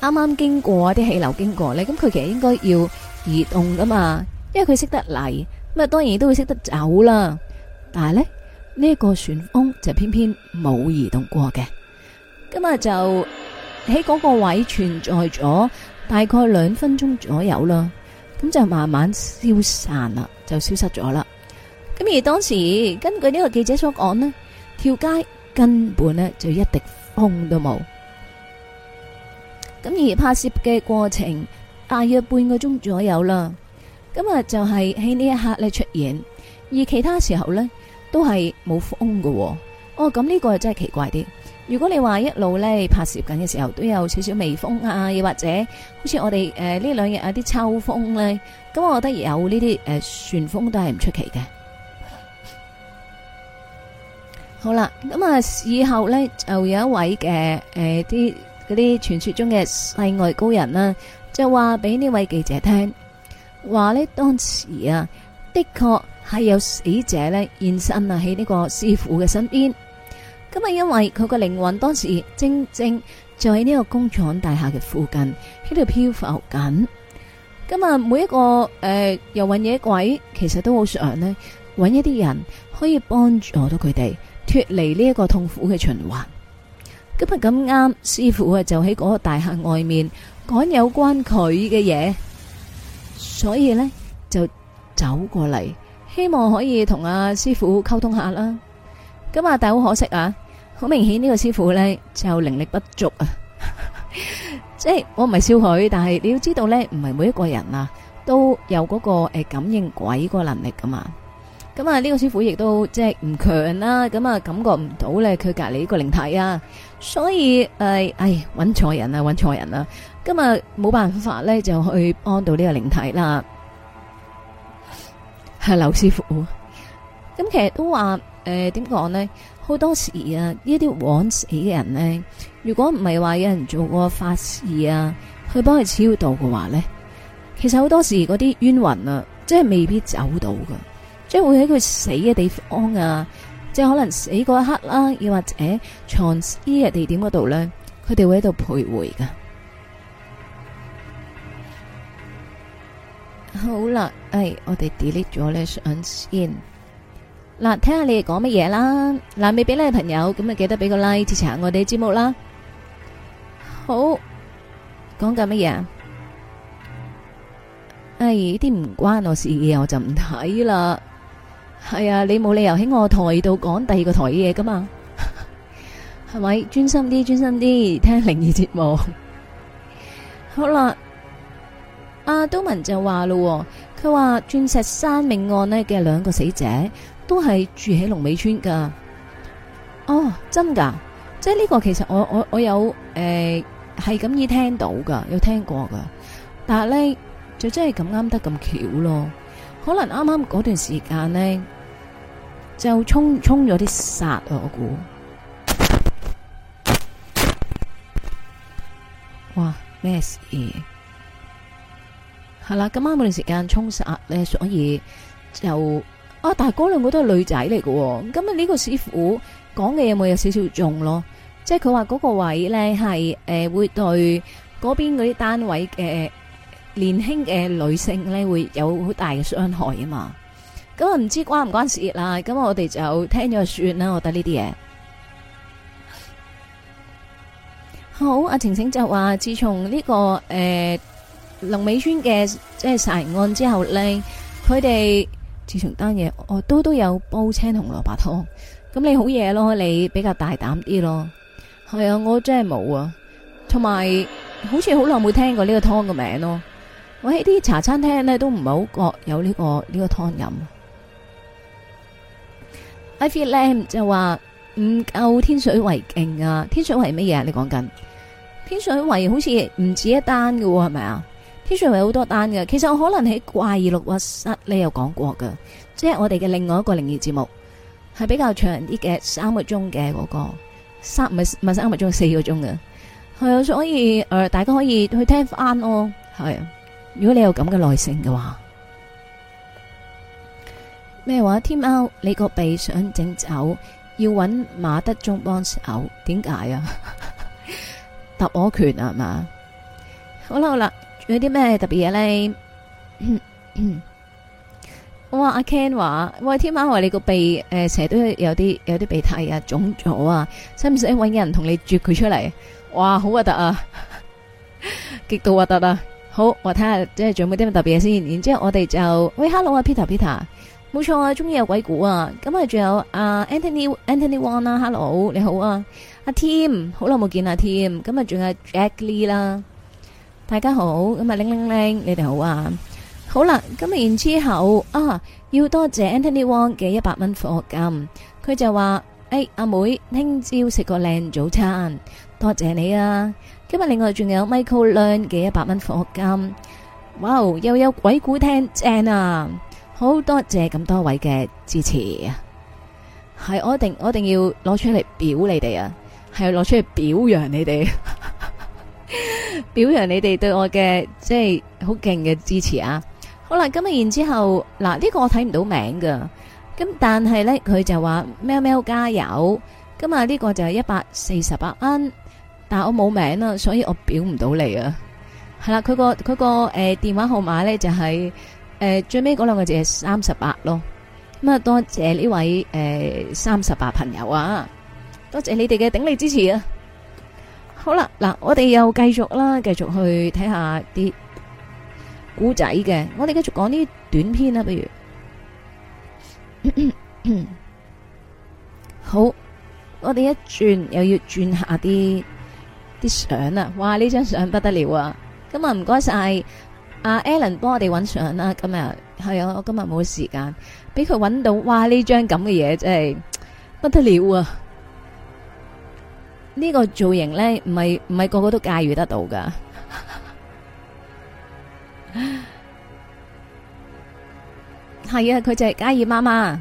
啱啱經過，啲氣流經過呢，咁佢其實應該要移動噶嘛，因為佢識得嚟，咁啊當然都會識得走啦。但係呢，呢、呢個旋風就偏偏冇移動過嘅，咁啊就喺嗰個位存在咗大概兩分鐘左右啦，咁就慢慢消散啦，就消失咗啦。咁而當時根據呢個記者所講呢，條街根本呢就一滴風都冇。咁而拍攝嘅過程大約、啊、半個鐘左右啦，咁啊就係喺呢一刻咧出現，而其他時候呢都係冇風嘅、哦。哦，咁呢個真係奇怪啲。如果你話一路呢拍攝緊嘅時候都有少少微風啊，又或者好似我哋誒呢兩日有啲秋風呢，咁、啊、我覺得有呢啲誒旋風都係唔出奇嘅。好啦，咁啊事後呢就有一位嘅誒啲。呃嗰啲傳說中嘅世外高人啦，就話俾呢位記者聽，話呢當時啊的確係有死者呢現身啊喺呢個師傅嘅身邊，咁啊因為佢個靈魂當時正正就喺呢個工廠大廈嘅附近喺度漂浮緊，咁啊每一個誒遊魂野鬼其實都好想呢揾一啲人可以幫助到佢哋脫離呢一個痛苦嘅循環。咁啊咁啱，師傅啊就喺嗰個大廈外面講有關佢嘅嘢，所以咧就走過嚟，希望可以同阿師傅溝通下啦。咁啊，但係好可惜啊，好明顯呢個師傅咧就靈力不足，即係我唔係笑佢，但係你要知道咧，唔係每一個人啊都有嗰個誒感應鬼個能力噶嘛。咁啊，呢個師傅亦都即係唔強啦，咁啊感覺唔到咧佢隔籬呢個靈體啊。所以誒，哎，揾錯人啦，揾錯人啦！今日冇辦法咧，就去幫到呢個靈體啦，係劉師傅。咁其實都話誒，呃，點講呢？好多時啊，呢啲枉死嘅人呢，如果唔係話有人做過法事啊，去幫佢超度嘅話呢，其實好多時嗰啲冤魂啊，即係未必走到噶，即係會喺佢死嘅地方啊。即係可能死嗰一刻啦，又或者藏屍嘅地點嗰度呢，佢哋會喺度徘徊㗎。好啦，哎，我哋 delete 咗咧，unseen。嗱，睇下你哋講乜嘢啦。嗱，未俾你嘅朋友，咁啊記得俾個 like 支持下我哋嘅節目啦。好，講緊乜嘢啊？誒，啲唔關我事嘅，我就唔睇啦。係啊，你冇理由喺我台度講第二個台嘢噶嘛？係 咪？專心啲，專心啲，聽靈異節目。 好啦，阿、啊、都文就話咯，佢話鑽石山命案呢嘅兩個死者都係住喺龍尾村噶。哦，真噶，即係呢個其實我我我有誒係咁易聽到噶，有聽過噶，但係呢，就真係咁啱得咁巧咯，可能啱啱嗰段時間呢。就沖沖咗啲殺啊！我估，哇咩事？係啦，咁啱嗰段時間沖殺咧，所以就啊，但係嗰兩個都係女仔嚟嘅，咁啊呢個師傅講嘅有冇有少少重咯？即係佢話嗰個位咧係誒會對嗰邊嗰啲單位嘅年輕嘅女性咧會有好大嘅傷害啊嘛。咁啊，唔知關唔關事啦。咁我哋就聽咗算啦。我覺得呢啲嘢好。阿晴晴就話，自從呢、這個誒龍、呃、美村嘅即係殺人案之後咧，佢哋自從單嘢，我都都有煲青紅蘿蔔湯。咁你好嘢咯，你比較大膽啲咯。係啊，我真係冇啊。同埋好似好耐冇聽過呢個湯嘅名咯。我喺啲茶餐廳咧都唔係好覺有呢、這個呢、這個湯飲。I feel like，就話唔夠天水圍勁啊！天水圍乜嘢？你講緊天水圍好似唔止一單喎、哦，係咪啊？天水圍好多單㗎。其實我可能喺怪異錄音室你有講過㗎。即係我哋嘅另外一個靈異節目係比較長啲嘅，三個鐘嘅嗰個三唔係唔係三個鐘係四個鐘嘅。係所以誒、呃，大家可以去聽翻咯、哦。係如果你有咁嘅耐性嘅話。咩話？天貓，你個鼻想整走，要揾馬德中幫手，點解啊？答 我拳啊嘛？好啦好啦，仲有啲咩特別嘢咧？哇！阿 Ken 話，喂，天貓，你個鼻誒成日、呃、都有啲有啲鼻涕啊，腫咗啊，使唔使揾人同你啜佢出嚟？哇，好核突啊，極 度核突啊！好，我睇下即係仲有冇啲咩特別嘢先。然之後我哋就喂，hello 啊，Peter Peter。冇錯啊，中意有鬼故啊！咁啊，仲有阿 Anthony Anthony Wong 啦，Hello，你好啊，阿添，好耐冇見啊，添！今日仲有 Jack Lee 啦，大家好，咁啊，零零零，你哋好啊！好啦，咁然之後啊，要多謝 Anthony Wong 嘅一百蚊課金，佢就話：誒，阿妹，聽朝食個靚早餐，多謝你啊！今日另外仲有 Michael Lern 嘅一百蚊課金，哇哦，又有鬼故聽，正啊！好多謝咁多位嘅支持啊！係我一定我一定要攞出嚟表你哋啊，係要攞出嚟表揚你哋，表揚你哋對我嘅即係好勁嘅支持啊！好啦，咁啊然之後嗱，呢個我睇唔到名噶，咁但係呢，佢就話喵喵加油，咁啊呢個就係一百四十八蚊，但係我冇名啦，所以我表唔到你啊！係啦，佢個佢個誒電話號碼呢就係。誒、呃，最尾嗰兩個字係三十八咯。咁啊多謝呢位誒三十八朋友啊，多謝你哋嘅鼎力支持啊！好啦，嗱，我哋又繼續啦，繼續去睇下啲古仔嘅，我哋繼續講啲短篇啦，不如，咳咳咳好，我哋一轉又要轉下啲啲相啊，哇！呢張相不得了啊，咁啊，唔該晒。阿、uh, Allen 幫我哋揾相啦，今日，係啊，我今日冇時間，俾佢揾到，哇，呢張咁嘅嘢真係不得了啊！呢、這個造型咧唔係唔係個個都駕馭得到噶，係 啊，佢就係嘉兒媽媽。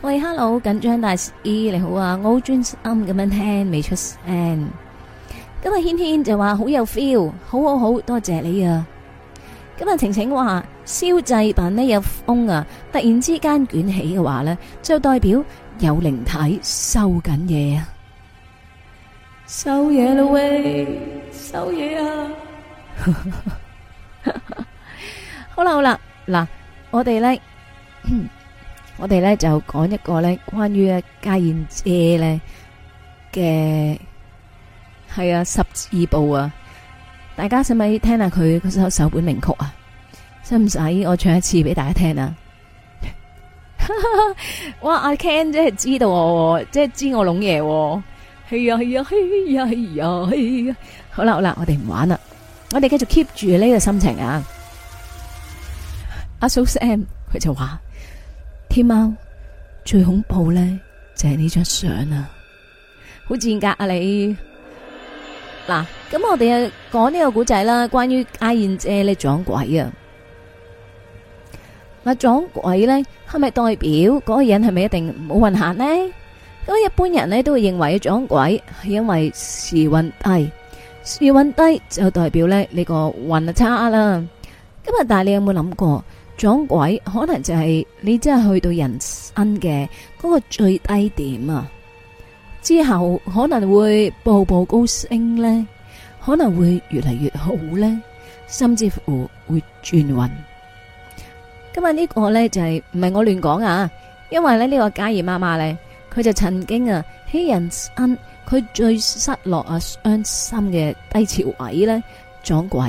喂，Hello，緊張大師 E 你好啊，我好專心咁樣聽，未出聲。咁啊，軒軒就話好有 feel，好好好多謝你啊！咁啊，晴晴話燒祭品咧有風啊，突然之間捲起嘅話咧，就代表有靈體收緊嘢啊，收嘢啦喂，收嘢啊！好啦好啦，嗱，我哋咧，我哋咧就講一個咧關於家燕姐咧嘅。係啊，十二部啊！大家使唔使聽下佢首首本名曲啊？使唔使我唱一次俾大家聽啊？ 哇！阿 Ken 真係知道我、啊，即係知我龍爺、啊。係啊係啊係啊係啊係啊！好啦好啦，我哋唔玩啦，我哋繼續 keep 住呢個心情啊！阿叔 Sam 佢就話：天貓最恐怖咧就係呢張相啊，好賤格啊你！嗱，咁我哋啊講呢個古仔啦，關於阿燕姐咧撞鬼啊，嗱，撞鬼咧係咪代表嗰個人係咪一定冇運行呢？咁一般人咧都會認為撞鬼係因為時運低，時運低就代表咧你個運啊差啦。今日但，你有冇諗過撞鬼可能就係你真係去到人生嘅嗰個最低點啊？之後可能會步步高升呢，可能會越嚟越好呢甚至乎會轉運。今日呢個呢、就是，就係唔係我亂講啊，因為咧呢個假如媽媽呢，佢就曾經啊喺人生佢最失落啊傷心嘅低潮位呢，撞鬼，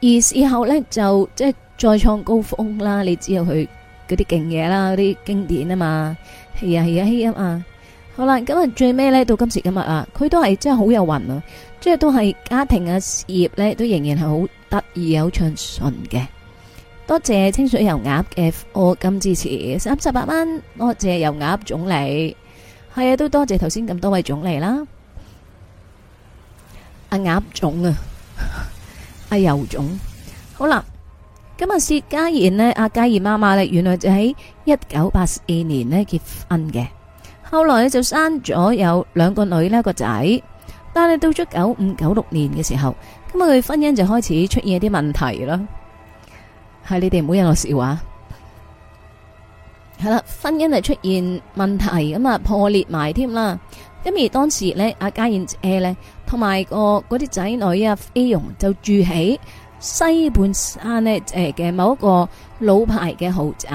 而事後呢，就即、是、係再創高峰啦。你知道佢嗰啲勁嘢啦，嗰啲經典啊嘛。係啊，係啊，係啊嘛，好啦，咁日最尾呢，到今時今日啊，佢都係真係好有運啊，即係都係家庭啊事業呢，都仍然係好得意好暢順嘅。多謝清水油鴨嘅福金支持，三十八蚊。多謝油鴨總理，係啊，都多謝頭先咁多位總理啦、啊。阿鴨總啊，阿 油總，好啦。咁啊，薛家燕呢，阿家燕媽媽呢，原來就喺一九八二年呢結婚嘅，後來就生咗有兩個女啦，一個仔，但係到咗九五九六年嘅時候，咁啊，佢婚姻就開始出現一啲問題啦，係你哋唔好引我笑話，係啦，婚姻啊出現問題，咁啊破裂埋添啦，咁而當時呢，阿家燕姐呢，同埋個嗰啲仔女啊，菲傭就住喺。西半山咧誒嘅某一個老牌嘅豪宅，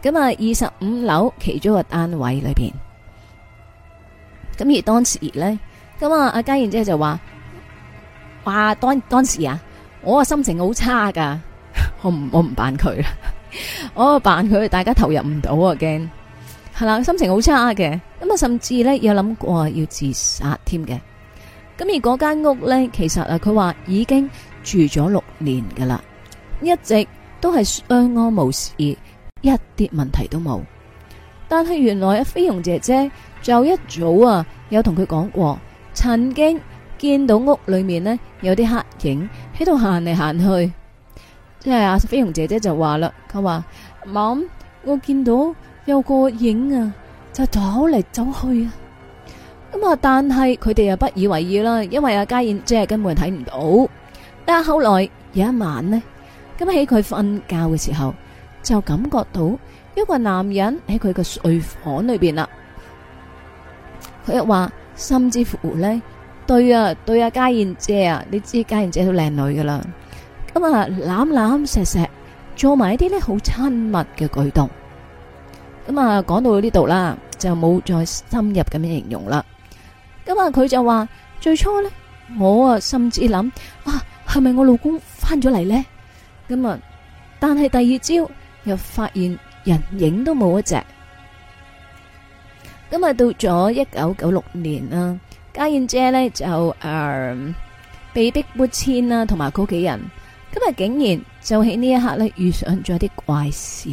咁啊二十五樓其中一個單位裏邊，咁而當時咧，咁啊阿嘉然姐就話，哇當當時啊，我個心情好差噶，我唔我唔扮佢啦，我扮佢大家投入唔到啊，驚，係啦，心情好差嘅，咁啊甚至咧有諗過要自殺添嘅，咁而嗰間屋咧其實啊佢話已經。住咗六年噶啦，一直都係相安無事，一啲問題都冇。但係原來阿飛鴻姐姐就一早啊有同佢講過，曾經見到屋裡面呢有啲黑影喺度行嚟行去。即係阿飛鴻姐姐就話啦，佢話媽，我見到有個影啊，就走嚟走去啊。咁啊，但係佢哋又不以為意啦，因為阿嘉燕即係根本睇唔到。但係後來有一晚呢，咁喺佢瞓覺嘅時候，就感覺到一個男人喺佢個睡房裏邊啦。佢一話，甚至乎呢，對啊對啊，佳燕姐啊，你知佳燕姐都靚女噶啦，咁啊攬攬錫錫，做埋一啲呢好親密嘅舉動。咁啊講到呢度啦，就冇再深入咁樣形容啦。咁啊佢就話最初呢，我啊甚至諗啊。係咪我老公翻咗嚟？呢？噉啊，但係第二朝又發現人影都冇一隻。噉啊到咗一九九六年啦，家燕姐呢就誒、呃、被逼搬遷啦，同埋屋企人。噉啊竟然就喺呢一刻呢遇上咗啲怪事。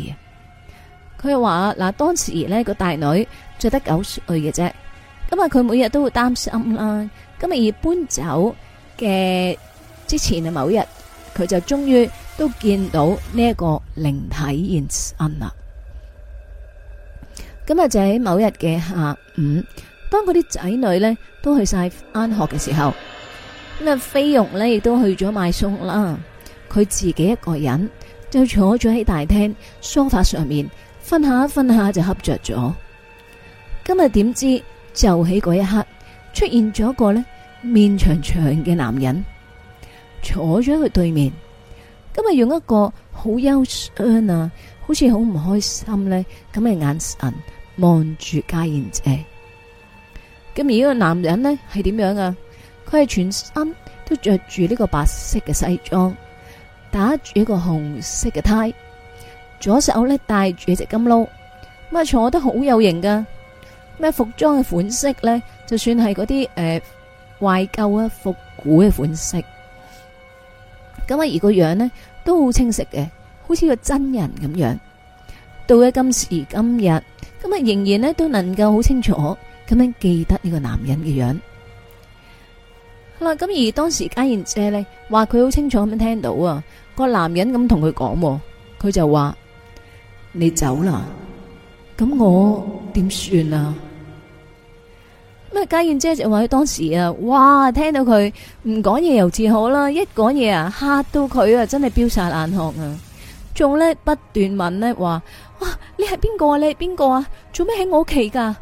佢話嗱，當時呢個大女著得九歲嘅啫。噉啊，佢每日都會擔心啦，今日要搬走嘅。之前嘅某日，佢就終於都見到呢一個靈體現身啦。今日就喺某日嘅下午，當嗰啲仔女呢都去晒翻學嘅時候，咁啊菲傭呢亦都去咗買餸啦。佢自己一個人就坐咗喺大廳梳化上面瞓下瞓下就瞌着咗。今日點知就喺嗰一刻出現咗個呢面長長嘅男人。坐咗喺佢對面，今日用一個好憂傷啊，好似好唔開心呢，咁嘅眼神望住家燕姐。咁而呢個男人呢，係點樣啊？佢係全身都着住呢個白色嘅西裝，打住一個紅色嘅呔，左手呢戴住一隻金撈，咁啊坐得好有型噶。咩服裝嘅款式呢？就算係嗰啲誒懷舊啊復古嘅款式。咁啊，而個樣呢都好清晰嘅，好似個真人咁樣。到咗今時今日，咁啊仍然呢都能夠好清楚咁樣記得呢個男人嘅樣。嗱，咁而當時佳賢姐呢話佢好清楚咁樣聽到啊個男人咁同佢講，佢就話：你走啦，咁我點算啊？咩？嘉燕姐就話佢當時啊，哇！聽到佢唔講嘢猶自可啦，一講嘢啊，嚇到佢啊，真係飆晒冷汗啊！仲呢，不斷問咧，話哇，你係邊個啊？你係邊個啊？做咩喺我屋企噶？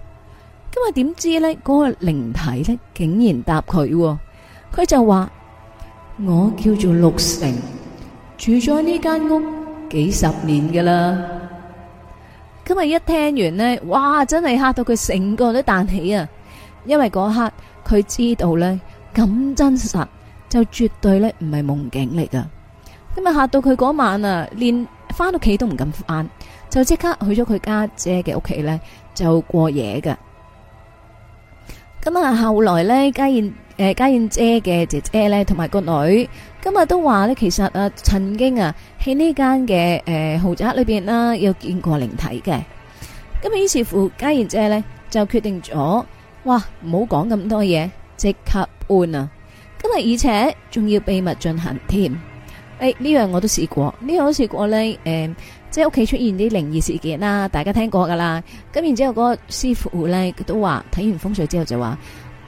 今日點知咧，嗰個靈體咧竟然答佢，佢就話我叫做陸成，住咗呢間屋幾十年㗎啦。今日一聽完呢，哇！真係嚇到佢成個都彈起啊！因為嗰刻佢知道呢，咁真實，就絕對呢唔係夢境嚟噶。咁咪嚇到佢嗰晚啊，連翻到屋企都唔敢翻，就即刻去咗佢家姐嘅屋企呢，就過夜噶。咁啊，後來呢，家燕，誒家燕姐嘅姐姐呢，同埋個女，咁咪都話呢，其實啊曾經啊喺呢間嘅誒豪宅裏邊啦，有見過靈體嘅。咁啊，於是乎，家燕姐呢，就決定咗。哇，唔好講咁多嘢，即刻搬啊！今日而且仲要秘密進行添，誒呢樣我都試過，呢樣都試過呢，誒即係屋企出現啲靈異事件啦，大家聽過噶啦。咁然之後嗰個師傅呢，佢都話睇完風水之後就話，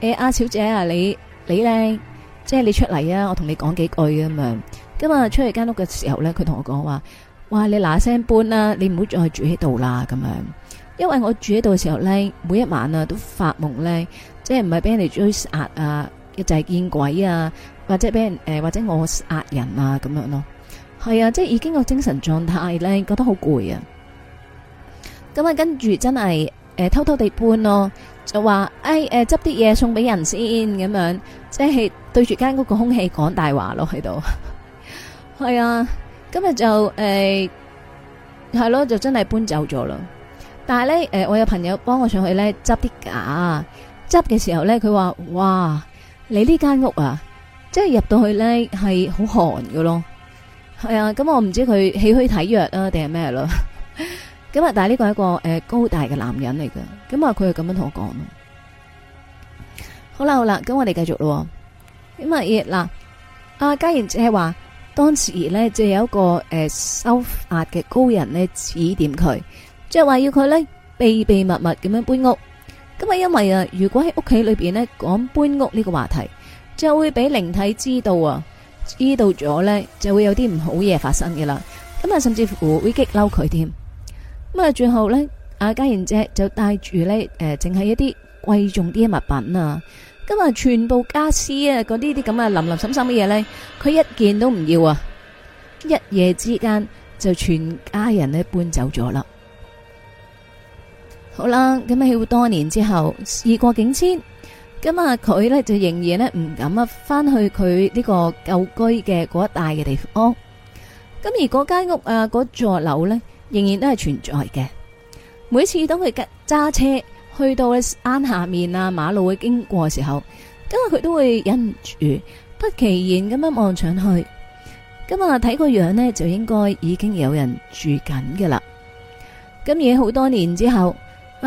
誒、欸、阿小姐啊，你你呢，即、就、係、是、你出嚟啊，我同你講幾句咁樣。今日出去間屋嘅時候呢，佢同我講話，哇你嗱聲搬啦，你唔好再住喺度啦，咁樣。因為我住喺度嘅時候咧，每一晚啊都發夢咧，即係唔係俾人哋追殺啊，就係見鬼啊，或者俾人誒，或者我殺人啊咁樣咯。係啊，即係已經個精神狀態咧，覺得好攰啊。咁啊，跟住真係誒偷偷地搬咯，就話誒誒執啲嘢送俾人先咁樣，即係對住間屋個空氣講大話咯喺度。係啊，今日就誒係咯，就真係搬走咗啦。但係咧，誒、呃，我有朋友幫我上去咧，執啲架。執嘅時候咧，佢話：，哇，你呢間屋啊，即係入到去咧，係好寒㗎咯。係啊，咁、嗯嗯、我唔知佢起虛體弱啊，定係咩咯？咁啊， 但係呢個係一個誒、呃、高大嘅男人嚟噶。咁、嗯、啊，佢係咁樣同我講咯。好啦，好啦，咁我哋繼續咯。咁、嗯、啊，葉嗱，阿嘉賢即係話，當時咧即係有一個誒修、呃、法嘅高人咧指點佢，即係話要佢呢，秘秘密密咁樣搬屋。咁啊，因為啊，如果喺屋企裏邊呢，講搬屋呢個話題，就會俾靈體知道啊，知道咗呢，就會有啲唔好嘢發生嘅啦。咁啊，甚至乎會激嬲佢添。咁啊，最後呢，阿嘉賢姐就帶住呢，誒，淨係一啲貴重啲嘅物品啊。咁啊，全部家私啊，嗰啲啲咁啊，林林沈沈嘅嘢呢，佢一件都唔要啊。一夜之間就全家人呢，搬走咗啦。好啦，咁啊，好多年之後，事過境遷，咁啊，佢呢就仍然呢唔敢啊翻去佢呢個舊居嘅嗰一帶嘅地方。咁而嗰間屋啊，嗰座樓呢，仍然都係存在嘅。每次當佢揸車去到咧山下面啊馬路嘅經過嘅時候，咁啊佢都會忍唔住，不其然咁樣望上去。咁啊睇個樣呢，就應該已經有人住緊嘅啦。咁而好多年之後。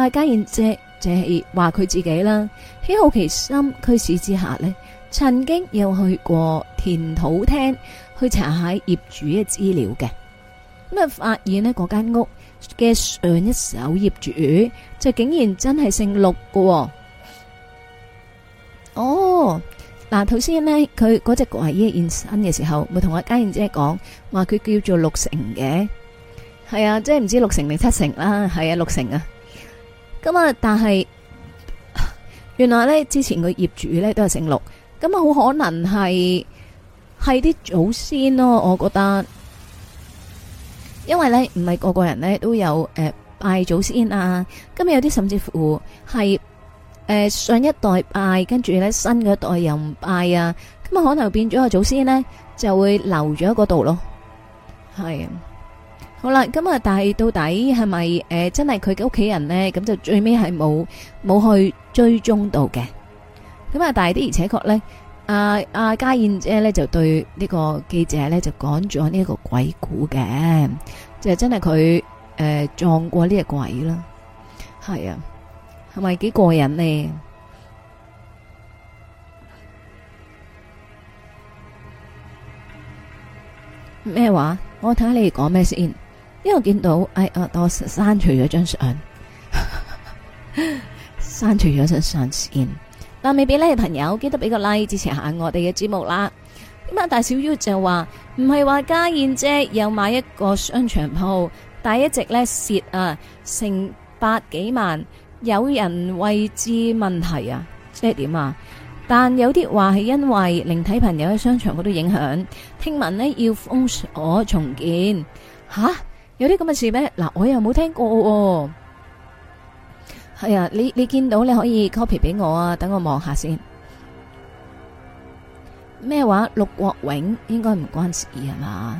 話家燕姐，就係話佢自己啦。喺好奇心驅使之下咧，曾經又去過田土廳去查下業主嘅資料嘅。咁啊，發現咧嗰間屋嘅上一手業主就竟然真係姓陸嘅。哦。哦，嗱，頭先呢，佢嗰隻鬼現身嘅時候，咪同阿家燕姐講，話佢叫做六成嘅。係啊，即係唔知六成定七成啦。係啊，六成啊。咁、嗯、啊！但係原來咧，之前個業主咧都係姓陸，咁啊，好可能係係啲祖先咯。我覺得，因為咧唔係個個人咧都有誒、呃、拜祖先啊。今、嗯、日有啲甚至乎係誒、呃、上一代拜，跟住咧新嘅一代又唔拜啊。咁、嗯、啊，可能變咗個祖先咧就會留咗喺嗰度咯，係啊。好啦，咁啊，但係到底係咪誒，真係佢嘅屋企人咧，咁就最尾係冇冇去追蹤到嘅。咁啊，但係的而且確咧，阿阿嘉燕姐咧就對呢個記者咧就講咗呢一個鬼故嘅，就真係佢誒撞過呢隻鬼啦，係啊，係咪幾過癮咧？咩話？我睇下你講咩先。因為我見到，哎啊，當我刪除咗張相， 刪除咗張相片，但未俾呢朋友記得俾個 like 支持下我哋嘅節目啦。點啊，大小 U 就話唔係話家燕姐又買一個商場鋪，但一直呢蝕啊，成百幾萬，有人位置問題啊，即係點啊？但有啲話係因為靈體朋友喺商場嗰度影響，聽聞呢要封鎖重建，吓？有啲咁嘅事咩？嗱、啊，我又冇聽過、哦。係啊，你你見到你可以 copy 俾我啊，等我望下先。咩話？陸國永應該唔關事係嘛？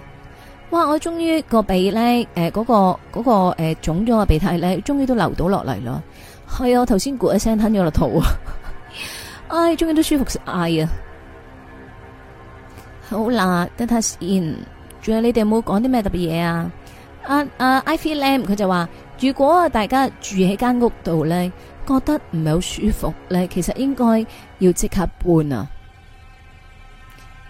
哇！我終於個鼻咧，誒、呃，嗰、那個嗰、那個誒腫咗個鼻涕咧，終於都流到落嚟咯。係啊，我頭先咕一聲吞咗落肚啊！唉，終 於、哎、都舒服晒啊！好啦，得睇先。仲有你哋有冇講啲咩特別嘢啊？阿阿 Ivan，佢就話：如果大家住喺間屋度呢，覺得唔係好舒服呢，其實應該要即刻搬啊。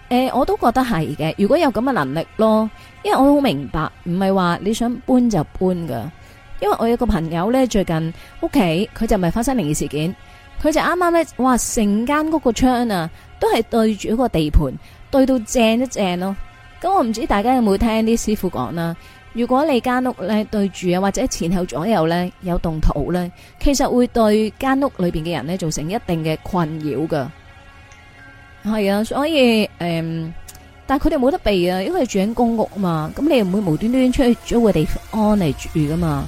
誒，我都覺得係嘅。如果有咁嘅能力咯，因為我好明白，唔係話你想搬就搬噶。因為我有個朋友呢，最近屋企佢就唔係發生靈異事件，佢就啱啱呢話成間屋個窗啊，都係對住個地盤，對到正一正咯。咁我唔知大家有冇聽啲師傅講啦。如果你間屋咧對住啊，或者前後左右咧有動土咧，其實會對間屋裏邊嘅人咧造成一定嘅困擾噶。係啊，所以誒，但係佢哋冇得避啊，因為住喺公屋嘛，咁你唔會無端端出去租個地方安嚟住噶嘛。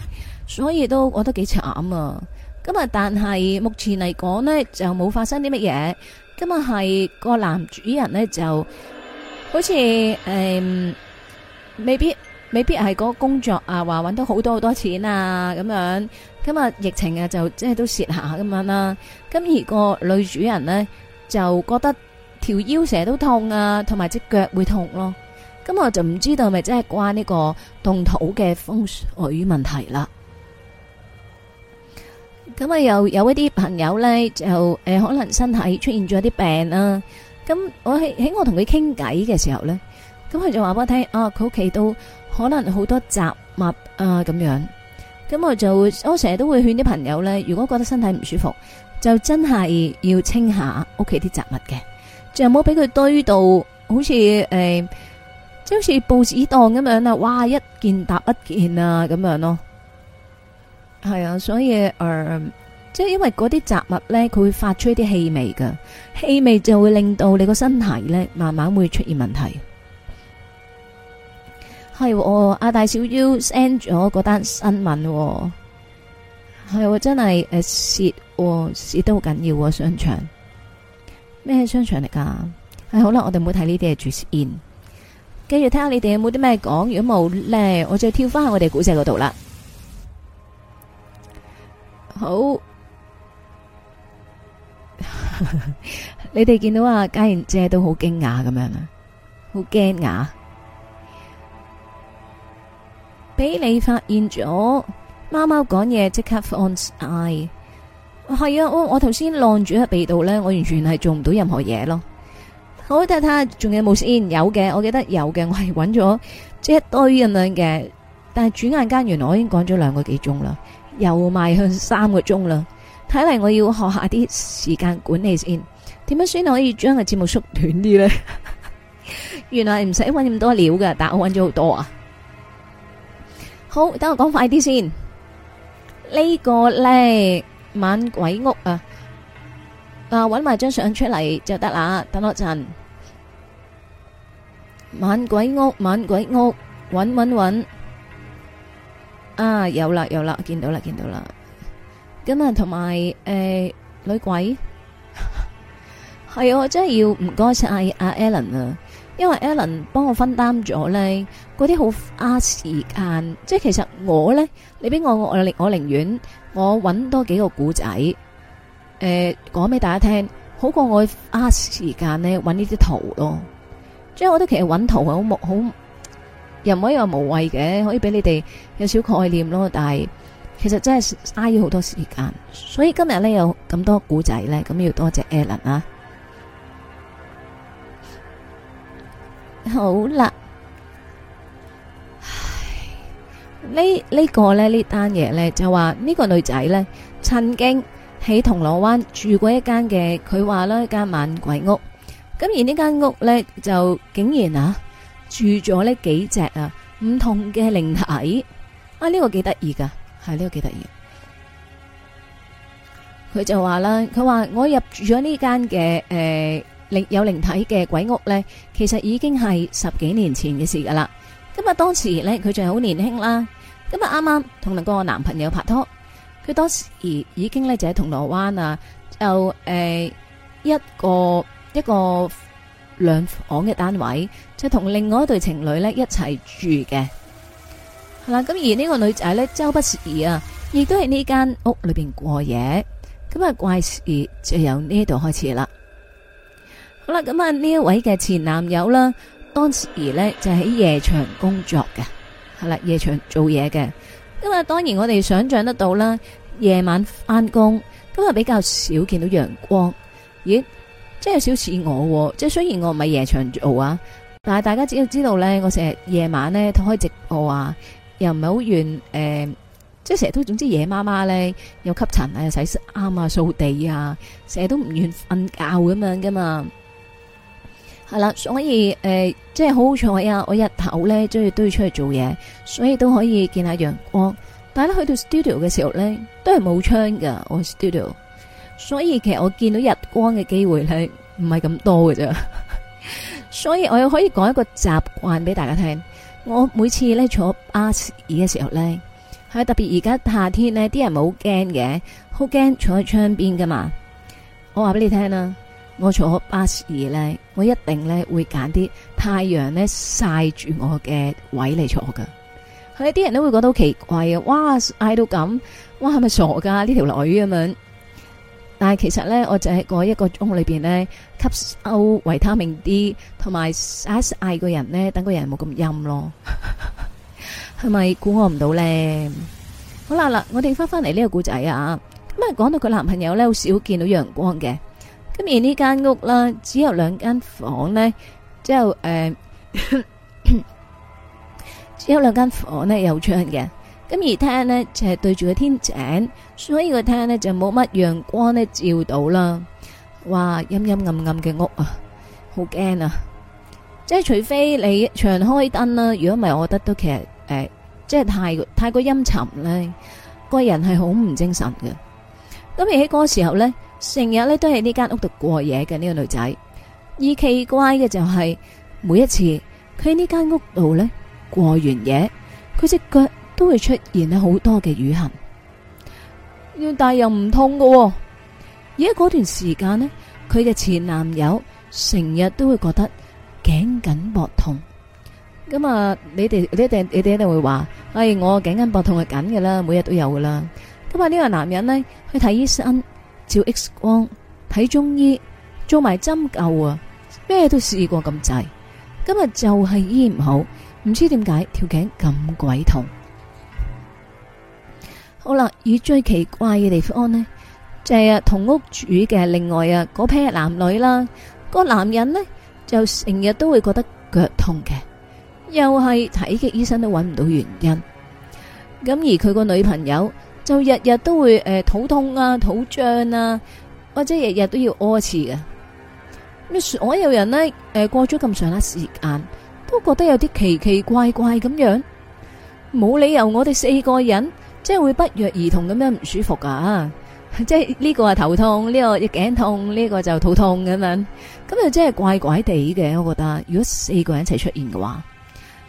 所以都覺得幾慘啊。咁啊，但係目前嚟講咧就冇發生啲乜嘢。咁啊，係個男主人咧就好似誒，未必。未必係嗰工作啊，話搵到好多好多錢啊，咁樣。咁啊疫情啊，就即係都蝕下咁樣啦、啊。咁而個女主人呢，就覺得條腰成日都痛啊，同埋隻腳會痛咯。咁我就唔知道係咪真係關呢個動土嘅風水問題啦。咁啊，又有一啲朋友呢，就誒、呃，可能身體出現咗啲病啦、啊。咁我喺喺我同佢傾偈嘅時候呢，咁佢就話俾我聽，啊佢屋企都。他可能好多雜物啊咁樣，咁我就我成日都會勸啲朋友呢，如果覺得身體唔舒服，就真係要清下屋企啲雜物嘅，就唔好俾佢堆到，好似誒，即、欸、係好似報紙檔咁樣啦，哇一件搭一件啊咁樣咯，係啊，所以誒，即、呃、係、就是、因為嗰啲雜物呢，佢會發出一啲氣味嘅，氣味就會令到你個身體呢，慢慢會出現問題。係我阿大小腰 send 咗嗰單新聞，係、啊、我、啊、真係誒蝕，蝕得好緊要、啊，商場咩商場嚟噶？誒、啊，好啦，我哋唔好睇呢啲嘅住先，跟住睇下你哋有冇啲咩講。如果冇咧，我再跳翻去我哋古仔嗰度啦。好， 你哋見到啊，佳賢姐都好驚訝咁樣啊，好驚訝！俾你發現咗貓貓講嘢，即刻 on eye 係啊！我我頭先浪住喺鼻度咧，我完全係做唔到任何嘢咯。我都係睇下仲有冇先，有嘅，我記得有嘅，我係揾咗即一堆咁樣嘅。但係轉眼間，原來我已經講咗兩個幾鐘啦，又邁向三個鐘啦。睇嚟我要學下啲時間管理先。點樣先可以將個節目縮短啲咧？ 原來唔使揾咁多料噶，但我揾咗好多啊！好，等我講快啲先。呢個咧，晚鬼屋啊，啊，搵埋張相出嚟就得啦。等我一陣，晚鬼屋，晚鬼屋，搵搵搵。啊，有啦有啦，見到啦見到啦。咁啊，同埋誒女鬼係啊，我真係要唔該晒阿阿 Alan 啊。因為 Alan 幫我分擔咗咧，嗰啲好花時間，即係其實我咧，你俾我我我寧願我搵多幾個古仔，誒、呃，講俾大家聽，好過我花時間咧搵呢啲圖咯。即係我覺得其實搵圖係好木好，又唔可以話無謂嘅，可以俾你哋有少概念咯。但係其實真係嘥咗好多時間，所以今日咧有咁多古仔咧，咁要多謝 Alan 啊。好啦，呢呢個咧呢單嘢咧就話呢個女仔咧，曾經喺銅鑼灣住過一間嘅，佢話啦一間猛鬼屋，咁而呢間屋咧就竟然啊住咗呢幾隻啊唔同嘅靈體，啊呢個幾得意㗎，係呢個幾得意。佢就話啦，佢話我入住咗呢間嘅誒。靈有靈體嘅鬼屋咧，其實已經係十幾年前嘅事噶啦。咁啊，當時咧佢仲係好年輕啦。咁啊，啱啱同嗰個男朋友拍拖，佢當時而已經咧就喺銅鑼灣啊，就誒一個一個兩房嘅單位，就同另外一對情侶咧一齊住嘅。係啦，咁而呢個女仔咧，周不時啊，亦都喺呢間屋裏邊過夜。咁啊，怪事就由呢度開始啦。好啦，咁啊，呢一位嘅前男友啦，當時呢就喺夜場工作嘅，係啦，夜場做嘢嘅。咁啊，當然我哋想象得到啦，夜晚翻工，都係比較少見到陽光。咦，即係有少似我喎，即係雖然我唔係夜場做啊，但係大家只要知道呢，我成日夜晚呢開直播啊，又唔係好願誒，即係成日都總之夜媽媽呢，又吸塵啊，又洗衫啊，掃地啊，成日都唔願瞓覺咁樣噶嘛。係啦，所以誒、呃，即係好好彩啊！我日頭咧，都要都要出去做嘢，所以都可以見下陽光。但係去到 studio 嘅時候咧，都係冇窗噶我 studio，所以其實我見到日光嘅機會咧，唔係咁多噶啫。 所以我又可以講一個習慣俾大家聽。我每次咧坐巴士嘅時候咧，係特別而家夏天呢，啲人冇好驚嘅，好驚坐喺窗邊噶嘛。我話俾你聽、啊、啦。我坐巴士咧，我一定咧會揀啲太陽咧曬住我嘅位嚟坐噶。係啲人都會覺得好奇怪啊！哇，嗌到咁，哇係咪傻噶呢條女咁樣？但係其實咧，我就喺個一個鐘裏邊咧吸收維他命 D 同埋 S 嗌個人咧，等個人冇咁陰咯。係咪估我唔到咧？好啦啦，我哋翻翻嚟呢個故仔啊，咁啊講到佢男朋友咧，好少見到陽光嘅。咁而呢間屋啦，只有兩間房呢，即係誒，只有兩間、呃、 房呢有窗嘅。咁而廳呢，就係、是、對住個天井，所以個廳呢就冇乜陽光呢照到啦。哇，陰陰暗暗嘅屋啊，好驚啊！即係除非你長開燈啦、啊，如果唔係，我覺得都其實誒、呃，即係太太過陰沉咧，個人係好唔精神嘅。咁而喺嗰時候呢。成日咧都係呢間屋度過夜嘅呢、這個女仔，而奇怪嘅就係、是、每一次佢喺呢間屋度咧過完夜，佢隻腳都會出現好多嘅瘀痕，但又大又唔痛嘅、哦。而喺嗰段時間呢，佢嘅前男友成日都會覺得頸緊膊痛。咁、嗯、啊，你哋你哋你哋一定會話：哎，我頸緊膊痛係緊嘅啦，每日都有嘅啦。咁、嗯、啊、呢、這個男人呢，去睇醫生。照 X 光睇中醫，做埋針灸啊，咩都試過咁滯，今日就係醫唔好，唔知點解條頸咁鬼痛。好啦，以最奇怪嘅地方咧，就係啊同屋主嘅另外啊嗰批男女啦，個男人咧就成日都會覺得腳痛嘅，又係睇嘅醫生都揾唔到原因。咁而佢個女朋友。就日日都會誒肚痛啊、肚脹啊，或者日日都要屙、呃、一次嘅。所有人呢，誒過咗咁長一段時間，都覺得有啲奇奇怪怪咁樣，冇理由我哋四個人即係會不約而同咁樣唔舒服噶、啊、即係呢、呢個係頭痛，呢、呢個亦頸痛，呢、呢個就是肚痛咁樣，咁又真係怪怪地嘅。我覺得如果四個人一齊出現嘅話，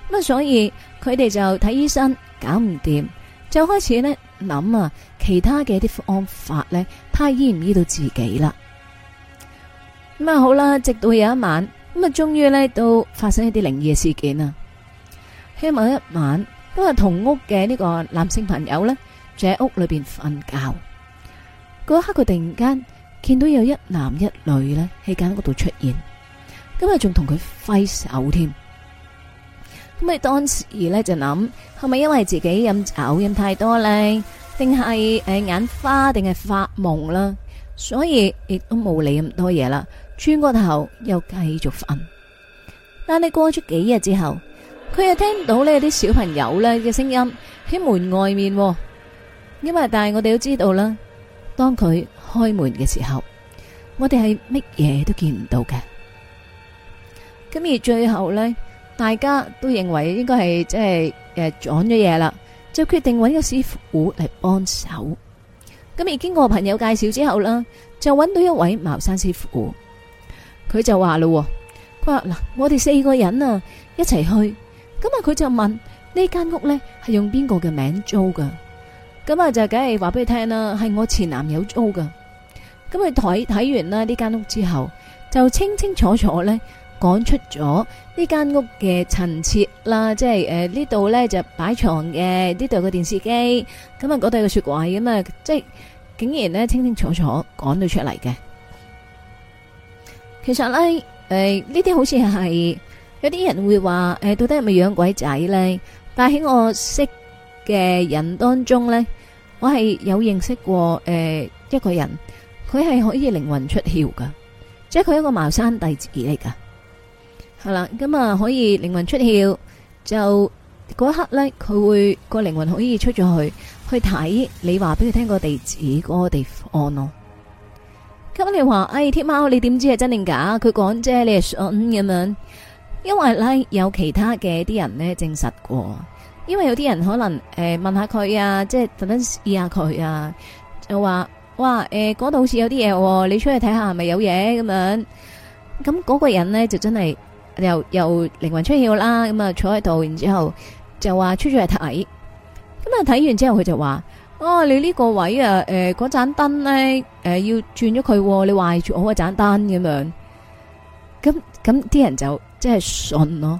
咁所以佢哋就睇醫生，搞唔掂，就開始呢。諗啊，其他嘅一啲方法咧，他醫唔醫到自己啦？咁啊好啦，直到有一晚，咁啊終於咧都發生了一啲靈異嘅事件啊！希望一晚今日同屋嘅呢個男性朋友咧，就喺屋裏邊瞓覺，嗰一刻佢突然間見到有一男一女咧喺間嗰度出現，今日仲同佢揮手添。咁呢，當時呢就諗，係咪因為自己飲酒飲太多呢，定係誒眼花，定係發夢啦？所以亦都冇理咁多嘢啦，轉過頭又繼續瞓。但係過咗幾日之後，佢又聽到呢啲小朋友呢嘅聲音喺門外面。因為但係我哋都知道啦，當佢開門嘅時候，我哋係乜嘢都見唔到嘅。咁而最後呢。大家都認為應該係即係誒撞咗嘢啦，就決定揾個師傅嚟幫手。咁而經過朋友介紹之後啦，就揾到一位茅山師傅。佢就話啦，佢話嗱，我哋四個人啊，一齊去。咁啊，佢就問呢間屋呢係用邊個嘅名租噶？咁啊就梗係話俾佢聽啦，係我前男友租噶。咁佢睇睇完啦呢間屋之後，就清清楚楚呢。講出咗呢間屋嘅陳設啦，即係誒、呃、呢度呢就擺床嘅，呢度有個電視機，咁啊嗰度有個雪櫃咁啊，即係竟然呢清清楚楚講到出嚟嘅。其實呢，誒呢啲好似係有啲人會話誒、呃、到底係咪養鬼仔呢？但喺我識嘅人當中呢，我係有認識過誒、呃、一個人，佢係可以靈魂出竅噶，即係佢一個茅山弟子嚟噶。係、嗯、啦，咁啊可以靈魂出竅，就嗰一刻咧，佢會個靈魂可以出咗去去睇你話俾佢聽個地址嗰、那個地方咯。咁、嗯、你話，哎，天喵你點知係真定假？佢講即係你係信咁樣，因為咧有其他嘅啲人咧證實過，因為有啲人可能誒、呃、問下佢啊，即係特登試下佢啊，就話哇誒嗰度好似有啲嘢、啊，你出去睇下係咪有嘢咁樣？咁嗰個人咧就真係。又又靈魂出竅啦，咁啊坐喺度，然之後就話出咗嚟睇，咁啊睇完之後佢就話：哦，你呢個位啊，誒、呃、嗰盞燈咧，誒、呃、要轉咗佢，你壞住我盞燈咁樣。咁咁啲人就即係信咯，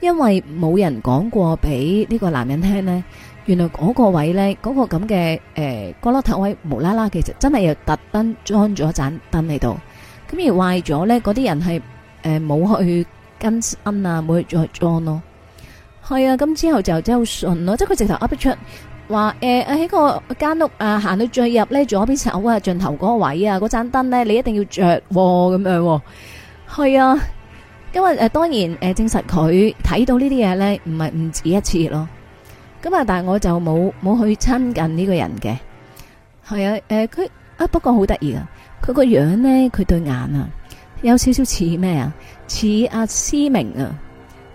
因為冇人講過俾呢個男人聽咧，原來嗰個位咧，嗰個咁嘅誒角落頭位，無啦啦其實真係又特登裝咗盞燈喺度，咁而壞咗咧，嗰啲人係誒冇去。.跟新啊，冇去再裝咯，係啊，咁之後就真係好順咯，即係佢直頭噏得出，話誒誒喺個間屋啊，行到最入咧，左邊手啊盡頭嗰個位啊，嗰盞燈咧，你一定要着咁、喎、樣、喎，係啊，因為誒當然誒、呃、證實佢睇到呢啲嘢咧，唔係唔止一次咯，咁啊，但係我就冇冇去親近呢個人嘅，係啊，誒佢啊不過好得意啊，佢個樣咧，佢對眼啊，有少少似咩啊？似阿思明啊，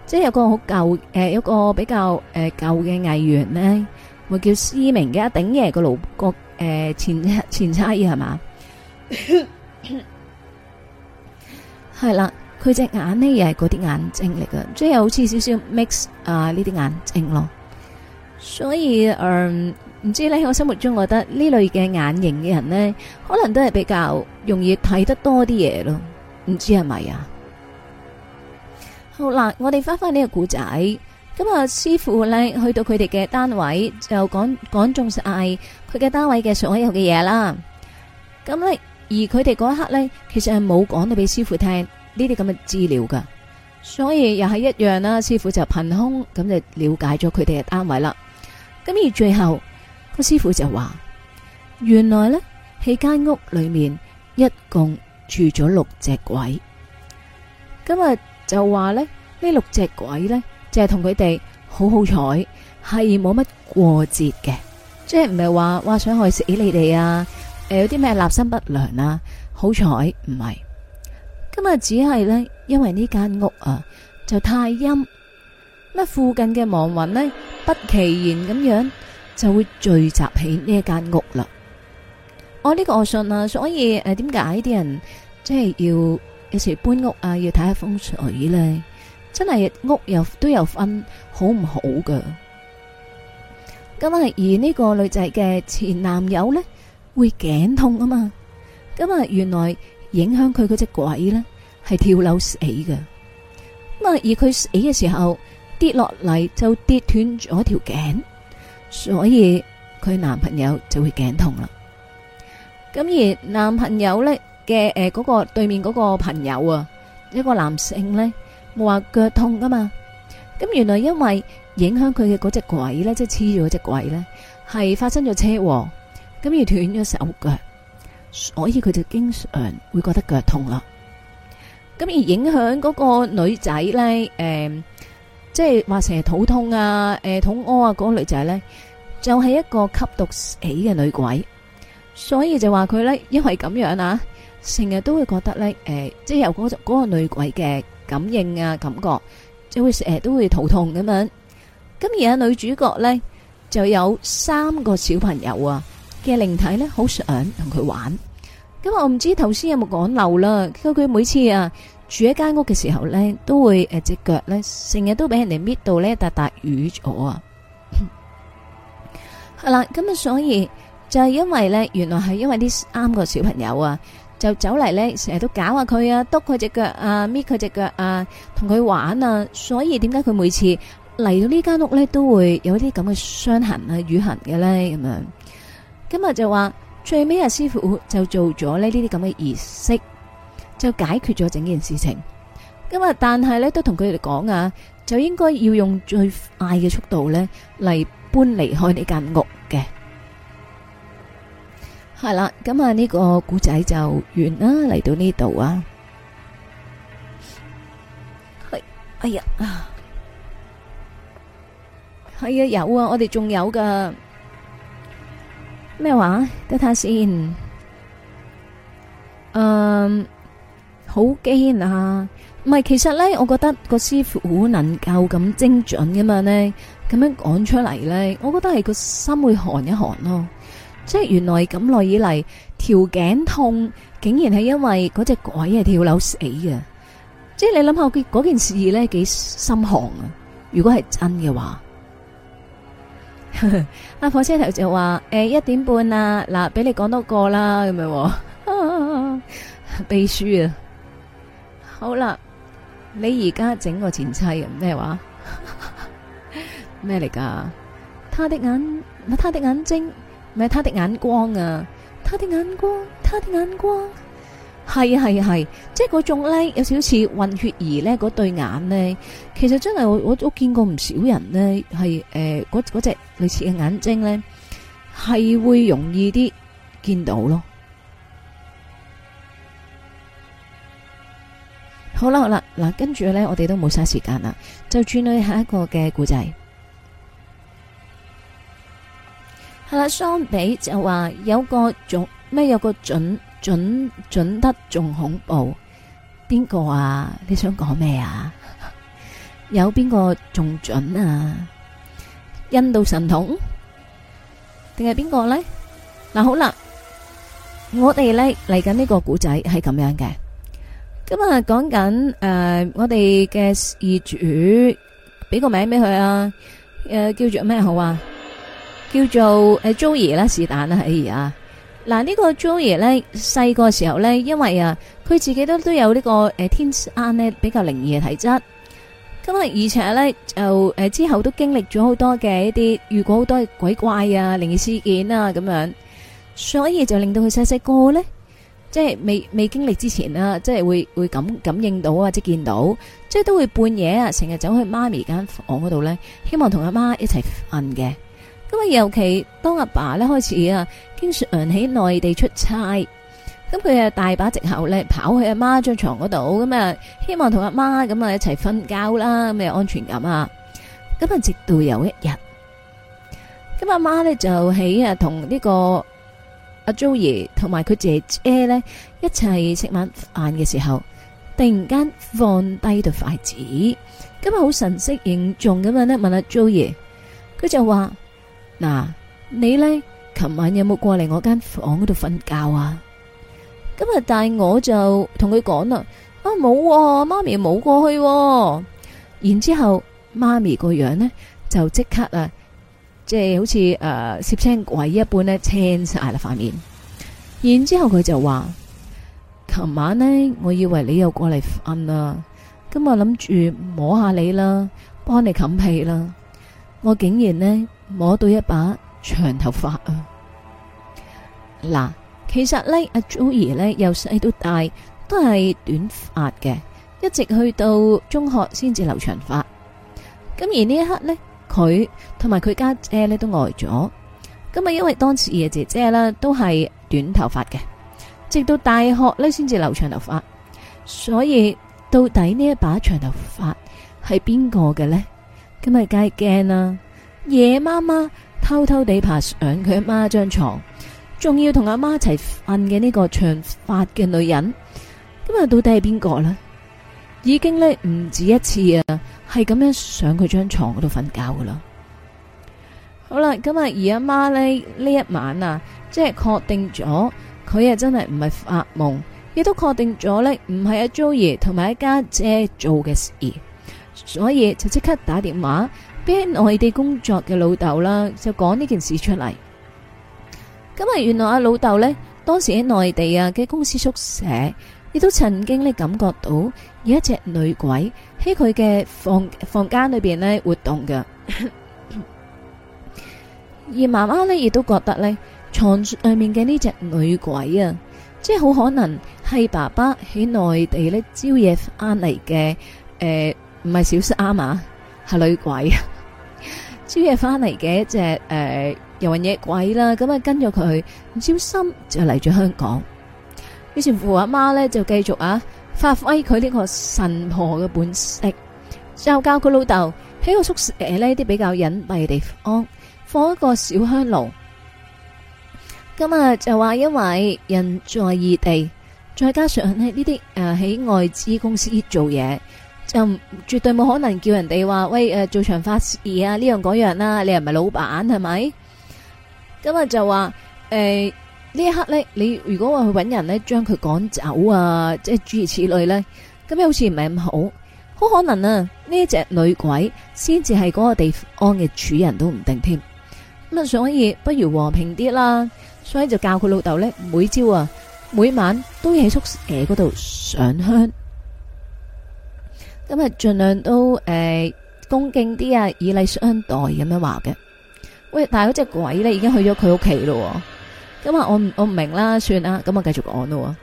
即係有個好舊誒，呃、有一個比較誒舊嘅藝員呢，會叫思明嘅頂爺個老個誒前、前妻係嘛？係啦，佢隻眼呢，又係嗰啲眼睛嚟㗎，即係好似少少 mix 啊呢啲眼睛咯。所以誒唔、呃、知咧，我心目中覺得呢類嘅眼型嘅人呢，可能都係比較容易睇得多啲嘢咯。唔知係咪啊？好啦，我哋翻翻呢個故仔咁啊。師傅咧去到佢哋嘅單位就講講中晒佢嘅單位嘅所有嘅嘢啦。咁咧，而佢哋嗰一刻咧，其實係冇講到俾師傅聽呢啲咁嘅資料噶，所以又係一樣啦。師傅就憑空咁就了解咗佢哋嘅單位啦。咁而最後個師傅就話，原來咧，喺間屋裏面一共住咗六隻鬼。今、嗯、日。就話咧，呢六隻鬼咧，就係同佢哋好好彩，係冇乜過節嘅，即係唔係話話想害死你哋啊？誒，有啲咩立心不良啊？好彩唔係，今日只係咧，因為呢間屋啊就太陰，咁附近嘅亡魂呢，不其然咁樣就會聚集喺呢一間屋啦。我、哦、呢、這個我信啊，所以誒，點解啲人即係要？有時搬屋啊，要睇下風水咧，真係屋又都有分好唔好噶。咁啊，而呢個女仔嘅前男友呢，會頸痛啊嘛，咁啊原來影響佢嗰隻鬼呢，係跳樓死噶，咁啊而佢死嘅時候跌落嚟就跌斷咗條頸，所以佢男朋友就會頸痛啦。咁而男朋友呢？嘅誒，嗰個對面嗰個朋友啊，一個男性咧，冇話腳痛噶嘛，咁原來因為影響佢嘅嗰隻鬼咧，即係黐住嗰隻鬼咧，係發生咗車禍，咁而斷咗手腳，所以佢就經常會覺得腳痛啦。咁而影響嗰個女仔咧，誒，即係話成日肚痛啊，誒，肚屙啊，嗰個女仔咧，就係一個吸毒死嘅女鬼，所以就話佢咧，因為咁樣啊。成日都會覺得咧，誒，即係有嗰個嗰個女鬼嘅感應啊，感覺，就會誒都會肚痛咁樣。咁而家女主角咧就有三個小朋友啊嘅靈體咧，好想同佢玩。咁我唔知頭先有冇講漏啦。咁佢每次啊住喺間屋嘅時候咧，都會誒隻腳咧成日都俾人哋搣到咧笪笪瘀咗啊。係啦，咁啊所以就係因為咧，原來係因為啲三個小朋友啊。就走嚟咧，成日都搞下佢啊，督佢隻腳啊，搣佢隻腳啊，同佢玩啊，所以點解佢每次嚟到呢間屋咧，都會有啲咁嘅傷痕啊、瘀痕嘅咧咁樣？今日就話最尾啊，師傅就做咗呢啲咁嘅儀式，就解決咗整件事情。今日但係咧，都同佢哋講啊，就應該要用最快嘅速度咧嚟搬離開呢間屋。係啦，咁啊呢個古仔就完啦，嚟到呢度啊，係，哎呀啊，係啊有啊，我哋仲有噶咩話？等下先，嗯，好驚啊！唔係，其實呢，我覺得個師傅好能夠咁精準噶嘛呢，咁樣講出嚟呢，我覺得係個心會寒一寒咯。即係原來咁耐以嚟，條頸痛竟然係因為嗰隻鬼係跳樓死嘅。即係你諗下佢嗰件事呢幾心寒啊！如果係真嘅話，阿 火車頭就話：誒、呃，一點半啊，嗱，俾你講多個啦，咁樣背書啊。好啦，你而家整個前妻啊，咩話？咩嚟㗎？他的眼，他的眼睛。咪，他的眼光啊，他的眼光，他的眼光，係啊係啊係，即係嗰種咧，有少少似混血兒咧，嗰對眼咧，其實真係我我，我見過唔少人咧，係誒嗰隻類似嘅眼睛咧，係會容易啲見到咯。好啦好啦，嗱跟住咧，我哋都冇晒時間啦，就轉去下一個嘅故仔。係啦，相比就話有個仲咩有個準準準得仲恐怖，邊個啊？你想講咩啊？有邊個仲準啊？印度神童定係邊個咧？嗱，好啦，我哋咧嚟緊呢個古仔係咁樣嘅。今日，講緊誒，我哋嘅事主，俾個名俾佢啊，誒，叫做咩好啊？叫做誒，Joey 啦，是但啦，係啊。嗱，呢個 Joey 咧，細個時候咧，因為啊，佢自己都都有呢、這個誒、呃，天眼咧比較靈異嘅體質。咁啊，而且咧就誒、呃、之後都經歷咗好多嘅一啲，遇過好多鬼怪啊、靈異事件啊咁樣，所以就令到佢細細個咧，即係未未經歷之前啦、啊，即係會會感感應到啊，即係見到，即係都會半夜啊，成日走去媽咪間房嗰度咧，希望同阿媽一齊瞓嘅。因為！尤其當阿爸咧開始啊，經常喺內地出差，咁佢啊大把藉口咧，跑去阿媽張床嗰度，咁啊希望同阿媽咁啊一齊瞓覺啦，咁有安全感啊。咁啊，直到有一日，咁阿媽咧就喺啊同呢個阿 jo 爺同埋佢姐姐咧一齊食晚飯嘅時候，突然間放低對筷子，咁啊好神色凝重咁樣咧問阿 jo 爺，佢就話。嗱、啊，你呢？琴晚有冇過嚟我間房度瞓覺啊？今日帶我就同佢講啦，啊冇，媽、啊、咪冇過去、啊。然之後媽咪個樣子呢，就即刻啊，即、就、係、是、好似誒，攝、呃、青鬼一般呢，青晒啦塊面。然之後佢就話，琴晚呢，我以為你又過嚟瞓啦，咁我諗住摸下你啦，幫你冚被啦，我竟然呢。摸到一把長頭髮啊！嗱，其實呢，阿、啊、Joey 呢由細到大都係短髮嘅，一直去到中學先至留長髮。咁而呢一刻呢，佢同埋佢家姐呢都呆咗。咁啊，因為當時嘅姐姐呢都係短頭髮嘅，直到大學呢先至留長頭髮。所以到底呢一把長頭髮係邊個嘅呢？咁咪梗係驚啦！夜媽媽偷偷地爬上佢阿媽張床，仲要同阿媽一齊瞓嘅呢個長髮嘅女人，今日到底係邊個呢？已經呢唔止一次啊，係咁樣上佢張床嗰度瞓覺噶啦。好啦，今日而阿媽呢呢一晚啊，即係確定咗佢啊真係唔係發夢，亦都確定咗呢唔係阿 Joey 同埋一家姐做嘅事，所以就即刻打電話。俾喺內地工作嘅老豆啦，就講呢件事出嚟。咁啊，原來阿老豆呢，當時喺內地啊嘅公司宿舍，亦都曾經呢感覺到有一隻女鬼喺佢嘅房房間裏邊呢活動嘅。 而媽媽呢，亦都覺得呢床上面嘅呢隻女鬼啊，即係好可能係爸爸喺內地呢朝夜翻嚟嘅，誒，唔係小叔阿嫲，係女鬼，宵夜翻嚟嘅一隻誒遊魂野鬼啦，咁啊跟咗佢唔小心就嚟咗香港。於是乎阿媽咧就繼續啊發揮佢呢個神婆嘅本色，就教佢老豆喺個宿舍呢啲比較隱蔽嘅地方放一個小香爐。咁啊就話因為人在異地，再加上呢啲誒喺外資公司做嘢。又絕對冇可能叫人哋話喂誒、啊、做場法事啊呢樣嗰樣啦、啊，你又唔係老闆係咪？咁啊就話誒呢一刻呢，你如果話去揾人呢，將佢趕走啊，即係諸如此類呢。咁樣好似唔係咁好，好可能啊呢隻女鬼先至係嗰個地方嘅主人都唔定添。咁啊，所以不如和平啲啦，所以就教佢老豆呢，每朝啊每晚都喺宿舍嗰度上香。今日盡量都誒、呃、恭敬啲啊，以禮相待咁樣話嘅。喂，但係嗰隻鬼呢已經去咗佢屋企咯。咁、嗯、啊，我我唔明啦，算啦，咁、嗯、啊，我繼續講咯。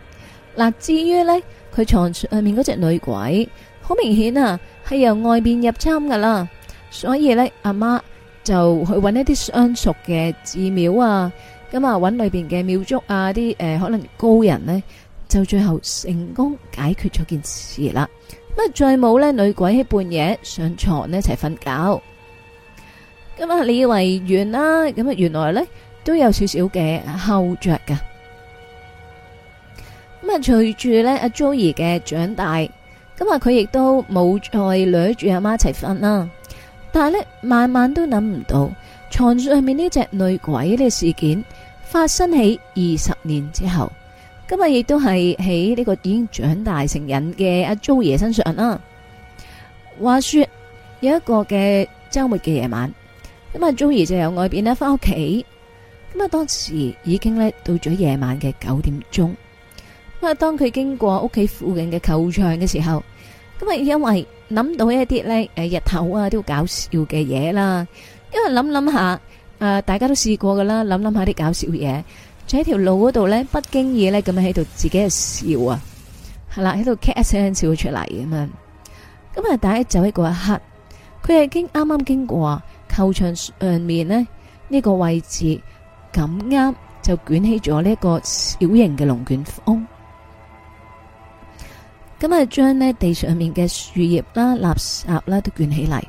嗱、啊，至於呢，佢床上面嗰隻女鬼，好明顯啊，係由外邊入侵噶啦。所以呢，阿媽，媽就去揾一啲相熟嘅寺廟啊，咁、嗯、啊，揾裏邊嘅廟祝啊，啲、呃、誒可能高人呢，就最後成功解決咗件事啦。再冇咧，女鬼喺半夜上床一齊瞓覺，咁啊你以為完啦？咁啊原來呢都有少少嘅後着噶。咁啊隨住呢阿 Joey 嘅長大，咁啊佢亦都冇再攞住阿媽一齊瞓啦。但係呢，晚晚都諗唔到床上面呢隻女鬼嘅事件發生喺二十年之後。今日亦都係喺呢個已經長大成人嘅阿 jo 爺身上啦。話說有一個嘅周末嘅夜晚，咁阿 jo 爺就由外邊咧翻屋企。咁啊，當時已經咧到咗夜晚嘅九點鐘。咁啊，當佢經過屋企附近嘅球場嘅時候，咁啊，因為諗到一啲咧誒日頭啊都搞笑嘅嘢啦。因為諗諗下，誒大家都試過噶啦，諗諗下啲搞笑嘢。喺條路嗰度呢，不經意呢，咁樣喺度自己係笑啊，係啦，喺度咔一聲笑出嚟咁啊。咁啊，但係就喺嗰一刻，黑，佢係經啱啱經過球場上面呢，呢個位置咁啱，就捲起咗呢一個小型嘅龍捲風。咁啊，將呢地上面嘅樹葉啦、垃圾啦都捲起嚟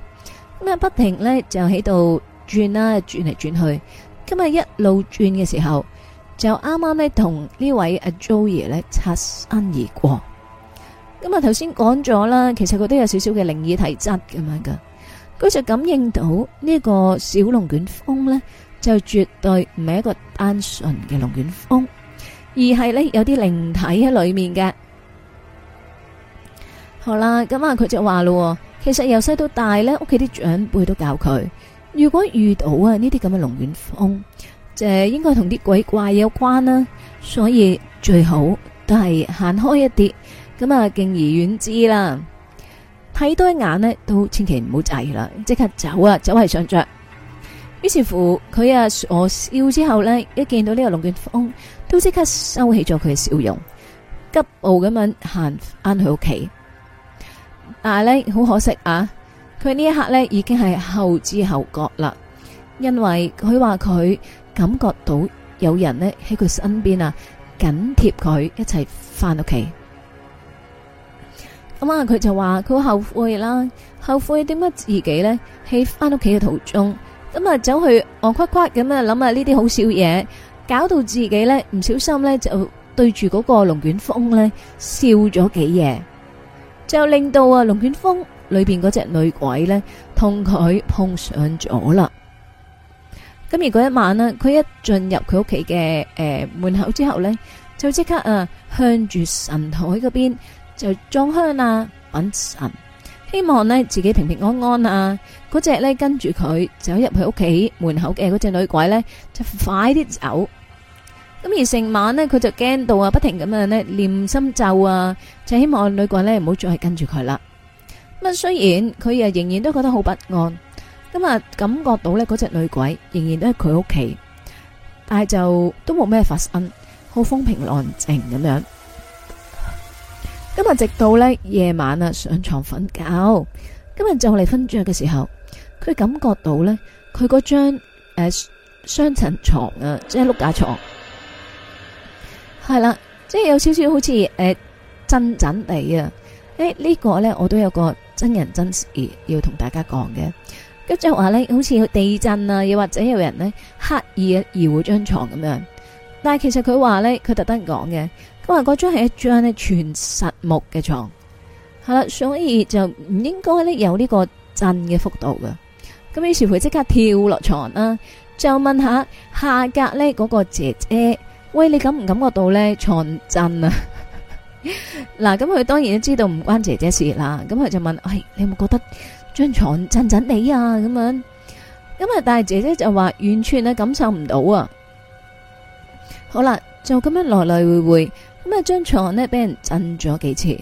咁啊，不停呢，就喺度轉啦，轉嚟轉去。咁啊，一路轉嘅時候。就啱啱呢，同呢位阿 Jo 爺呢擦身而過，咁啊頭先講咗啦，其實佢都有少少嘅靈異體質咁樣㗎，噶佢就感應到呢個小龍捲風呢，就絕對唔係一個單純嘅龍捲風，而係呢，有啲靈體喺裏面嘅。好啦，咁啊佢就話咯，其實由細到大呢，屋企啲長輩都教佢，如果遇到啊呢啲咁嘅龍捲風。就係應該同啲鬼怪有關啦，所以最好都係行開一啲，咁啊敬而遠之啦。睇多一眼呢，都千祈唔好滯啦，即刻走啊，走係上着。於是乎，佢啊，傻笑之後呢，一見到呢個龍捲風，都即刻收起咗佢嘅笑容，急步咁樣行翻去屋企。但係呢，好可惜啊，佢呢一刻呢已經係後知後覺啦，因為佢話佢。感覺到有人咧喺佢身邊啊，緊貼佢一齊翻屋企。咁啊，佢就話佢好後悔啦，後悔點解自己咧喺翻屋企嘅途中，咁啊走去戇夸夸咁啊諗下呢啲好笑嘢，搞到自己咧唔小心咧就對住嗰個龍捲風咧笑咗幾夜，就令到啊龍捲風裏邊嗰隻女鬼咧同佢碰上咗啦。咁而嗰一晚咧，佢一進入佢屋企嘅誒門口之後咧，就即刻啊向住神台嗰邊就裝香啊稟神，希望咧自己平平安安啊。嗰隻咧跟住佢走入佢屋企門口嘅嗰隻女鬼咧，就快啲走。咁而成晚咧，佢就驚到啊，不停咁樣咧念心咒啊，就希望女鬼咧唔好再係跟住佢啦。咁啊，雖然佢呀仍然都覺得好不安。今日感覺到呢嗰隻女鬼仍然都喺佢屋企，但係就都冇咩發生，好風平浪靜咁樣。今日直到呢夜晚啊，上床瞓覺。今日就嚟瞓着嘅時候，佢感覺到呢，佢嗰張誒雙層床啊，即係碌架床係啦，即係有少少好似誒震震地啊。誒呢個呢，我都有個真人真事要同大家講嘅。即係話咧，好似地震啊，又或者有人呢刻意搖嗰張床咁樣。但係其實佢話呢，佢特登講嘅，佢話嗰張係一張呢全實木嘅床，係啦，所以就唔應該呢有呢個震嘅幅度嘅。咁於是佢即刻跳落床啦，就問下下格呢嗰個姐姐，喂，你感唔感覺到呢？床震啊？嗱，咁佢當然都知道唔關姐姐事啦。咁佢就問，喂、哎，你有冇覺得？張床震震地啊，咁樣咁啊！大姐姐就話完全感受唔到啊。好啦，就咁樣來來回回咁啊，張床呢，俾人震咗幾次，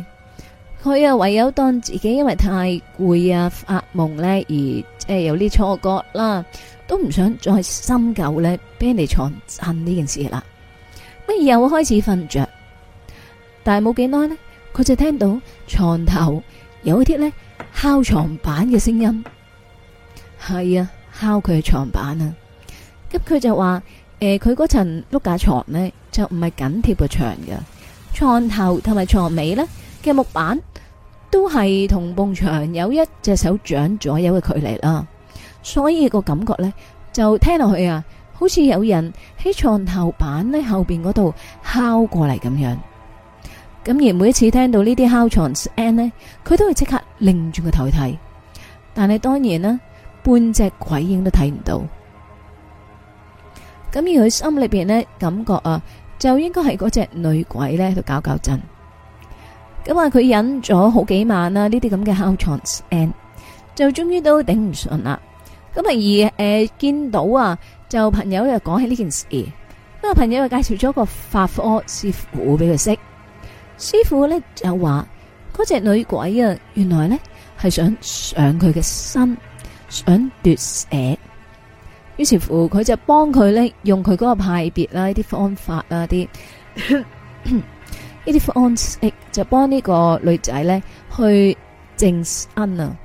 佢呀，唯有當自己因為太攰啊發夢呢，而即係有啲錯覺啦，都唔想再深究呢。俾人哋床震呢件事啦。咁又開始瞓着，但係冇幾耐呢，佢就聽到床頭有啲呢。敲床板嘅聲音係啊，敲佢嘅床板啊，咁佢就話誒，佢嗰層碌架床呢，就唔係緊貼個牆嘅，床頭同埋床尾呢嘅木板都係同埲牆有一隻手掌左右嘅距離啦，所以個感覺呢就聽落去啊，好似有人喺床頭板呢後邊嗰度敲過嚟咁樣。咁而每一次聽到呢啲敲床聲呢，佢都會即刻擰轉個頭睇，但係當然啦，半隻鬼影都睇唔到。咁而佢心裏邊呢，感覺啊，就應該係嗰隻女鬼呢喺度搞搞震。咁啊，佢忍咗好幾晚啦，呢啲咁嘅敲床聲，就終於都頂唔順啦。咁啊而誒、呃、見到啊，就朋友又講起呢件事，咁啊朋友又介紹咗個法科師傅俾佢識。師傅咧就話嗰隻女鬼啊，原來咧係想上佢嘅身，想奪舍。於是乎佢就幫佢咧用佢嗰個派別啦、啊，呢啲方法啦、啊、啲呢啲方式，就幫呢個女仔咧去淨身。啊。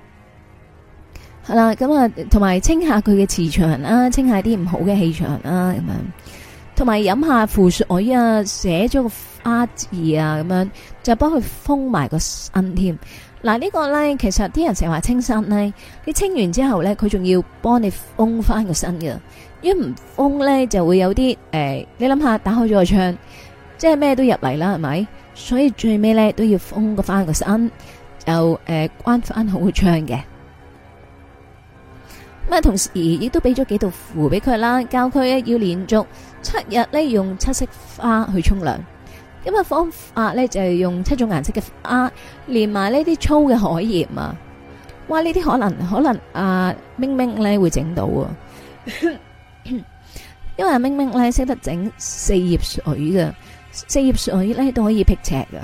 係啦，咁啊，同埋清一下佢嘅磁場啦、啊，清下啲唔好嘅氣場啦。咁樣。同埋飲下符水、啊，啊寫咗個阿字啊，咁樣就幫佢封埋個身添。嗱、啊、呢、呢個呢，其實啲人成日話清身呢，你清完之後呢，佢仲要幫你封翻個身嘅，一唔封呢，就會有啲、欸、你諗下打開咗個窗，即係咩都入嚟啦，係咪？所以最尾呢，都要封個翻個身，又誒、欸、關翻好個窗嘅。咁啊，同時亦都俾咗幾道符俾佢啦，教佢要連續。七日咧，用七色花去沖涼，咁啊方法咧就係用七種顏色嘅花，連埋呢啲粗嘅海鹽啊！哇，呢啲可能可能阿、啊、明明咧會整到啊， 因為明明咧識得整四葉水噶，四葉水咧都可以辟邪噶。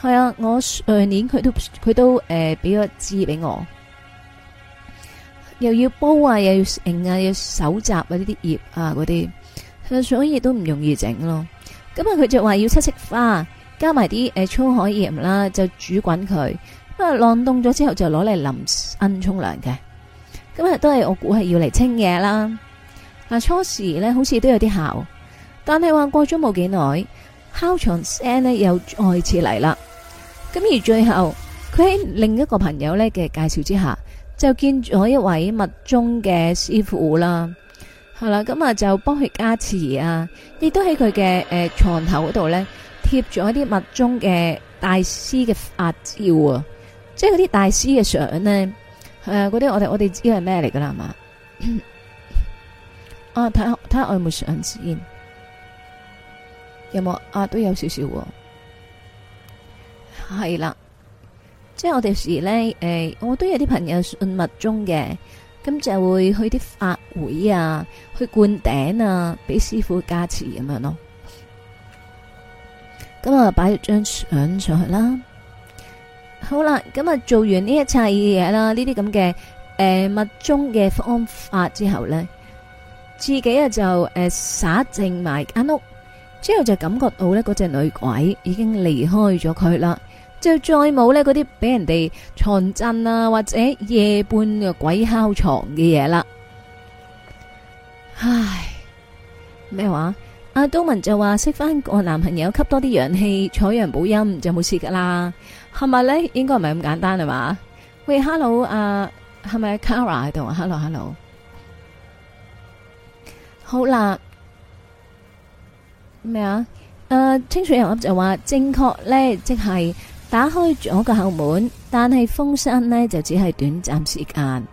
係啊，我上年佢都佢都誒俾咗枝俾我，又要煲啊，又要認啊，要搜集啊呢啲葉啊嗰啲。所以都唔容易整咯，咁啊佢就話要七色花，加埋啲誒粗海鹽啦，就煮滾佢，咁啊晾凍咗之後就攞嚟淋身沖涼嘅。咁啊都係我估係要嚟清嘢啦。初時咧好似都有啲效，但係話過咗冇幾耐，敲床聲呢又再次嚟啦。咁而最後佢喺另一個朋友咧嘅介紹之下，就見咗一位密宗嘅師傅啦。係啦，咁啊就幫佢加持啊，亦都喺佢嘅誒床頭嗰度咧貼咗一啲密宗嘅大師嘅法照啊，即係嗰啲大師嘅相咧，誒嗰啲我哋我哋知係咩嚟噶啦，係 嘛、啊？啊睇下睇下我有冇相先，有冇啊都有少少、啊，係啦，即係我哋時咧誒、呃，我都有啲朋友信密宗嘅。咁就會去啲法會啊，去灌頂啊，俾師傅加持咁樣咯。咁啊，擺咗張相上去啦。好啦，咁啊，做完呢一切嘢啦，呢啲咁嘅誒密宗嘅方法之後呢，自己啊就誒灑淨埋間屋，之後就感覺到呢嗰隻女鬼已經離開咗佢啦。就再冇咧嗰啲俾人哋床震啊，或者夜半嘅鬼敲床嘅嘢啦。唉，咩話？阿、啊、東文就話識返個男朋友吸多啲氧氣，採陽補陰就冇事噶啦。係咪咧？應該唔係咁簡單係嘛？喂，hello，阿係咪 Cara 喺度？Hello，hello。是是 Hello, Hello. 好啦，咩啊？誒，清水油粒就話正確咧，即係。打開咗個後門，但係封山呢就只係短暫時間。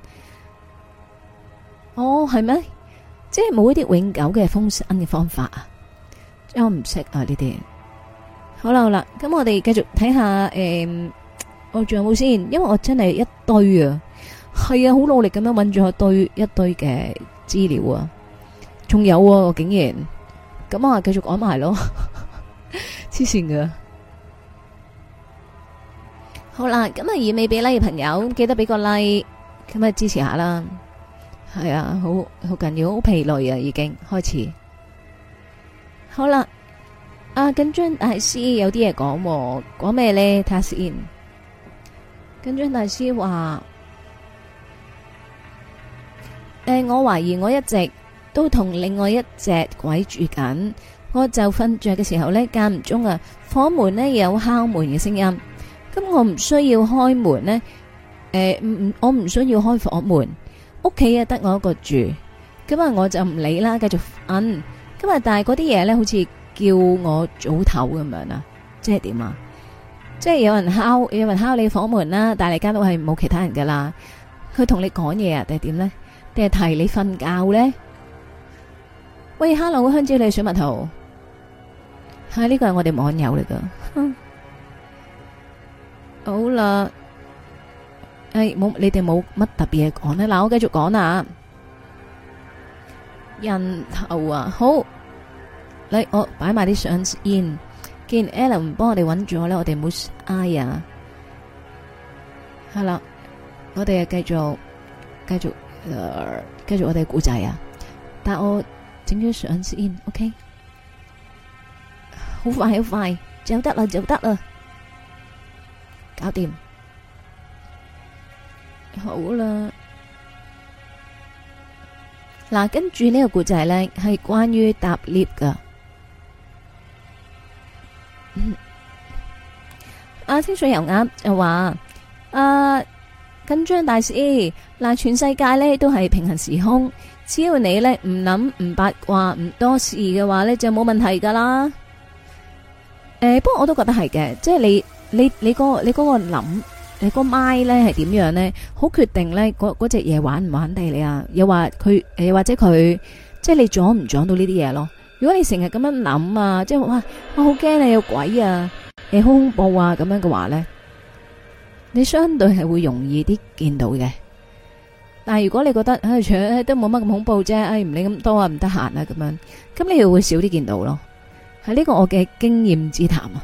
哦，係咩？即係冇一啲永久嘅封山嘅方法啊、嗯！我唔識啊呢啲。好啦好啦，咁我哋繼續睇下誒，我仲有冇先？因為我真係一堆是啊，係啊，好努力咁樣揾住一堆一堆嘅資料啊，仲有啊，我竟然咁啊，繼續講埋咯，黐線噶。好啦，咁啊，而未俾 like 嘅朋友，記得俾個 like，咁啊支持下啦。係啊，好好緊要，好疲累啊，已經開始。好啦，啊，緊張大師有啲嘢講，講咩呢？睇下先。緊張大師話，誒、欸，我懷疑我一直都同另外一隻鬼住緊，我就瞓着嘅時候呢，間唔中啊，房門呢有敲門嘅聲音。咁我唔需要開門咧，誒，我唔需要開房門，屋企啊得我一個住，咁啊我就唔理啦，繼續瞓。咁啊，但係嗰啲嘢咧，好似叫我早唞咁樣啊，即係點啊？即係有人敲，有人敲你房門啦，但係你間屋係冇其他人噶啦，佢同你講嘢啊定係點咧？定係提你瞓覺咧？喂，hello，香蕉你係水蜜桃。係呢個係我哋網友嚟噶。好啦，誒，冇你哋冇乜特別嘢講咧，嗱，我繼續講啦。人頭啊，好，嚟我擺埋啲相先，既然 Alan 幫我哋穩住我咧，我哋唔好嗌啊。係啦，我哋繼續繼續繼續我哋古仔啊，但我整咗相先，OK，好快好快，就得啦就得啦。搞掂，好啦，嗱、啊，跟住呢個故仔呢，係關於搭 lift 噶阿、嗯啊、清水油鴨又話，啊，緊張大師，嗱、啊，全世界呢都係平行時空，只要你呢唔諗唔八卦唔多事嘅話呢，就冇問題噶啦。誒、啊，不過我都覺得係嘅，即係你。你你個你個諗，你嗰個麥咧係點樣咧？好決定咧，嗰嗰隻嘢玩唔玩地你啊？又話佢，又或者佢，即係你阻唔阻到呢啲嘢咯？如果你成日咁樣諗啊，即係哇，我好驚你有鬼啊，你好恐怖啊，咁樣嘅話咧，你相對係會容易啲見到嘅。但係如果你覺得唉，全部都冇乜咁恐怖啫，唉，唔理咁多啊，唔得閒啊，咁樣，咁你又會少啲見到咯。係呢個我嘅經驗之談啊。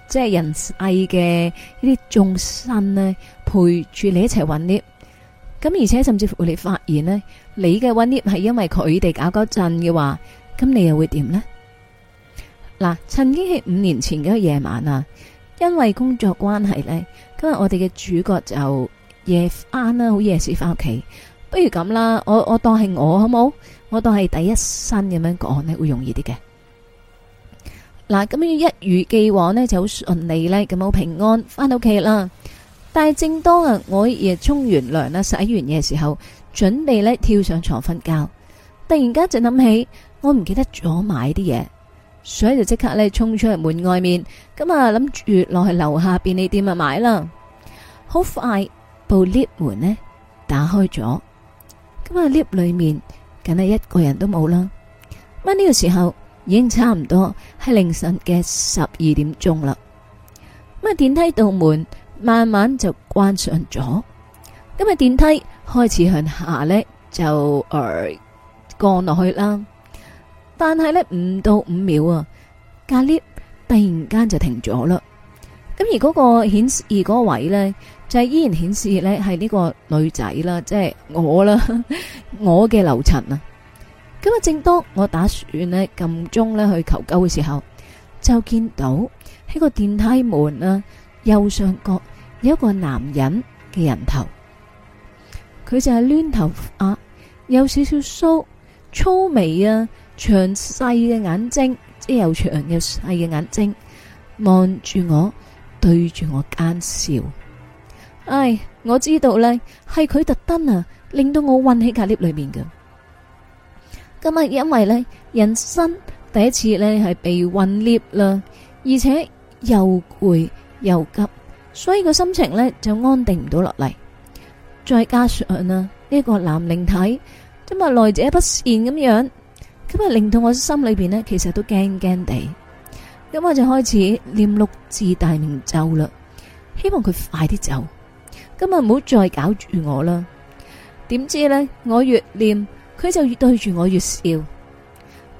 即係人世嘅呢啲眾生呢，陪住你一齊揾孽，咁而且甚至乎你發現呢，你嘅揾孽係因為佢哋搞嗰陣嘅話，咁你又會點呢？嗱，曾經係五年前嘅一個夜晚啊，因為工作關係呢，今日我哋嘅主角就夜翻啦，好夜時翻屋企。不如咁啦，我我當係我好冇，我當係第一身咁樣講咧，會容易啲嘅。嗱，咁樣一如既往咧就好順利咧，咁好平安翻到屋企啦。但係正當啊，我夜沖完涼啦，洗完嘢時候，準備咧跳上床瞓覺，突然間就諗起我唔記得咗買啲嘢，所以就即刻咧沖出嚟門外面，咁啊諗住落去樓下便利店啊買啦。好快，部 lift 門咧打開咗，咁啊 lift 裏面梗係一個人都冇啦。咁啊呢個時候。已經差唔多係凌晨嘅十二點鐘啦。咁啊，電梯道門慢慢就關上咗，咁啊，電梯開始向下呢，就誒、呃、降落去啦。但係呢，唔到五秒啊，架 lift 突然間就停咗啦。咁而嗰個顯示，而嗰個位置呢，就依然顯示呢係呢個女仔啦，即係我啦，我嘅樓層啊。咁啊！正當我打算呢撳鐘呢去求救嘅時候，就見到喺個電梯門啊右上角有一個男人嘅人頭，佢就係亂頭髮啊，有少少騷粗粗眉啊，長細嘅眼睛，即係又長又細嘅眼睛，望住我，對住我奸笑。唉，我知道呢，係佢特登啊，令到我暈喺隔籬裏面嘅。今日因為咧人生第一次咧係被混裂啦，而且又攰又急，所以個心情咧就安定唔到落嚟。再加上啊呢、這個男靈體，今日來者不善咁樣，今日令到我心裏邊呢其實都驚驚地。咁我就開始念六字大明咒啦，希望佢快啲走，今日唔好再搞住我啦。點知呢？我越念，佢就越對住我越笑，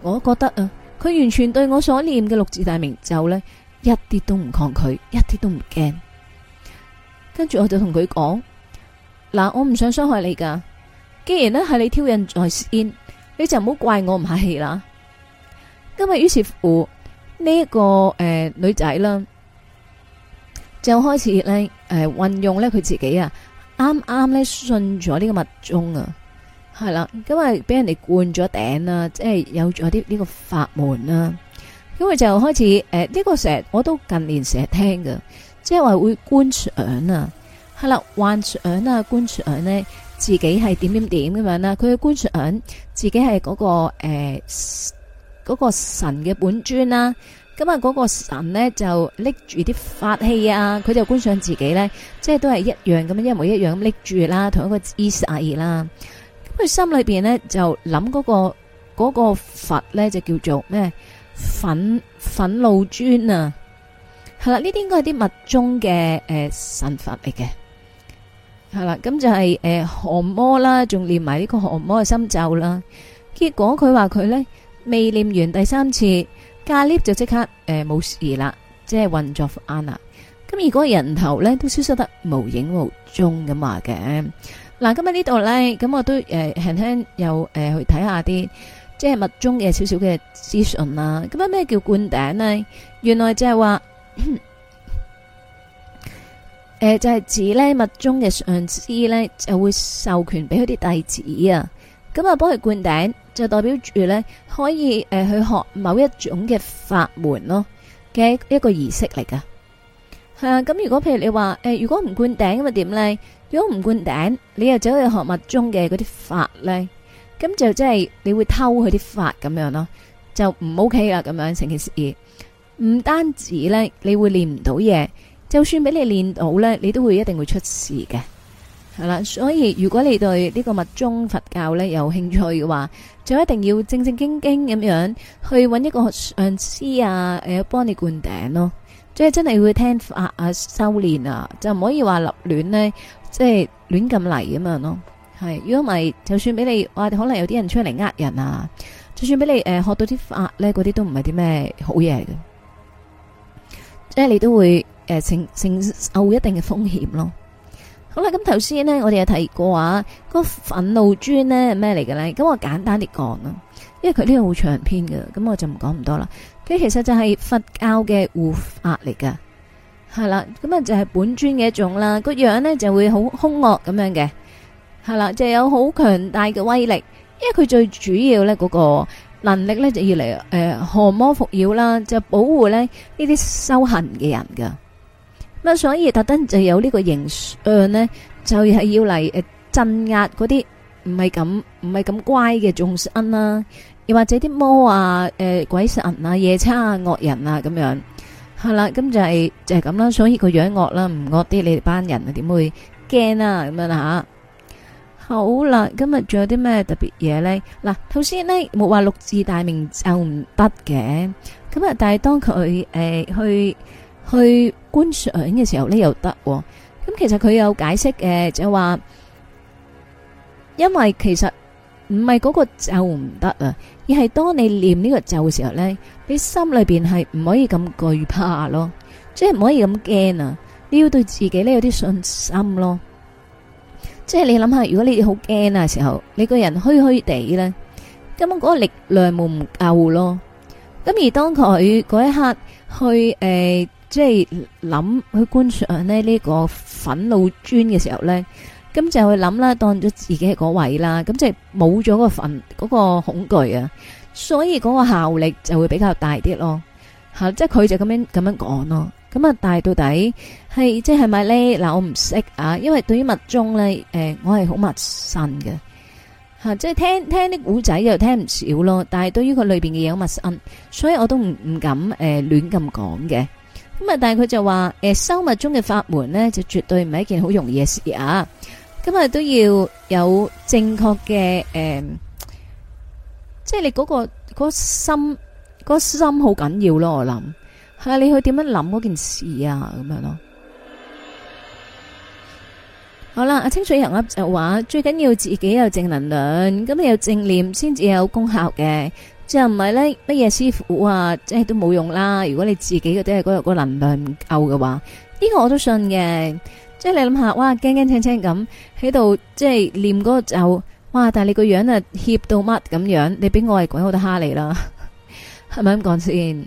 我覺得啊，佢完全對我所念嘅六字大明咒咧，一啲都唔抗拒，一啲都唔驚。跟住我就同佢講：嗱，我唔想傷害你㗎，既然咧係你挑釁在先，你就唔好怪我唔客氣啦。今日於是乎呢一個誒女仔啦，就開始咧誒運用咧佢自己啊啱啱咧信咗呢個密宗啊。係啦，咁啊俾人哋灌咗頂啦，即係有咗啲呢個法門啦。咁佢就開始誒呢、呃這個成日我都近年成日聽噶，即係話會觀想啊，係啦，幻想啊，觀想咧自己係點點點咁樣啦。佢嘅觀想自己係嗰、那個誒嗰、呃那個神嘅本尊啦。咁啊嗰個神咧就拎住啲法器啊，佢就觀想自己咧，即係都係一樣咁樣一模一樣咁拎住啦，同一個意思阿葉啦。佢心裏邊呢、嗰個，就諗嗰個個佛呢，就叫做咩？粉粉露磚啊，係啦，呢啲應該係啲密宗嘅誒、呃、神佛嚟嘅，係啦，咁就係誒降魔啦，仲念埋呢個降魔嘅心咒啦。結果佢話佢呢，未念完第三次，咖喱就即刻誒冇、呃、事啦，即係運作安啦。咁而嗰個人頭呢，都消失得無影無蹤咁話嘅。嗱，今日呢度咧，咁我都誒、呃、輕輕有誒、呃、去睇下啲即係密宗嘅少少嘅資訊啦。咁啊咩叫灌頂呢？原來就係話，誒、呃、就係、是、指咧密宗嘅上師咧就會授權俾佢啲弟子啊，咁啊幫佢灌頂，就代表住咧可以誒、呃、去學某一種嘅法門咯嘅一個儀式嚟噶。係啊，咁如果譬如你話誒、呃，如果唔灌頂咁啊點咧？如果唔灌頂，你又走去學密宗嘅嗰啲法呢。咁就真係你會偷佢啲法咁樣咯，就唔 OK 啦咁樣成件事。唔單止呢，你會練唔到嘢，就算俾你練到呢，你都會一定會出事嘅。係啦，所以如果你對呢個密宗佛教呢有興趣嘅話，就一定要正正經經咁樣去搵一個上師啊，誒幫你灌頂咯。即係真係會聽法啊，修練啊，就唔可以話立亂呢、啊。即係亂咁嚟咁樣咯，係如果唔係，就算俾你，話可能有啲人出嚟呃人啊，就算俾你誒、呃、學到啲法咧，嗰啲都唔係啲咩好嘢嘅，即係你都會誒、呃、承承受一定嘅風險咯。好啦，咁頭先呢，我哋有提過啊，個憤怒磚咧係咩嚟嘅咧？咁我簡單啲講啊，因為佢呢個好長篇嘅，咁我就唔講唔多啦。佢其實就係佛教嘅護法嚟噶。係啦，咁啊就係本尊嘅一種啦，個樣呢就會好凶惡咁樣嘅，係啦，就有好強大嘅威力，因為佢最主要呢嗰個能力呢，就要嚟誒降魔伏妖啦，就保護呢呢啲修行嘅人噶。咁所以特登就有呢個形象呢，就係要嚟誒鎮壓嗰啲唔係咁唔係咁乖嘅眾生啦，又或者啲魔啊、誒、呃、鬼神啊、夜叉啊、惡人啊咁樣。係啦，咁就係就係咁啦，所以個樣惡啦，唔惡啲你哋班人啊，點會驚啊？咁樣啦吓，好啦，今日仲有啲咩特別嘢呢？嗱，頭先呢冇話六字大名就唔得嘅，咁啊，但係當佢誒去去觀賞嘅時候呢又得，咁其實佢有解釋嘅，就話因為其實唔係嗰個就唔得啊。你係當你念呢個咒嘅時候呢，你心裏邊係唔可以咁懼怕咯，即係唔可以咁驚啊！你要對自己呢有啲信心咯，即係你諗下，如果你好驚啊時候，你個人虛虛地呢，根本嗰個力量冇唔夠咯。咁而當佢嗰一刻去誒、呃，即係諗去觀賞咧呢個粉老磚嘅時候呢。咁就會諗啦，當咗自己係嗰位啦，咁即係冇咗嗰份嗰個恐懼啊，所以嗰個效力就會比較大啲咯。吓，即係佢就咁樣咁樣講咯。咁啊，但係到底係即係咪咧？嗱，我唔識啊，因為對於密宗咧，誒，我係好陌生嘅，吓，即係聽聽啲古仔又聽唔少咯，但係對於佢裏邊嘅嘢好陌生，所以我都唔唔敢誒亂咁講嘅。咁啊，但係佢就話誒，修密宗嘅法門咧，就絕對唔係一件好容易嘅事啊。今日都要有正確嘅誒，即係你嗰個心，嗰個心好緊要咯，我諗係你去點樣諗嗰件事啊，咁樣咯。好啦，阿清水人啊就話最緊要自己有正能量，咁你有正念先至有功效嘅，即係唔係咧乜嘢師傅啊，即係都冇用啦。如果你自己嘅都係嗰度個能量唔夠嘅話，呢個我都信嘅。即係你諗下，哇驚驚青青咁喺度，即係念嗰個就，哇！但係你個樣啊怯到乜咁樣，你畀我係鬼我都蝦你啦，係咪咁講先？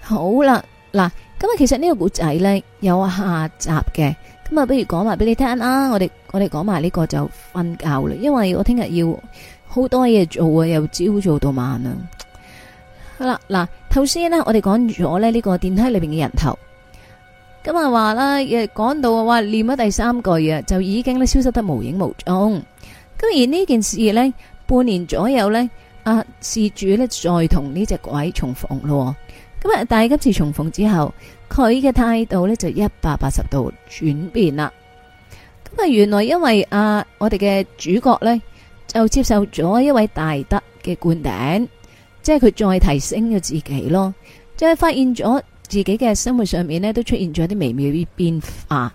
好啦，嗱，今日其實呢個古仔呢，有下集嘅，咁啊不如講埋俾你聽啦。我哋我哋講埋呢個就瞓覺啦，因為我聽日要好多嘢做啊，由朝早到晚啊。好啦，嗱，頭先呢，我哋講咗呢個電梯裏邊嘅人頭。咁啊話啦，誒，講到話念咗第三個月就已經消失得無影無蹤。咁而呢件事呢，半年左右呢，阿、啊、事主呢再同呢隻鬼重逢咯。咁啊，但係今次重逢之後，佢嘅態度呢就一百八十度轉變啦。咁啊，原來因為阿、啊、我哋嘅主角呢，就接受咗一位大德嘅灌頂，即係佢再提升咗自己咯，即係發現咗。自己嘅生活上面呢，都出現咗啲微妙啲變化。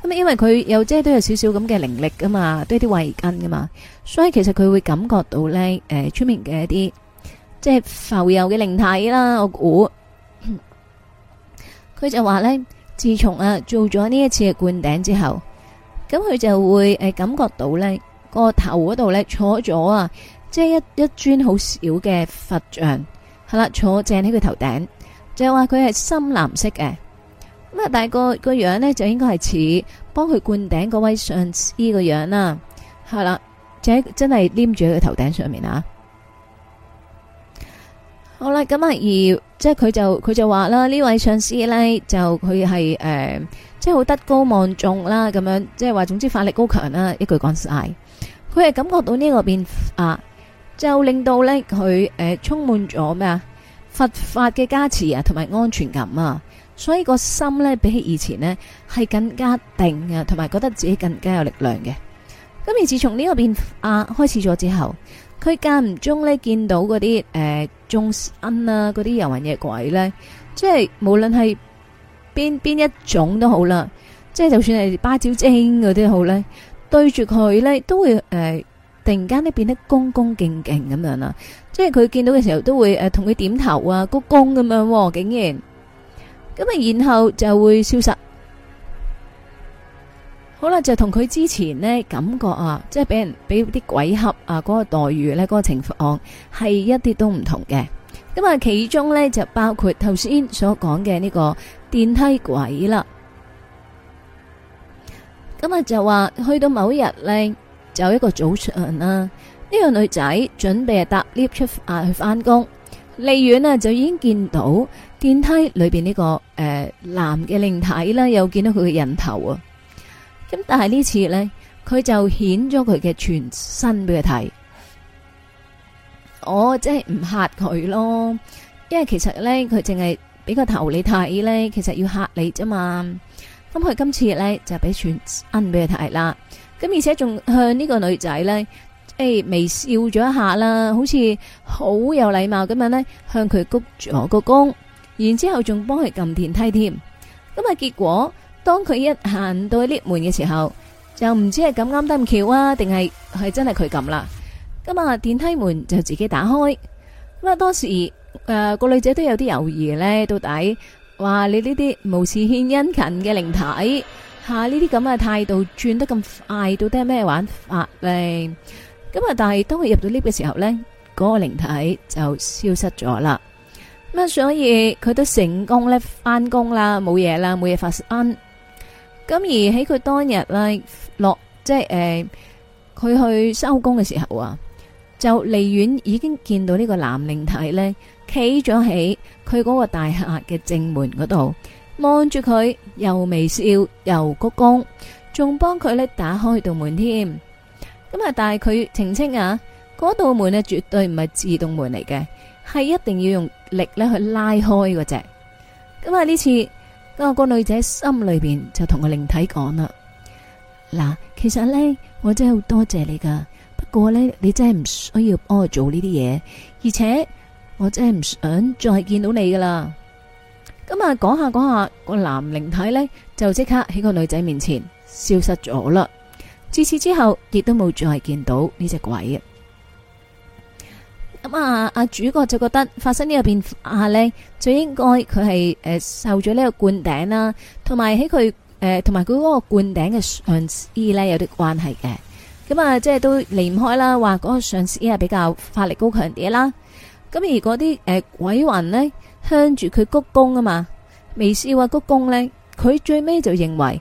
咁因為佢又即係都有少少咁嘅靈力噶嘛，都有啲慧根噶嘛，所以其實佢會感覺到呢，誒，出面嘅一啲即係浮游嘅靈體啦。我估佢就話呢，自從啊做咗呢一次嘅灌頂之後，咁佢就會誒，感覺到呢個頭嗰度呢，坐咗啊，即係一一尊好小嘅佛像，係啦，坐正喺佢頭頂。就話佢係深藍色嘅，咁啊大個，那個樣呢就應該係似幫佢灌頂嗰位上司個樣啦，係啦，就真係黏住喺佢頭頂上面啊。好啦，咁啊而即係佢就佢就話啦，呢位上司呢，就佢係誒，即係好德高望重啦，咁樣即係話，總之法力高強啦，一句講晒。佢係感覺到呢個變啊，就令到呢佢誒充滿咗咩啊？佛法嘅加持啊，同埋安全感啊，所以個心呢比起以前呢，係更加定啊，同埋覺得自己更加有力量嘅。咁而自從呢個變化開始咗之後，佢間唔中呢見到嗰啲誒眾生啊，嗰啲遊魂野鬼呢，即係無論係邊邊一種都好啦，即係就算係芭蕉精嗰啲好咧，對住佢呢都會誒。呃突然間咧變得恭恭敬敬咁樣啦，即係佢見到嘅時候都會誒同佢點頭啊，鞠躬咁樣，竟然咁啊，然後就會消失。好啦，就同佢之前呢感覺啊，即係俾人俾啲鬼嚇啊，嗰個待遇呢，嗰個情況係一啲都唔同嘅。咁啊，其中呢就包括頭先所講嘅呢個電梯鬼啦。咁啊，就話去到某日呢。就一個早上啦，呢、這個女仔準備啊搭 lift 出去翻工，離遠啊就已經見到電梯裏邊呢、這個誒、呃、男嘅靈體啦，又見到佢嘅人頭啊。咁但係呢次咧，佢就顯咗佢嘅全身俾佢睇。我即係唔嚇佢咯，因為其實咧佢淨係俾個頭你睇咧，其實要嚇你啫嘛。咁佢今次咧就俾全身俾佢睇啦。咁而且仲向呢個女仔呢，誒微笑咗一下啦，好似好有禮貌咁樣呢，向佢鞠咗個躬，然之後仲幫佢撳電梯添。咁啊，結果當佢一行到呢門嘅時候，就唔知係咁啱得唔巧啊，定係係真係佢撳啦。咁啊，電梯門就自己打開。咁啊，當時誒個女仔都有啲猶豫呢，到底話你呢啲無事獻殷勤嘅靈體。吓呢啲咁嘅態度轉得咁快，到底係咩玩法呢？咁啊，但係當佢入到 lift 嘅時候呢，嗰、嗰個靈體就消失咗啦。咁啊，所以佢都成功咧翻工啦，冇嘢啦，冇嘢發生。咁而喺佢當日咧落，即係誒，佢、呃、去收工嘅時候啊，就離遠已經見到呢個男靈體呢，企咗喺佢嗰個大廈嘅正門嗰度，望住佢，又微笑又鞠躬，仲幫佢咧打開道門添。咁啊，但係佢澄清啊，嗰道門咧絕對唔係自動門嚟嘅，係一定要用力咧去拉開嘅啫。咁啊，呢次啊，個女仔心裏邊就同個靈體講啦：嗱，其實呢，我真係好多謝你噶，不過呢，你真係唔需要幫我做呢啲嘢，而且我真係唔想再見到你噶啦。咁啊，講下講下，個男靈體呢，就即刻喺個女仔面前消失咗啦。自此之後，亦都冇再見到呢隻鬼啊。咁啊，阿主角就覺得發生呢個變化呢，最應該佢係誒受咗呢個灌頂啦，同埋喺佢誒同埋佢嗰個灌頂嘅上司呢有啲關係嘅。咁啊、呃，即係都離唔開啦，話嗰個上司係比較法力高強啲啦。咁而嗰啲誒鬼魂呢，向住佢鞠躬啊嘛，微笑啊鞠躬咧，佢最尾就認為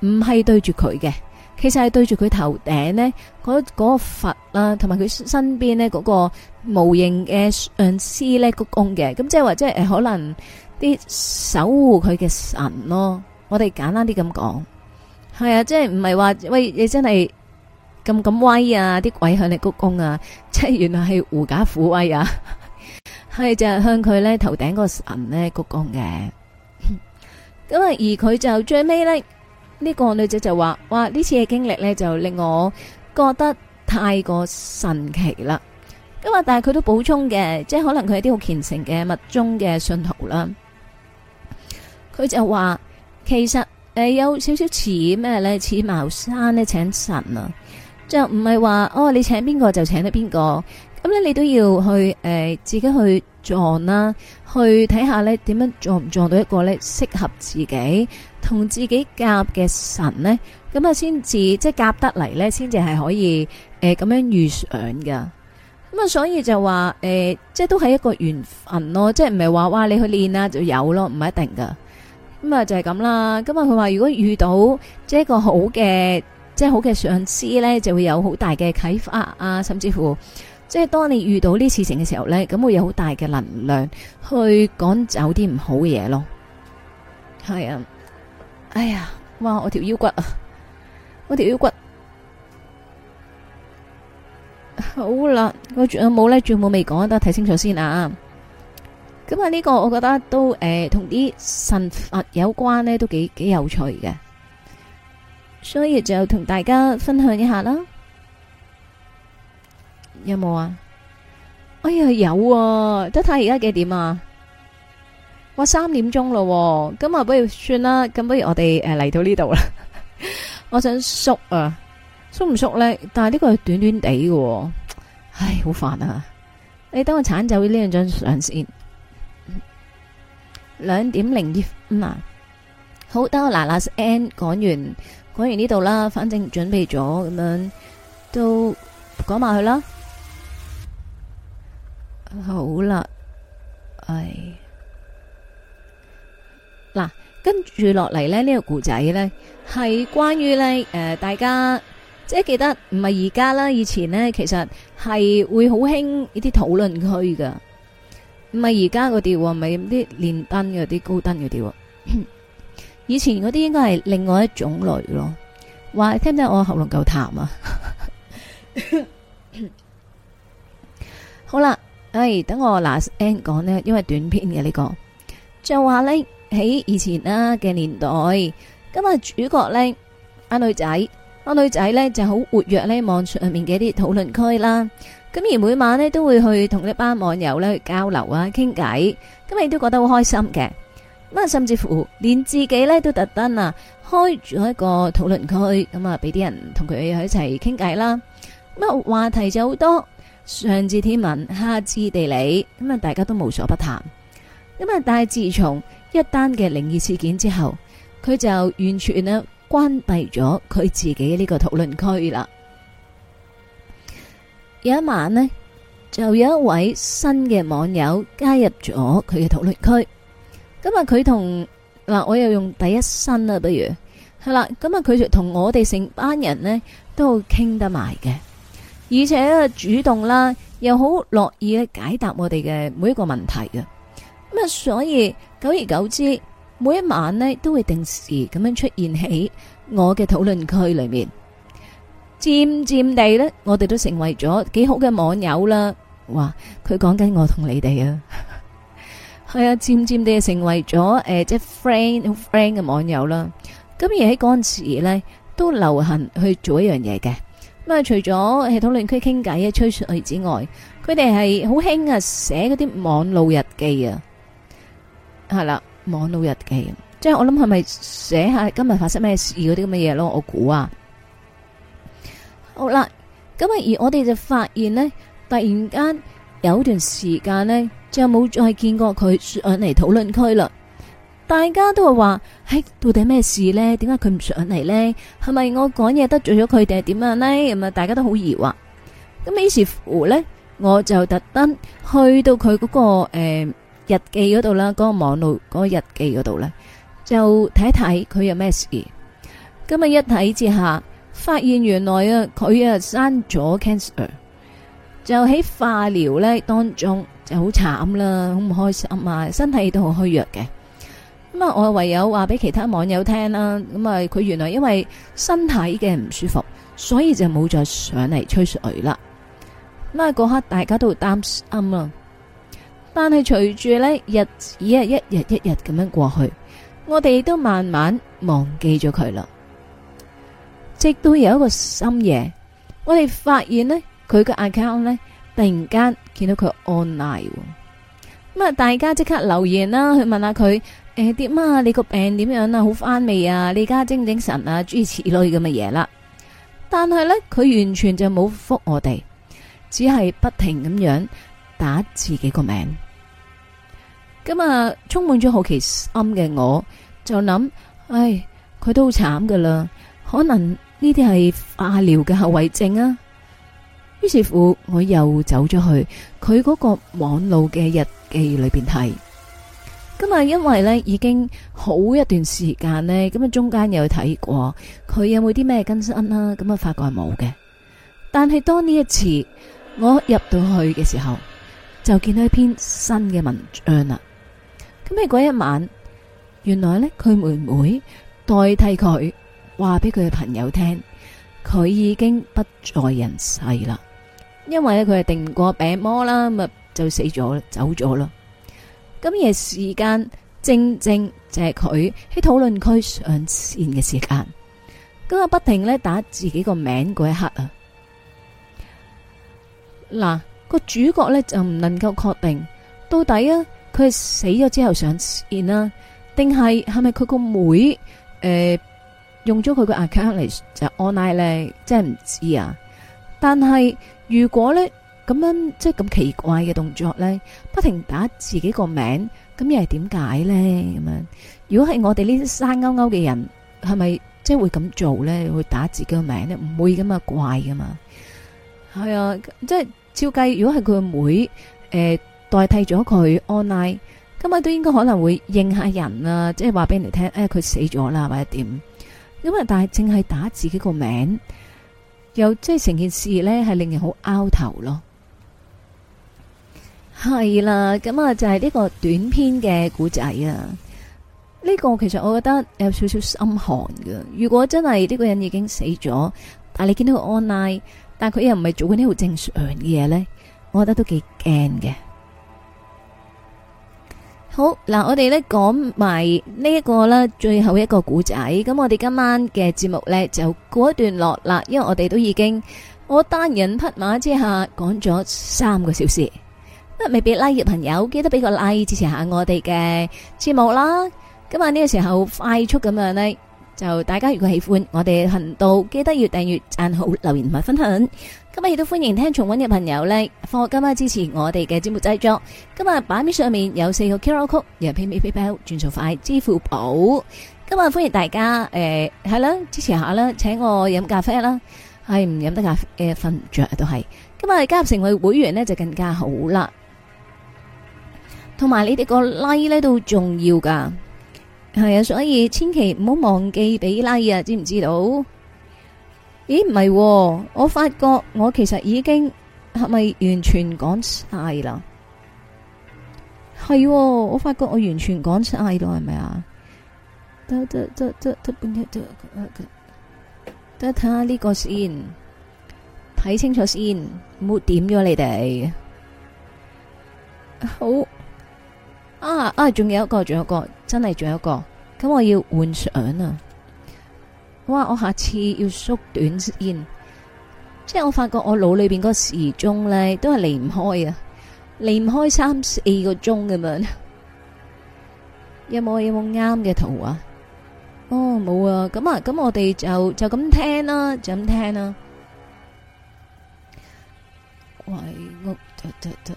唔係對住佢嘅，其實係對住佢頭頂咧，嗰嗰個佛啦，同埋佢身邊咧嗰個無形嘅上司咧鞠躬嘅，咁即係話即係誒可能啲守護佢嘅神咯，我哋簡單啲咁講，係啊，即係唔係話喂你真係咁咁威啊，啲鬼向你鞠躬啊，即係原來係狐假虎威啊！係就係、是、向佢咧頭頂個神咧鞠躬嘅，咁 啊而佢就最尾呢呢、這個女仔就話，哇呢次嘅經歷呢就令我覺得太過神奇啦。咁啊但係佢都補充嘅，即係可能佢係啲好虔誠嘅密宗嘅信徒啦。佢就話其實誒有少少似咩咧？似茅山咧請神啊，就唔係話哦你請邊個就請得邊個。咁咧，你都要去誒、呃，自己去撞啦，去睇下咧，點樣撞唔撞到一個咧適合自己同自己夾嘅神咧，咁啊，先至即係夾得嚟咧，先至係可以誒咁、呃、樣遇上噶。咁啊，所以就話誒、呃，即係都係一個緣分咯，即係唔係話哇你去練啊就有咯，唔係一定噶。咁啊，就係咁啦。咁啊，佢話如果遇到即係一個好嘅，即係好嘅上司咧，就會有好大嘅啟發啊，甚至乎。即係當你遇到呢次情嘅時候呢，咁會有好大嘅能量去趕走啲唔好嘢咯。係啊，哎呀，哇！我條腰骨啊，我條腰骨好啦，我仲有冇呢？仲有冇未講得睇清楚先啊。咁啊，呢個我覺得都誒，同、呃、啲神佛有關呢，都幾幾有趣嘅。所以就同大家分享一下啦。有冇啊？哎呀，有啊！得睇而家幾點啊？哇，三點鐘咯，咁啊，那不如算啦。咁不如我哋誒嚟到呢度啦。 我想縮啊，縮唔縮咧？但係呢個係短短地喎、啊，唉，好煩啊！你等我鏟走呢兩張相先兩、嗯、點零二五、嗯、啊！好，等我嗱嗱聲趕完，講完呢度啦。反正準備咗咁樣，都講埋佢啦。好啦，係嗱，跟住落嚟呢呢、呢個故仔呢，係關於呢誒、呃，大家即係記得唔係而家啦，以前呢，其實係會好興呢啲討論區噶，唔係而家嗰啲喎，唔係啲連登、嗰啲高登嗰啲喎，以前嗰啲應該係另外一種類咯。話聽唔聽我喉嚨夠淡啊？ 好啦。係，等我嗱嗱聲講咧，因為短篇嘅呢個就話咧，喺以前啦嘅年代，咁啊主角咧，阿女仔，阿女仔咧就好活躍咧，網上面嘅一啲討論區啦，咁而每晚咧都會去同一班網友咧去交流啊，傾偈，咁你都覺得好開心嘅，咁啊甚至乎連自己咧都特登啊開住一個討論區，咁啊俾啲人同佢喺一齊傾偈啦，咁啊話題就好多。上至天文，下至地理，咁啊，大家都無所不談。咁啊，但係自從一單嘅靈異事件之後，佢就完全呢關閉咗佢自己呢個討論區啦。有一晚呢，就有一位新嘅網友加入咗佢嘅討論區。咁啊，佢同嗱，我又用第一身啦，不如係啦。咁啊，佢就同我哋成班人呢都傾得埋嘅。而且啊，主動啦，又好樂意解答我哋嘅每一個問題嘅，咁啊，所以久而久之，每一晚呢都會定時咁樣出現喺我嘅討論區裏面，漸漸地呢，我哋都成為咗幾好嘅網友啦。哇，佢講緊我同你哋 啊，係啊，漸漸地成為咗誒即係 friend friend 嘅網友啦。咁而喺嗰陣時呢，都流行去做一樣嘢嘅。咁啊，除咗喺討論區傾偈啊、吹水之外，佢哋係好興啊，寫嗰啲網路日記啊，係啦，網路日記，即係我諗係咪寫下今日發生咩事嗰啲咁嘅嘢咯？我估啊，好啦，咁啊而我哋就發現呢，突然間有段時間呢就冇再見過佢上嚟討論區啦。大家都係話，誒、哎，到底咩事呢？點解佢唔上嚟呢？係咪我講嘢得罪咗佢哋？係點啊？咧咁啊！大家都好疑惑。咁於是乎呢，我就特登去到佢嗰、那個誒、呃、日記嗰度啦，嗰、那個網絡嗰個日記嗰度呢，就睇一睇佢有咩事。咁啊一睇之下，發現原來啊，佢啊生咗 cancer，就喺化療呢當中就好慘啦，好唔開心啊，身體都好虛弱嘅。咁啊！我唯有話俾其他網友聽啦。咁啊，佢原來因為身體嘅唔舒服，所以就冇再上嚟吹水啦。嗱，嗰刻大家都擔心啦，但係隨住呢，日子啊，一日一日咁樣過去，我哋都慢慢忘記咗佢啦。直到有一個深夜，我哋發現呢，佢嘅 account 呢突然間見到佢 online 咁啊！大家即刻留言啦，去問下佢。誒、欸，點啊？你個病點樣啊？好翻未啊？你而家精唔精神啊？諸如此類咁嘅嘢啦。但係呢，佢完全就冇覆我哋，只係不停咁樣打自己個名。咁啊，充滿咗好奇心嘅我就諗，唉，佢都好慘噶啦。可能呢啲係化療嘅後遺症啊。於是乎，我又走咗去佢嗰個網路嘅日記裏邊睇。咁啊，因為咧已經好一段時間呢，咁啊中間有睇過佢有冇啲咩更新啦，咁啊發覺係冇嘅。但係當呢一次我入到去嘅時候，就見到一篇新嘅文章啦。咁喺嗰一晚，原來呢，佢妹妹代替佢話俾佢嘅朋友聽，佢已經不在人世啦。因為咧佢係頂唔過病魔啦，咁啊就死咗啦，走咗啦。咁夜時間正正就係佢喺討論區上線嘅時間，咁就不停咧打自己個名嗰一刻啊，嗱個主角咧就唔能夠確定到底啊佢係死咗之後上線啦，定係係咪佢個妹誒、呃、用咗佢個 account 嚟，就 online 咧，真係唔知啊，但係如果咧。咁樣即係咁奇怪嘅動作呢，不停打自己個名，咁又係點解呢？咁樣如果係我哋呢啲生勾勾嘅人，係咪即係會咁做呢？會打自己個名呢？唔會咁嘛？怪噶嘛？係啊，即係照計，如果係佢個妹誒代替咗佢 online，咁啊都應該可能會認下人啊，即係話俾你聽，誒、哎、佢死咗啦或者點？咁啊，但係淨係打自己個名，又即係成件事呢，係令人好拗頭咯。係啦，咁啊，就係呢個短篇嘅古仔啊。呢個其實我覺得有少少心寒噶。如果真係呢個人已經死咗，但係你見到個 online，但係佢又唔係做緊呢好正常嘅嘢呢，我覺得都幾驚嘅。好嗱，我哋呢講埋呢一個啦，最後一個古仔。咁我哋今晚嘅節目呢，就過一段落啦，因為我哋都已經我單人匹馬之下講咗三個小時。唔未必拉熱朋友，記得俾個 like 支持下我哋嘅節目啦。今日呢個時候快速咁樣呢，就大家如果喜歡我哋頻道，記得要訂閱、贊好、留言同埋分享。今日亦都歡迎聽重温嘅朋友呢，放學今晚支持我哋嘅節目製作。今日版面上面有四個 QR code，又 PayMe、轉數快、支付寶。今日歡迎大家誒係啦，支持下啦，請我飲咖啡啦，係唔飲得咖啡，瞓唔着都係。今日加入成為會員呢，就更加好啦。同埋你哋個拉呢都重要噶，係啊，所以千祈唔好忘記俾拉啊，知唔知道？咦，唔係，我發覺我其實已經係咪完全講晒啦？係，我發覺我完全講晒咗，係咪啊？得得得得得，半日得，得睇下呢個先，睇清楚先，唔好點咗你哋，好。啊啊！仲有一個，仲有一個，真係仲有一個。咁我要換相啊！哇！我下次要縮短先，即係我發覺我腦裏邊個時鐘咧都係離唔開啊，離唔開三四個鐘咁樣。 有冇有冇啱嘅圖啊？哦，冇啊！咁啊，咁我哋就就咁聽啦，就咁聽啦。鬼屋突突突，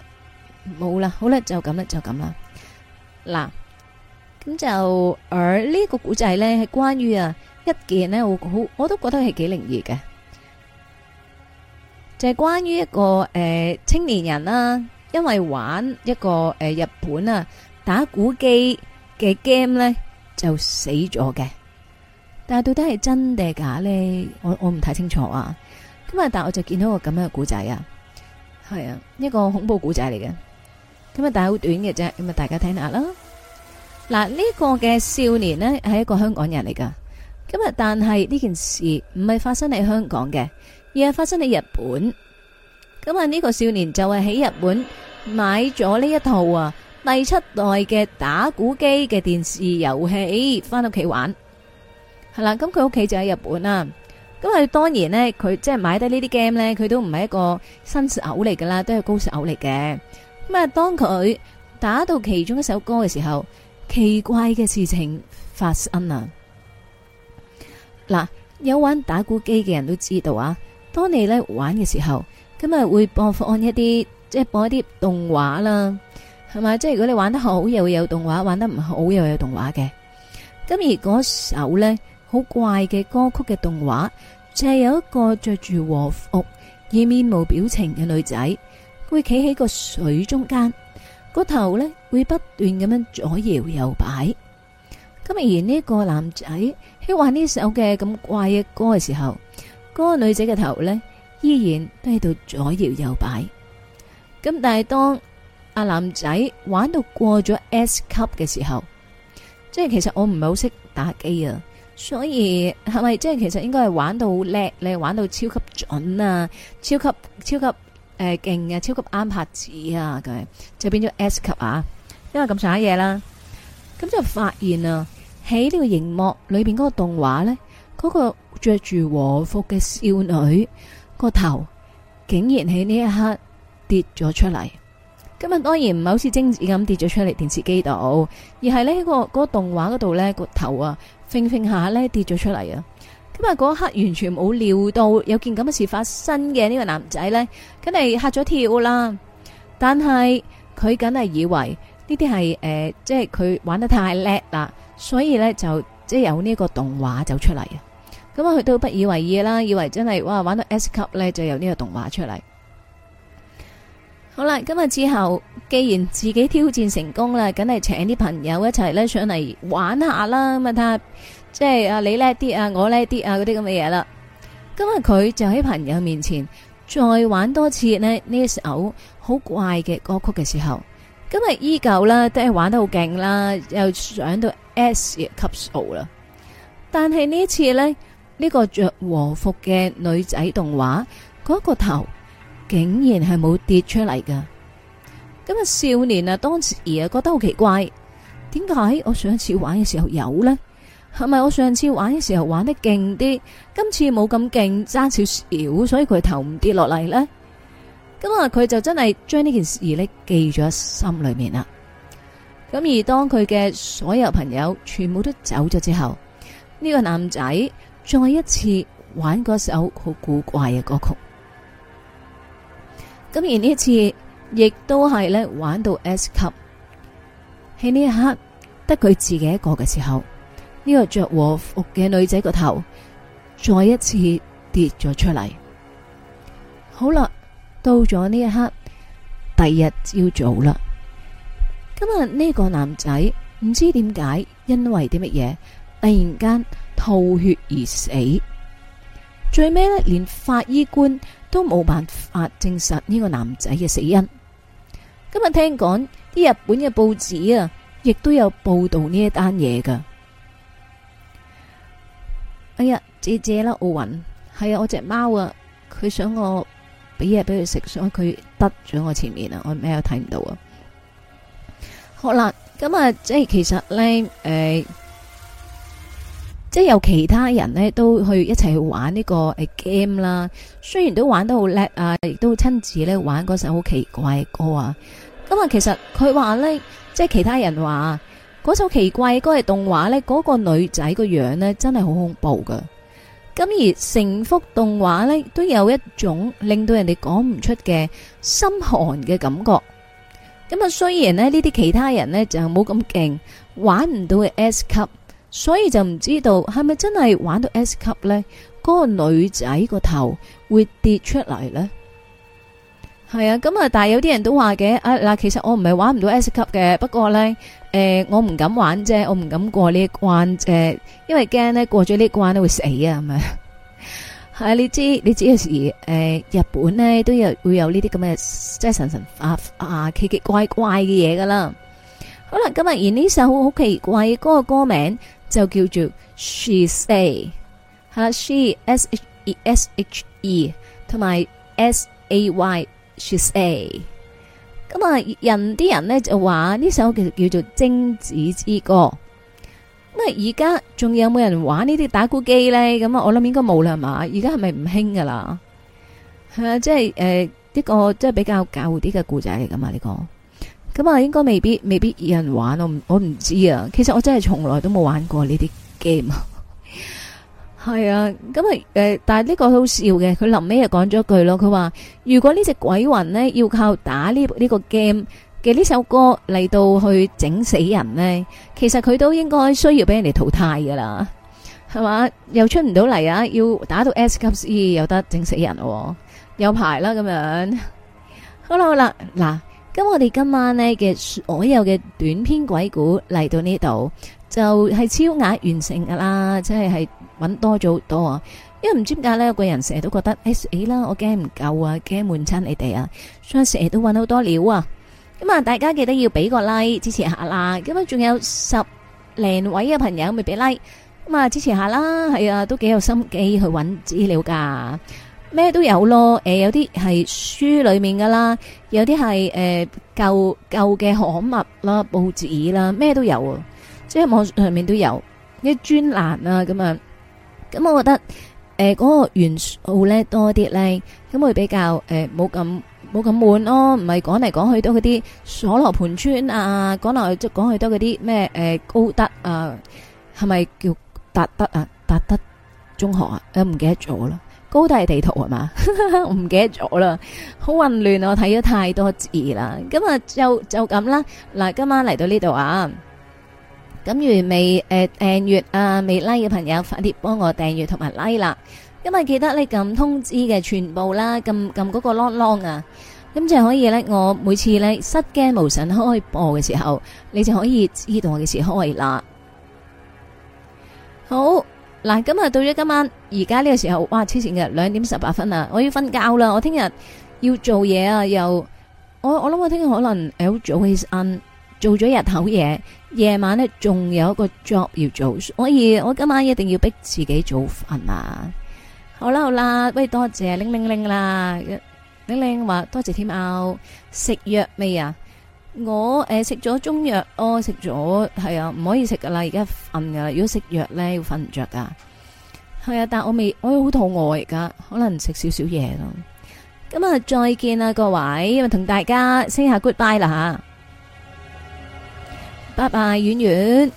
冇啦！好啦，就咁啦，就咁啦。嗱，咁就而呢個古仔咧，係關於啊一件咧，我好我都覺得係幾靈異嘅，就係關於一個誒青年人啦，因為玩一個誒日本啊打鼓機嘅 game 咧，就死咗嘅。但係到底係真定係假咧，我我唔太清楚啊。咁啊，但我就見到個咁樣嘅古仔啊，係啊，一個恐怖古仔嚟嘅。咁啊，但係好短嘅啫，咁啊，大家睇下啦。嗱，呢個嘅少年呢係一個香港人嚟噶，咁啊，但係呢件事唔係發生喺香港嘅，而係發生喺日本。咁啊，呢個少年就係喺日本買咗呢一套啊第七代嘅打鼓機嘅電視遊戲翻屋企玩，係啦。咁佢屋企就喺日本啦。咁啊，當然呢，佢即係買得呢啲 game 呢，佢都唔係一個新手嚟噶啦，都係高手嚟嘅。咁啊，當佢打到其中一首歌嘅時候，奇怪嘅事情發生啦！嗱，有玩打鼓機嘅人都知道啊，當你呢玩嘅時候，咁啊會播放一啲，即係播一啲動畫啦，係咪？即係如果你玩得好，又有動畫；玩得唔好，又有動畫嘅。咁而嗰首呢，好怪嘅歌曲嘅動畫，就係有一個着住和服而面無表情嘅女仔。會企喺個水中間，個頭呢會不斷咁樣左搖右擺。咁而呢個男仔喺玩呢首嘅咁怪嘅歌嘅時候，嗰個女仔嘅頭呢依然都喺度左搖右擺。咁但係當阿男仔玩到過咗 S 級嘅時候，即係其實我唔係好識打機啊，所以係咪即係其實應該係玩到好叻，你玩到超級準啊，超級超級。誒，勁啊，超級啱拍子啊，佢就變咗 S 級啊，因為咁耍嘢啦，咁就發現啊，喺呢個熒幕裏邊嗰個動畫呢，嗰、嗰個着住和服嘅少女個頭，竟然喺呢一刻跌咗出嚟。今日當然唔係好似貞子咁跌咗出嚟電視機度，而係呢、嗰個嗰、嗰個動畫嗰度呢，個頭啊，揈揈下呢，跌咗出嚟啊！因為嗰一刻完全冇料到有件咁嘅事發生嘅呢個男仔呢，梗係吓咗跳啦。但係佢梗係以為呢啲係誒，即係佢玩得太叻啦，所以呢，就即係有呢個動畫就出嚟啊。咁啊，佢都不以為意啦，以為真係哇，玩到 S 級呢，就有呢個動畫出嚟。好啦，今日之後既然自己挑戰成功啦，梗係請啲朋友一齊呢上嚟玩下啦，即係啊，你叻啲啊，我叻啲啊，嗰啲咁嘅嘢啦。今日佢就喺朋友面前再玩多次呢呢首好怪嘅歌曲嘅時候，今日依舊啦都係玩得好勁啦，又上到 S 級數啦。但係呢次呢，呢個着和服嘅女仔動畫嗰個頭竟然係冇跌出嚟噶。咁啊，少年啊，當時啊覺得好奇怪，點解我上一次玩嘅時候有呢？係咪我上次玩嘅時候玩得勁啲，今次冇咁勁，爭少少，所以佢頭唔跌落嚟？呢？咁啊，佢就真係將呢件事咧，記咗心裏面啦。咁而當佢嘅所有朋友全部都走咗之後，呢個男仔再一次玩嗰首好古怪嘅歌曲。咁而呢一次亦都係咧玩到 S 級。喺呢一刻得佢自己一個嘅時候。呢個着和服嘅女仔個頭再一次跌咗出嚟。好啦，到咗呢一刻，第二日朝早啦。今日呢個男仔唔知點解，因為啲乜嘢突然間吐血而死。最尾呢，連法醫官都冇辦法證實呢個男仔嘅死因。今日聽講啲日本嘅報紙啊，亦都有報道呢一單嘢噶。哎呀，姐姐啦，奧云我搵係啊！我隻貓啊，佢想我俾嘢俾佢食，所以佢得咗我前面啊，我咩都睇唔到啊！好啦，咁啊，即係其實咧，誒、欸，即係由其他人咧都去一齊去玩呢個誒 game 啦。雖然都玩得好叻啊，亦都親自咧玩嗰首好奇怪嘅歌啊。咁啊，其實佢話咧，即係其他人話。嗰首奇怪嗰個動畫呢，嗰個女仔個樣呢，真係好恐怖噶。咁而成幅動畫呢，都有一種令到人哋講唔出嘅心寒嘅感覺。咁啊，雖然呢，呢啲其他人呢就冇咁勁玩唔到嘅 S 級，所以就唔知道係咪真係玩到 S 級呢。嗰個女仔個頭會跌出嚟呢。係啊，咁啊，但係有啲人都話嘅啊。嗱，其實我唔係玩唔到 S 級嘅，不過咧，誒，我唔敢玩啫，我唔敢過呢一關誒，因為驚咧過咗呢一關都會死啊。咁啊，係你知你知有時誒，日本咧都有會有呢啲咁嘅，即係神神啊啊奇奇怪怪嘅嘢噶啦。好啦，咁啊而呢首好奇怪，嗰個歌名就叫做 She Say，係啦，She S H E S H E，同埋 S A Y。說誒，咁啊，人啲人咧就話呢首，其實叫做貞子之歌。咁啊，而家仲有冇人玩呢啲打鼓機咧？咁啊，我諗應該冇啦，係、呃這個、嘛？而家係咪唔興噶啦？係啊，即係誒一個即係比較搞啲嘅故仔嚟噶嘛？呢個咁啊，應該未必未必有人玩。我唔我唔知啊。其實我真係從來都冇玩過呢啲 game 啊。係啊，咁啊誒，但係呢個好笑嘅，佢臨尾又講咗一句咯。佢話如果呢隻鬼魂呢要靠打呢呢個 game 嘅呢首歌嚟到去整死人呢，其實佢都應該需要俾人哋淘汰噶啦，係嘛？又出唔到嚟啊，要打到 S 級 C 又得整死人，有排啦咁樣。好啦好啦，嗱，咁我哋今晚呢嘅所有嘅短篇鬼故嚟到呢度就係、是、超額完成噶啦，即係係。搵多咗好多啊，因為唔知點解咧，有個人成日都覺得誒，死啦，我驚唔夠啊，驚悶親你哋啊，所以成日都搵好多料啊。咁啊，大家記得要俾個 like 支持下啦。咁啊，仲有十零位嘅朋友未俾 like，咁啊支持下啦。係啊，都幾有心機去揾資料噶，咩都有咯。誒，有啲係書裏面噶啦，有啲係誒舊舊嘅刊物啦、報紙啦，咩都有啊。即係網上面都有一專欄啊，咁啊。咁我覺得，誒，嗰個元素咧多啲咧，咁會比較誒冇咁冇咁悶咯，唔係講嚟講去都嗰啲鎖羅盆村啊，講嚟即係講去都嗰啲咩誒高德啊，係咪叫達德啊？達德中學啊，我唔記得咗啦，高德係地圖係嘛？我唔記得咗啦，好混亂，我睇咗太多字啦，咁啊就就咁啦，嗱今晚嚟到呢度啊。咁如未誒訂閱啊未 like 嘅朋友，快啲幫我訂閱同埋 like 啦。因為記得你撳通知嘅全部啦，撳撳嗰個啷啷啊，咁就可以咧。我每次咧失驚無神開播嘅時候，你就可以知道我幾時開啦。好嗱，咁到咗今晚而家呢個時候，哇黐線嘅兩點十八分啊！我要瞓覺啦，我聽日要做嘢啊，又我我諗我聽日可能要早起身。做咗日頭嘢，夜晚咧仲有一個 job 要做。我而我今晚一定要逼自己早瞓啊！好啦好啦，喂，多謝玲玲玲啦，玲玲話多謝添呀，食藥未啊？我誒食咗中藥哦，食咗係啊，唔可以食噶啦，而家瞓噶啦。如果食藥咧，要瞓唔着噶。係啊，但我未，我好肚餓而家，可能食少少嘢咯。咁啊，再見啊各位，同大家 say 下 goodbye 啦吓。拜拜，婉婉，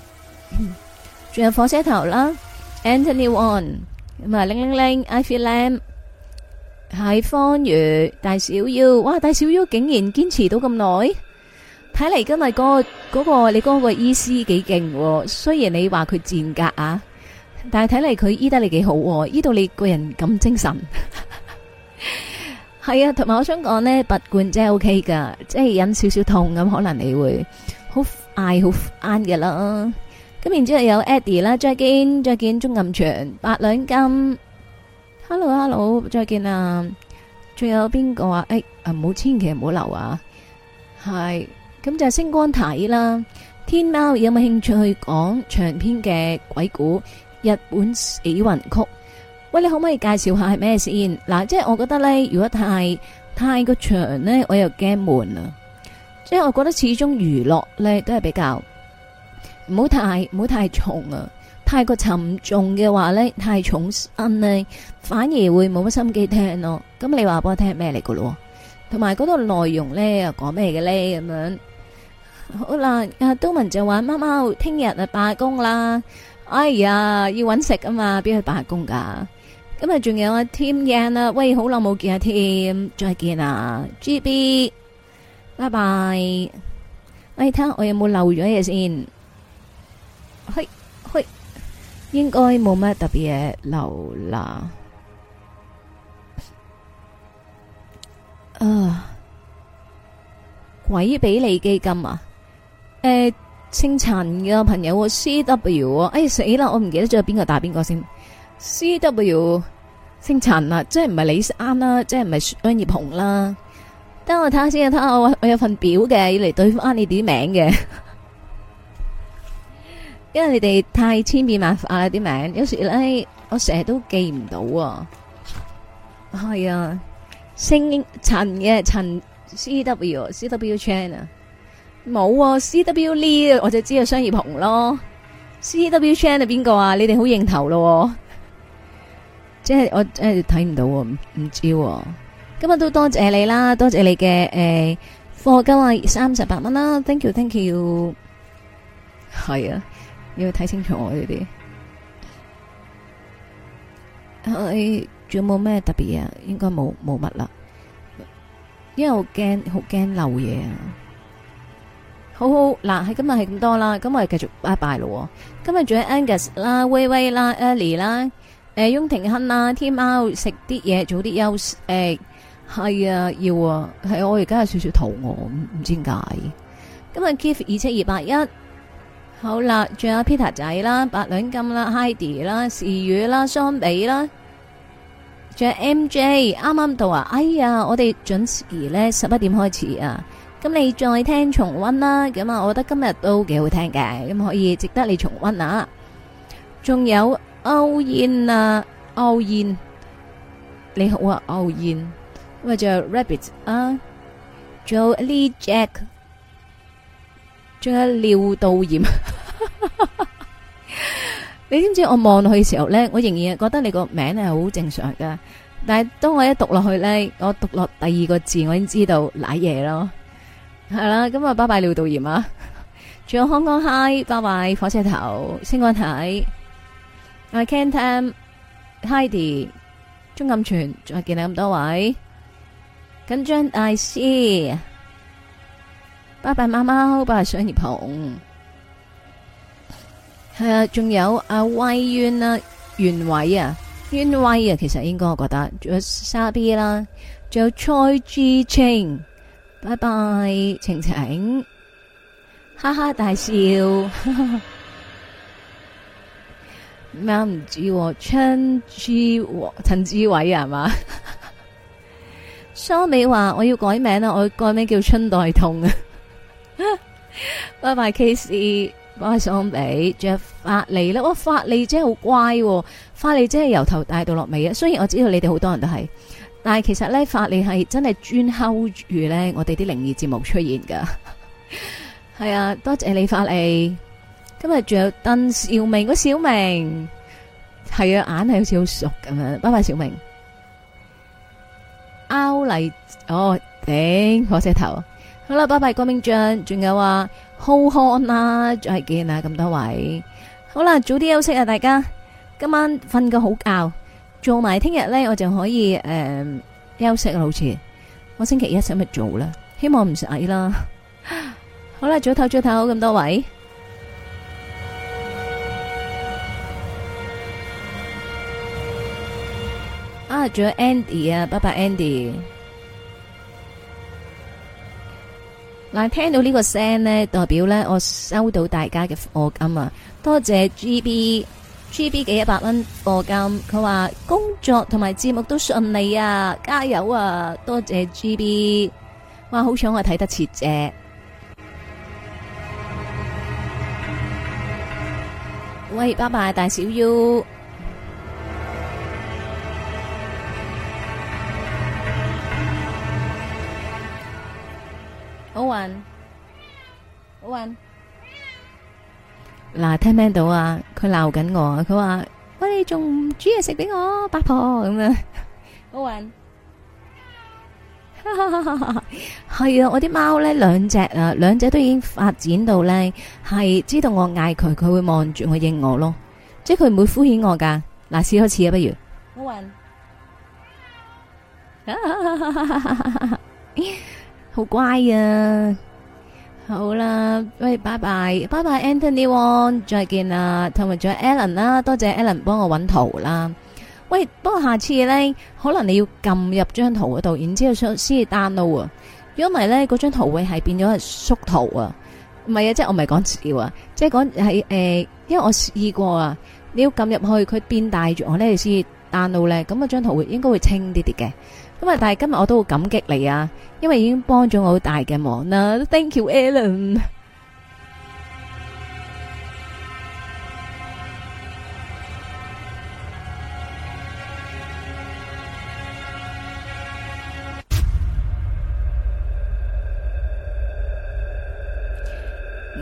仲有火車頭啦，Anthony on，咁啊，零零零，I feel lame，係方如大小妖，哇，大小妖竟然堅持到咁耐，睇嚟今日個嗰個你嗰個醫師幾勁喎，雖然你話佢賤格啊，但係睇嚟佢醫得你幾好，醫到你個人咁精神，係啊，同埋我想講呢拔罐真係 OK 噶，即係忍少少痛咁，可能你會。嗌，好啱嘅啦，咁然之後有 Eddie 啦，再見，再見，鍾暗長，八兩金，Hello，Hello，hello，再見啊，仲有邊個啊？誒、哎，啊，唔好千祈唔好留啊，係，咁就星光體啦，天貓有冇興趣去講長篇嘅鬼故《日本死魂曲》？喂，你可唔可以介紹下係咩先？嗱，即係我覺得咧，如果太太過長咧，我又驚悶啊。因為我覺得始終娛樂咧都係比較唔好太唔好太重啊，太過沉重嘅話咧太重心咧，反而會冇乜心機聽咯。咁你話俾我聽咩嚟噶咯？同埋嗰個內容咧又講咩嘅咧？咁樣好啦。阿東文就話貓貓聽日啊罷工啦！哎呀，要搵食啊嘛，邊去罷工噶？咁啊，仲有阿 Tim Yan 啦，喂，好耐冇見阿 Tim，再見啊，GB。拜拜，哎，睇下我有冇漏咗嘢先？去去，應該冇乜特別嘢漏啦。啊，鬼比你基金啊？誒、哎，姓陳嘅朋友 C W，哎死啦，我唔記得咗邊個打邊個先？C W 姓陳啊，即係唔係李生啦，即係唔係商葉紅啦？等我睇下先啊，睇下我我有份表嘅，要嚟對翻你啲名嘅， 因為你哋太千變萬化啦啲名字，有時咧我成日都記唔到啊。係啊，姓陳嘅陳 C W C W Chan 啊，冇啊 C W Lee，我就知係商業紅咯。C W Chan 係邊個啊？你哋好認頭咯，即係我真係睇唔到，唔唔知、啊。今日都多謝你啦，多謝你嘅誒課金啊三十八蚊啦，thank you thank you，係啊，你要睇清楚我呢啲。仲有冇咩特別啊？應該冇冇乜啦，因為我驚好驚漏嘢啊。好好嗱，喺今日係咁多啦，咁我哋繼續拜拜咯。今日仲有 Angus 啦、威威啦、Ellie 啦、誒翁廷亨啦、天喵啊，食啲嘢，早啲休息。係啊，要啊，係、啊、我而家有少少肚餓，唔知點解。今日 Keith 二七二八一，好啦，仲有 Peter 仔啦、八兩金啦、Heidi 啦、時雨啦、雙比啦，仲有 MJ，啱啱到啊！哎呀，我哋準時呢，十一點開始啊。咁你再聽重温啦，咁啊，那我覺得今日都幾好聽嘅，咁可以值得你重温啊。仲有歐燕啊，歐燕，你好啊，歐燕。仲有 Rabbit 啊，仲有 Lee Jack，仲有廖道炎，你知唔知我望落去嘅時候咧，我仍然覺得你個名咧係好正常噶，但係當我一讀落去咧，我讀落第二個字，我已經知道瀨嘢咯。係啦，咁啊，拜拜廖道炎啊，仲有康康 Hi，拜拜火車頭，清哥睇，我係 Ken Tam，Heidi，鍾錦泉，再見啊咁多位。緊張，大師拜拜貓貓，拜拜雙葉紅。係啊，仲有阿威冤啊，袁偉啊，冤威啊，其實應該我覺得，仲有沙 B 啦，仲有蔡志清，拜拜晴晴，哈哈大笑。咩唔知春陳志陳志偉啊嘛？桑美話：我要改名啦，我改名叫春代痛。 拜拜，K C，拜拜，桑美，仲有法利啦。哇法利真係好乖，法利真係由頭帶到落尾啊！雖然我知道你哋好多人都係，但係其實咧，法利係真係專 hold 住咧我哋啲靈異節目出現噶。係 啊，多謝你法利。今日仲有鄧兆明，個小明係啊，眼係好似好熟咁樣。拜拜，小明。歐麗哦頂火車頭，好啦，拜拜，郭明章，仲有啊浩瀚啊，再見啊，咁多位，好啦，早啲休息啊，大家今晚瞓個好覺，做埋聽日咧，我就可以誒休息啊，好似我星期一想咪做啦，希望唔使啦，好啦，早唞早唞，好咁多位。啊，仲有 Andy 啊，拜拜 Andy。嗱、啊，聽到呢個聲呢，代表呢我收到大家嘅課金啊！多謝 GB，GB 寄一 GB 百蚊課金。佢話工作同埋節目都順利啊，加油啊！多謝 GB，哇，好彩我睇得切啫。喂，拜拜，大小 U。好雲，好雲，嗱，聽聽到啊？佢鬧緊我，佢話喂，你仲唔煮嘢食俾我八婆咁樣，歐雲，係 啊，我啲貓咧兩隻啊，兩隻都已經發展到咧係知道我嗌佢，佢會望住我應我咯，即係佢唔會敷衍我噶。嗱、啊，試一試啊，不如？歐雲，哈哈哈哈哈哈！好乖啊！好啦，喂，拜拜，拜拜，Anthony，哦，再見啊！同埋仲有 Alan 啦，多謝 Alan 幫我搵圖啦。喂，不過下次呢，可能你要撳入張圖嗰度，然之後先至 download 啊。如果唔係呢，嗰張圖會係變咗係縮圖啊。唔係啊，即係我唔係講笑啊，即係講係誒，因為我試過啊，你要撳入去，佢變大咗我咧，先 download 咧，咁啊張圖會應該會清啲啲嘅。咁啊！但係今日我都好感激你啊，因為已經幫咗我好大嘅忙啦。Thank you，Alan。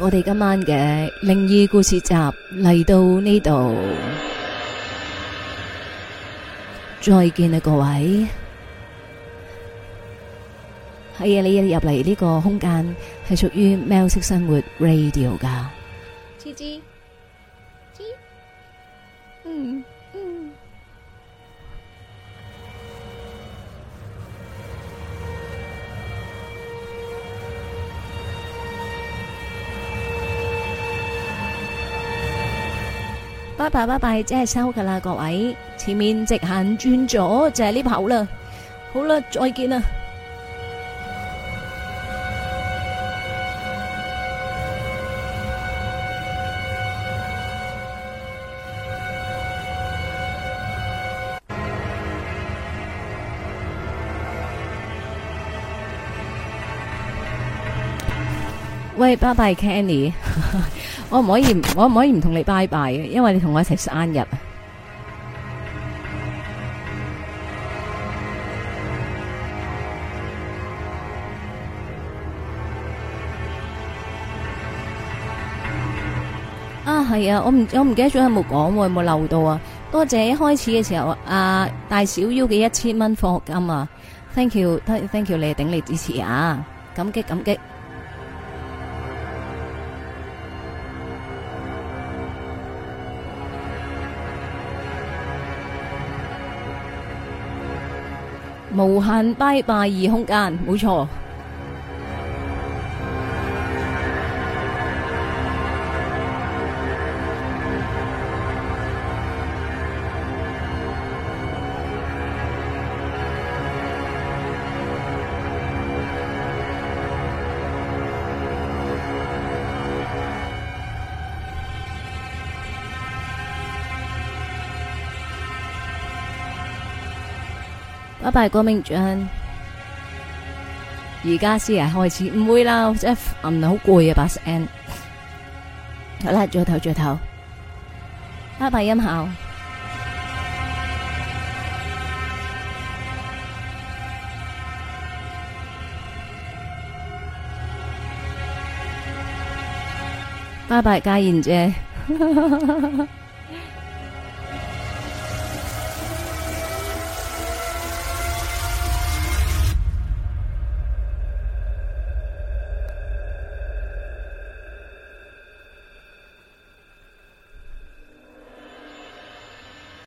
我哋今晚嘅靈異故事集嚟到呢度，再見啦，各位。係啊！你入嚟呢個空間係屬於喵式生活 Radio 噶。知知知。嗯嗯。拜拜拜拜，即係收嘅啦，各位，前面直行轉左就係呢口啦。好啦，再見啦！喂，拜拜，Kenny，我唔可以，我唔可以唔同你拜拜嘅，因為你同我一齊生日啊！啊，係啊，我唔，我唔記得咗有冇講，有冇漏到啊？多謝一開始嘅時候，啊大小 U 嘅一千蚊課金啊！Thank you，thank，Thank you，你頂力支持啊！感激感激。無限拜拜二空間，冇錯。拜拜郭明章，而家先係開始，唔會啦，即係暗好攰啊把聲，好啦，轉頭轉頭，拜拜音效，拜拜家燕姐。